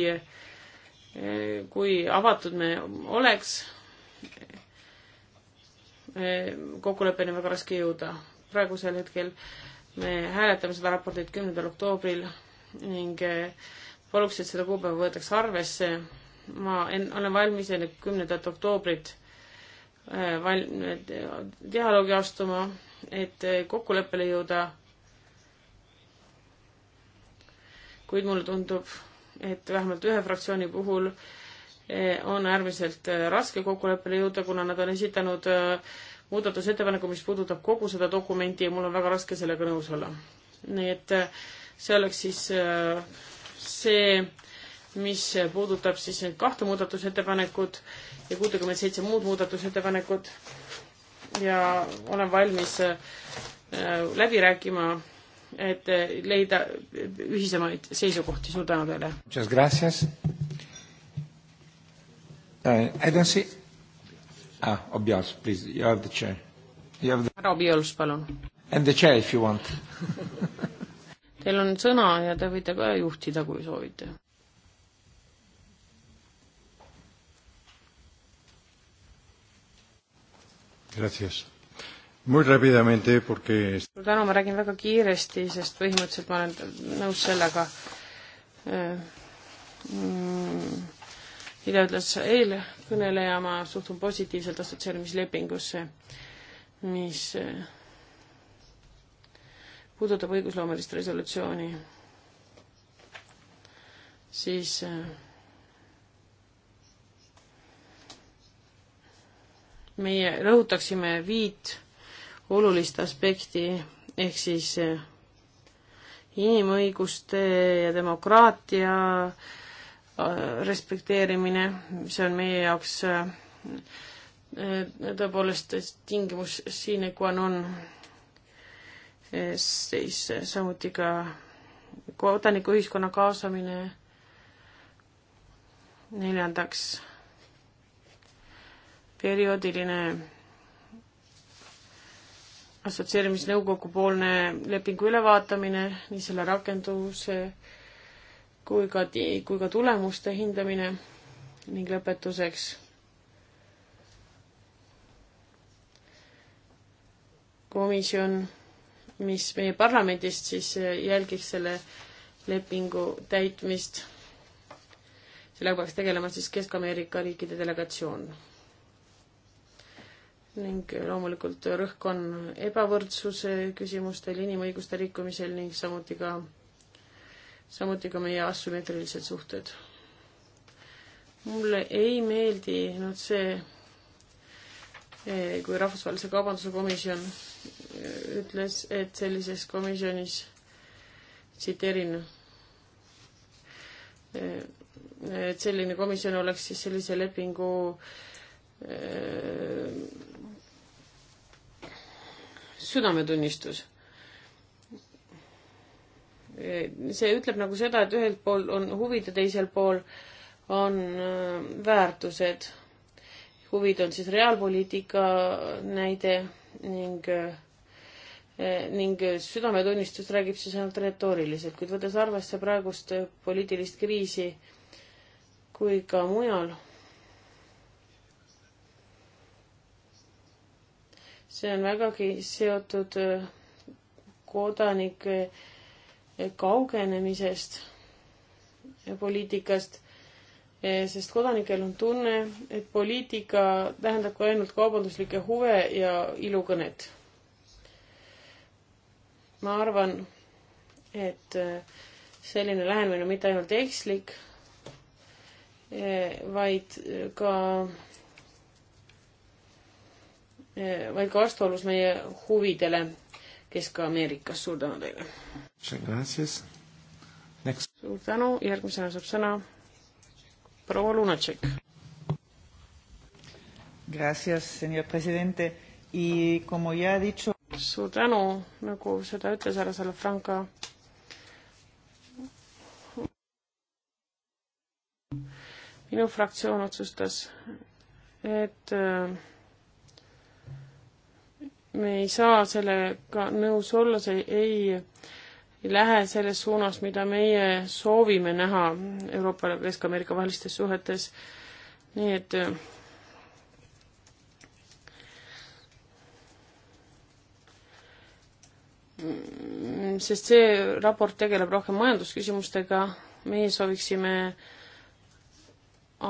[SPEAKER 2] kui avatud me oleks, kokkuleppeni on väga raske jõuda praegusel hetkel me hääletame seda raportit kümnendal oktoobril ning eh, paluks, et seda kuupäeva võetakse arvesse. ma en, olen valmis enne kümnendat oktoobrit eh, val-, dialoogi astuma, et eh, kokkuleppele jõuda. kuid mulle tundub, et vähemalt ühe fraktsiooni puhul on äärmiselt raske kokkuleppele jõuda, kuna nad on esitanud äh, muudatusettepaneku, mis puudutab kogu seda dokumenti ja mul on väga raske sellega nõus olla. nii et äh, see oleks siis äh, see, mis puudutab siis neid kahte muudatusettepanekut ja kuutekümmet seitse muud muudatusettepanekut ja olen valmis äh, läbi rääkima, et leida ühisemaid seisukohti. suur tänu teile!
[SPEAKER 1] Eh, I don't see ah,. Obiols, please, you have the chair. härra
[SPEAKER 2] Obiols, palun.
[SPEAKER 1] And the chair if you want
[SPEAKER 2] Teil on sõna ja te võite ka juhtida, kui soovite. Gracias. Muy rápidamente porque... suur tänu, ma räägin väga kiiresti, sest põhimõtteliselt ma olen nõus sellega äh, mm mida ütles eelkõneleja, ma suhtun positiivselt assotsieerimislepingusse, mis eh, puudutab õigusloomelist resolutsiooni, siis eh, meie rõhutaksime viit olulist aspekti ehk siis eh, inimõiguste ja demokraatia Äh, respekteerimine, mis on meie jaoks äh, tõepoolest tingimus sine qua non, äh, siis samuti ka kodanikuühiskonna kaasamine, neljandaks perioodiline assotsieerimisnõukogu poolne lepingu ülevaatamine, nii selle rakenduse äh, kui ka, kui ka tulemuste hindamine ning lõpetuseks komisjon, mis meie parlamendist siis jälgiks selle lepingu täitmist. sellega peaks tegelema siis Kesk-Ameerika riikide delegatsioon. ning loomulikult rõhk on ebavõrdsuse küsimustel, inimõiguste rikkumisel ning samuti ka samuti ka meie asümmeetrilised suhted. mulle ei meeldinud see, eh, kui Rahvusvahelise Kaubanduse Komisjon eh, ütles, et sellises komisjonis, tsiteerin, eh, et selline komisjon oleks siis sellise lepingu südametunnistus see ütleb nagu seda, et ühel pool on huvid ja teisel pool on äh, väärtused. huvid on siis reaalpoliitika näide ning äh, ning südametunnistus räägib siis ainult retooriliselt, kuid võttes arvesse praegust äh, poliitilist kriisi kui ka mujal, see on vägagi seotud kodanike kaugenemisest poliitikast, eh, sest kodanikel on tunne, et poliitika tähendab ka ainult kaubanduslikke huve ja ilukõnet. ma arvan, et eh, selline lähenemine on mitte ainult ekslik, eh, vaid ka, vaid ka vastuolus meie huvidele Kesk-Ameerika, suur tänu teile! suur tänu, järgmisena saab sõna proua Lunatšek. Dicho... suur tänu, nagu seda ütles härra Salafranca, minu fraktsioon otsustas, et äh, me ei saa sellega nõus olla, see ei, ei lähe selles suunas, mida meie soovime näha Euroopa ja Kesk-Ameerika vahelistes suhetes. nii et mm, sest see raport tegeleb rohkem majandusküsimustega, meie sooviksime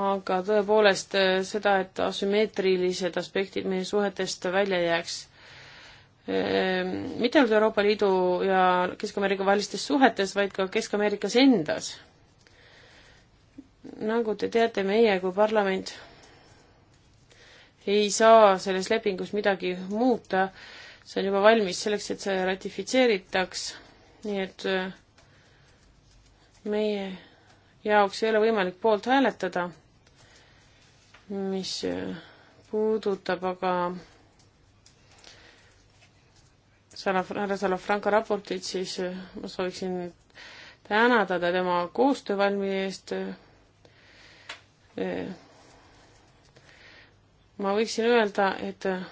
[SPEAKER 2] aga tõepoolest seda, et asümmeetrilised aspektid meie suhetest välja jääks. Ehm, mitte ainult Euroopa Liidu ja Kesk-Ameerika vahelistes suhetes, vaid ka Kesk-Ameerikas endas. nagu te teate, meie kui parlament ei saa selles lepingus midagi muuta, see on juba valmis selleks, et see ratifitseeritaks, nii et eh, meie jaoks ei ole võimalik poolt hääletada, mis eh, puudutab aga Sala, härra Salafranca raportit, siis äh, ma sooviksin tänada ta tema koostöövalmi eest. Äh, ma võiksin öelda, et äh,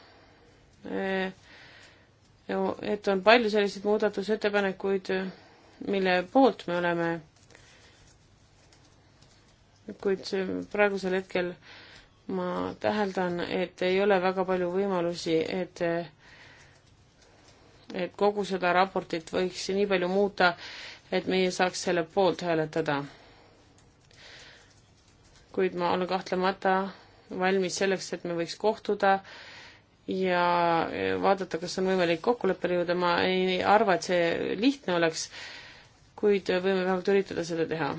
[SPEAKER 2] et on palju selliseid muudatusettepanekuid, mille poolt me oleme, kuid praegusel hetkel ma täheldan, et ei ole väga palju võimalusi, et et kogu seda raportit võiks nii palju muuta, et meie saaks selle poolt hääletada. kuid ma olen kahtlemata valmis selleks, et me võiks kohtuda ja vaadata, kas on võimalik kokkuleppele jõuda, ma ei arva, et see lihtne oleks, kuid võime vähemalt üritada seda teha.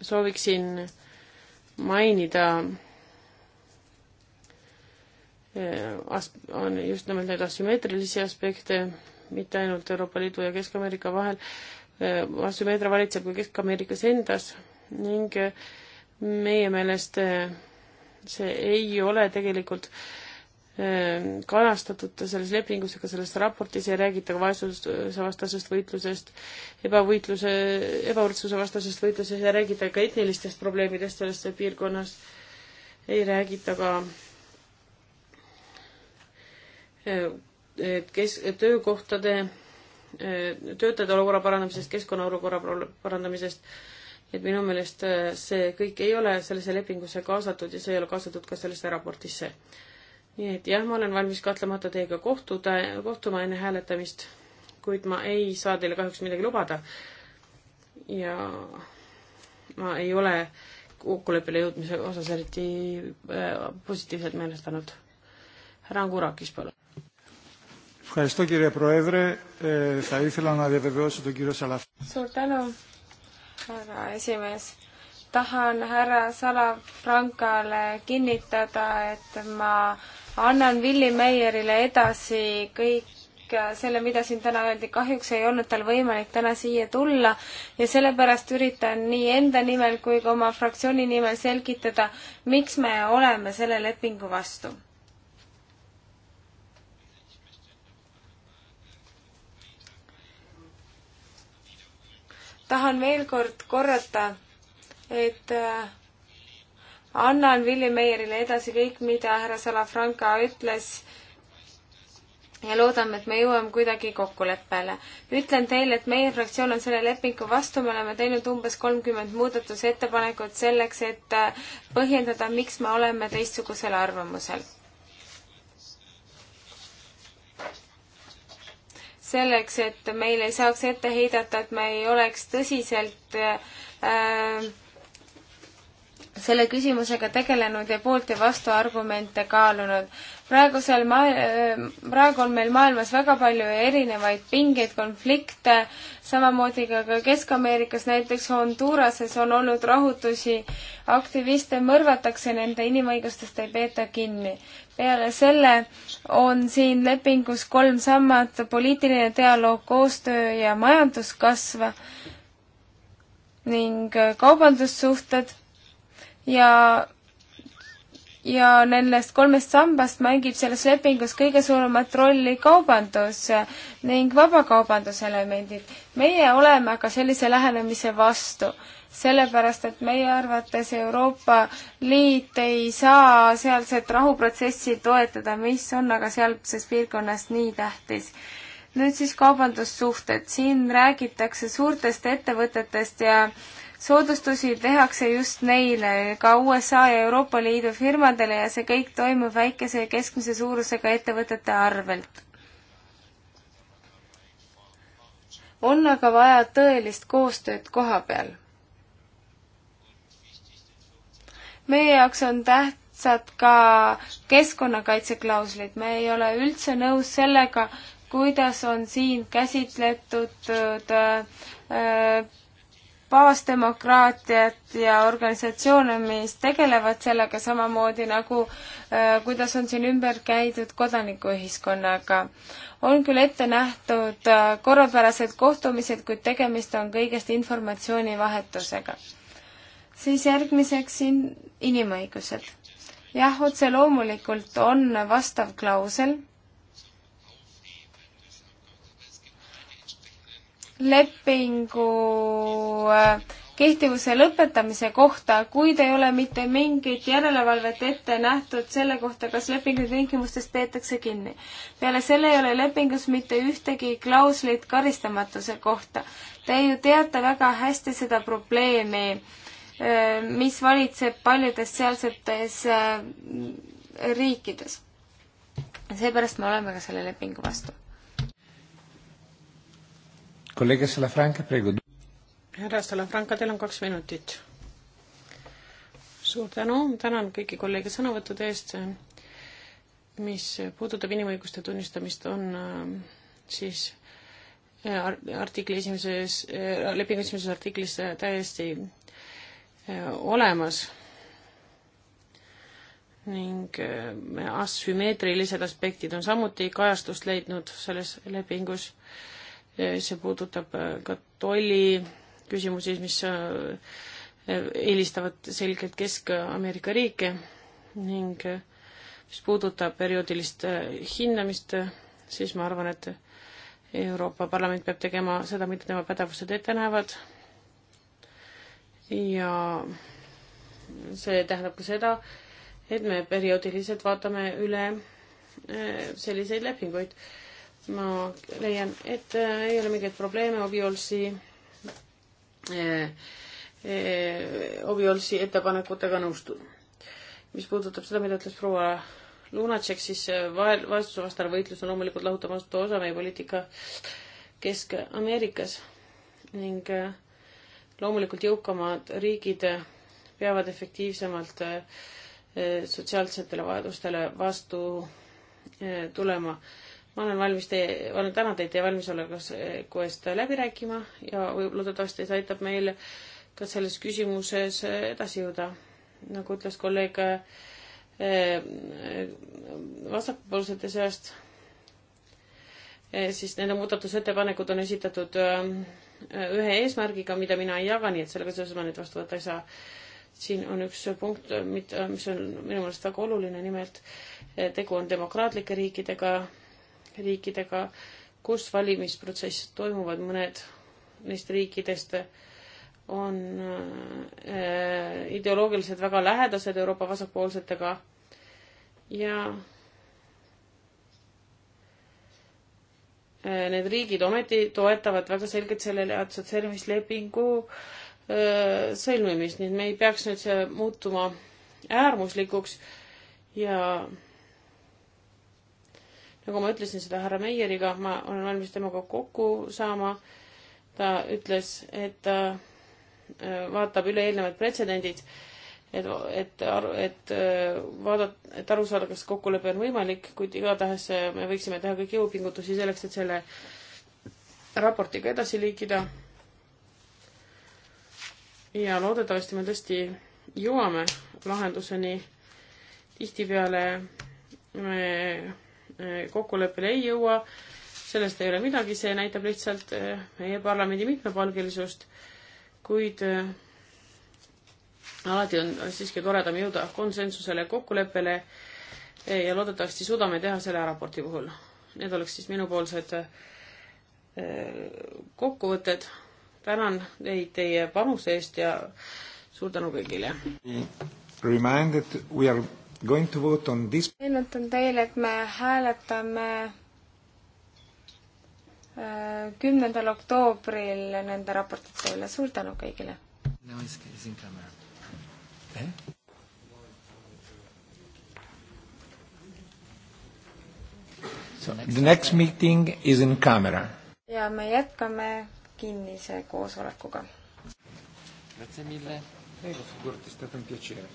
[SPEAKER 2] sooviksin mainida Eh, as-, on just nimelt neid asümmeetrilisi aspekte, mitte ainult Euroopa Liidu ja Kesk-Ameerika vahel, eh, asümmeetria valitseb ka Kesk-Ameerikas endas ning eh, meie meelest see ei ole tegelikult kanastatud selles lepingus ega selles raportis ei räägita ka vaesusevastasest võitlusest, ebavõitluse, ebavõrdsuse vastasest võitlusest, ei räägita ka etnilistest probleemidest selles piirkonnas, ei räägita ka kes, töökohtade, töötajate olukorra parandamisest, keskkonna olukorra parandamisest, et minu meelest äh, see kõik ei ole sellesse lepingusse kaasatud ja see ei ole kaasatud ka sellesse raportisse. nii et jah, ma olen valmis kahtlemata teiega kohtuda, kohtuma enne hääletamist, kuid ma ei saa teile kahjuks midagi lubada. ja ma ei ole kokkuleppele jõudmise osas eriti äh, positiivselt meelestanud. härra Angurakis, palun. Ευχαριστώ κύριε Πρόεδρε. Ε, θα ήθελα να διαβεβαιώσω τον κύριο Σαλαφ.
[SPEAKER 1] Suur tänu, härra esimees. Tahan härra Salafrankale kinnitada, et ma annan Willie Meyerile edasi kõik selle, mida siin täna öeldi, kahjuks ei olnud tal võimalik täna siia tulla ja sellepärast üritan nii enda nimel kui ka oma fraktsiooni nimel selgitada, miks me oleme selle lepingu vastu tahan veel kord korrata, et äh, annan Willie Meierile edasi kõik, mida härra Salafranca ütles ja loodame, et me jõuame kuidagi kokkuleppele. ütlen teile, et meie fraktsioon on selle lepingu vastu, me oleme teinud umbes kolmkümmend muudatusettepanekut selleks, et äh, põhjendada, miks me oleme teistsugusel arvamusel. selleks, et meil ei saaks ette heidata, et me ei oleks tõsiselt äh, selle küsimusega tegelenud ja poolt ja vastu argumente kaalunud. praegusel ma-, äh, praegu on meil maailmas väga palju erinevaid pingeid, konflikte, samamoodi ka, ka Kesk-Ameerikas, näiteks Honduras'es on olnud rahutusi, aktiviste mõrvatakse, nende inimõigustest ei peeta kinni peale selle on siin lepingus kolm sammat, poliitiline dialoog, koostöö ja majanduskasv ning äh, kaubandussuhted ja ja nendest kolmest sambast mängib selles lepingus kõige suuremat rolli kaubandus äh, ning vabakaubanduselemendid. meie oleme aga sellise lähenemise vastu sellepärast et meie arvates Euroopa Liit ei saa sealset rahuprotsessi toetada, mis on aga sealses piirkonnas nii tähtis. nüüd siis kaubandussuhted, siin räägitakse suurtest ettevõtetest ja soodustusi tehakse just neile, ka USA ja Euroopa Liidu firmadele ja see kõik toimub väikese ja keskmise suurusega ettevõtete arvelt. on aga vaja tõelist koostööd koha peal meie jaoks on tähtsad ka keskkonnakaitseklauslid, me ei ole üldse nõus sellega, kuidas on siin käsitletud äh, baasdemokraatiat ja organisatsioone, mis tegelevad sellega samamoodi nagu äh, kuidas on siin ümber käidud kodanikuühiskonnaga. on küll ette nähtud äh, korrapärased kohtumised, kuid tegemist on kõigest informatsioonivahetusega siis järgmiseks in-, inimõigused. jah, otse loomulikult on vastav klausel lepingu äh, kehtivuse lõpetamise kohta, kuid ei ole mitte mingit järelevalvet ette nähtud selle kohta, kas lepingu tingimustest peetakse kinni. peale selle ei ole lepingus mitte ühtegi klauslit karistamatuse kohta. Te ju teate väga hästi seda probleemi äh, Äh, mis valitseb paljudes sealsetes äh, riikides. seepärast me oleme ka selle lepingu vastu.
[SPEAKER 2] kolleeg Salafranca, praegu. härra Salafranca, teil on kaks minutit. suur tänu, tänan kõiki kolleege sõnavõttude eest. mis puudutab inimõiguste tunnistamist, on äh, siis artikli esimeses, lepingu esimeses artiklis täiesti Äh, olemas ning äh, asümmeetrilised aspektid on samuti kajastust leidnud selles lepingus. Äh, see puudutab ka tolli küsimusi, mis eelistavad selgelt Kesk-Ameerika riike ning mis puudutab perioodilist hindamist, siis ma arvan, et Euroopa Parlament peab tegema seda, mida tema pädevused ette näevad ja see tähendab ka seda, et me perioodiliselt vaatame üle eh, selliseid lepinguid. ma leian, et eh, ei ole mingeid probleeme Obiolsi eh, Obiolsi ettepanekutega nõustuda. mis puudutab seda, mida ütles proua Lunatšek, siis vahel vaesusevastane võitlus on loomulikult lahutamatu osa meie poliitika Kesk-Ameerikas ning äh, loomulikult jõukamad riigid peavad efektiivsemalt äh, sotsiaalsetele vajadustele vastu äh, tulema. ma olen valmis teie, olen täna teid teie valmisoleku äh, eest läbi rääkima ja loodetavasti see aitab meil ka selles küsimuses edasi jõuda. nagu ütles kolleeg vasakpoolsete seast, siis nende muudatusettepanekud on esitatud ühe eesmärgiga, mida mina ei jaga, nii et sellega seoses ma neid vastu võtta ei saa. siin on üks punkt, mis on minu meelest väga oluline, nimelt eh, tegu on demokraatlike riikidega, riikidega, kus valimisprotsessid toimuvad, mõned neist riikidest on eh, ideoloogiliselt väga lähedased Euroopa vasakpoolsetega ja Äh, need riigid ometi toetavad väga selgelt selle assotsieerimislepingu äh, sõlmimist, nii et me ei peaks nüüd see muutuma äärmuslikuks ja nagu ma ütlesin seda härra Meieriga, ma olen valmis temaga kokku saama. ta ütles, et ta äh, vaatab üle eelnevad pretsedendid et, et aru, et äh, vaadata, et aru saada, kas kokkulepe on võimalik, kuid igatahes äh, me võiksime teha kõik jõupingutusi selleks, et selle raportiga edasi liikida. ja loodetavasti me tõesti jõuame lahenduseni. tihtipeale me äh, kokkuleppele ei jõua, sellest ei ole midagi, see näitab lihtsalt meie parlamendi mitmepalgelisust, kuid alati on siiski toredam jõuda konsensusele ja kokkuleppele ja loodetavasti suudame teha selle raporti puhul. Need oleks siis minupoolsed eh, kokkuvõtted. tänan teid teie panuse eest ja suur tänu kõigile.
[SPEAKER 1] meenutan teile, et me hääletame eh, kümnendal oktoobril nende raportite üle. suur tänu kõigile!
[SPEAKER 2] No, it's, it's in camera. Eh? The next meeting is in camera.
[SPEAKER 1] ja me jätkame kinnise koosolekuga. Grazie mille. Prego, figurati, è stato un piacere.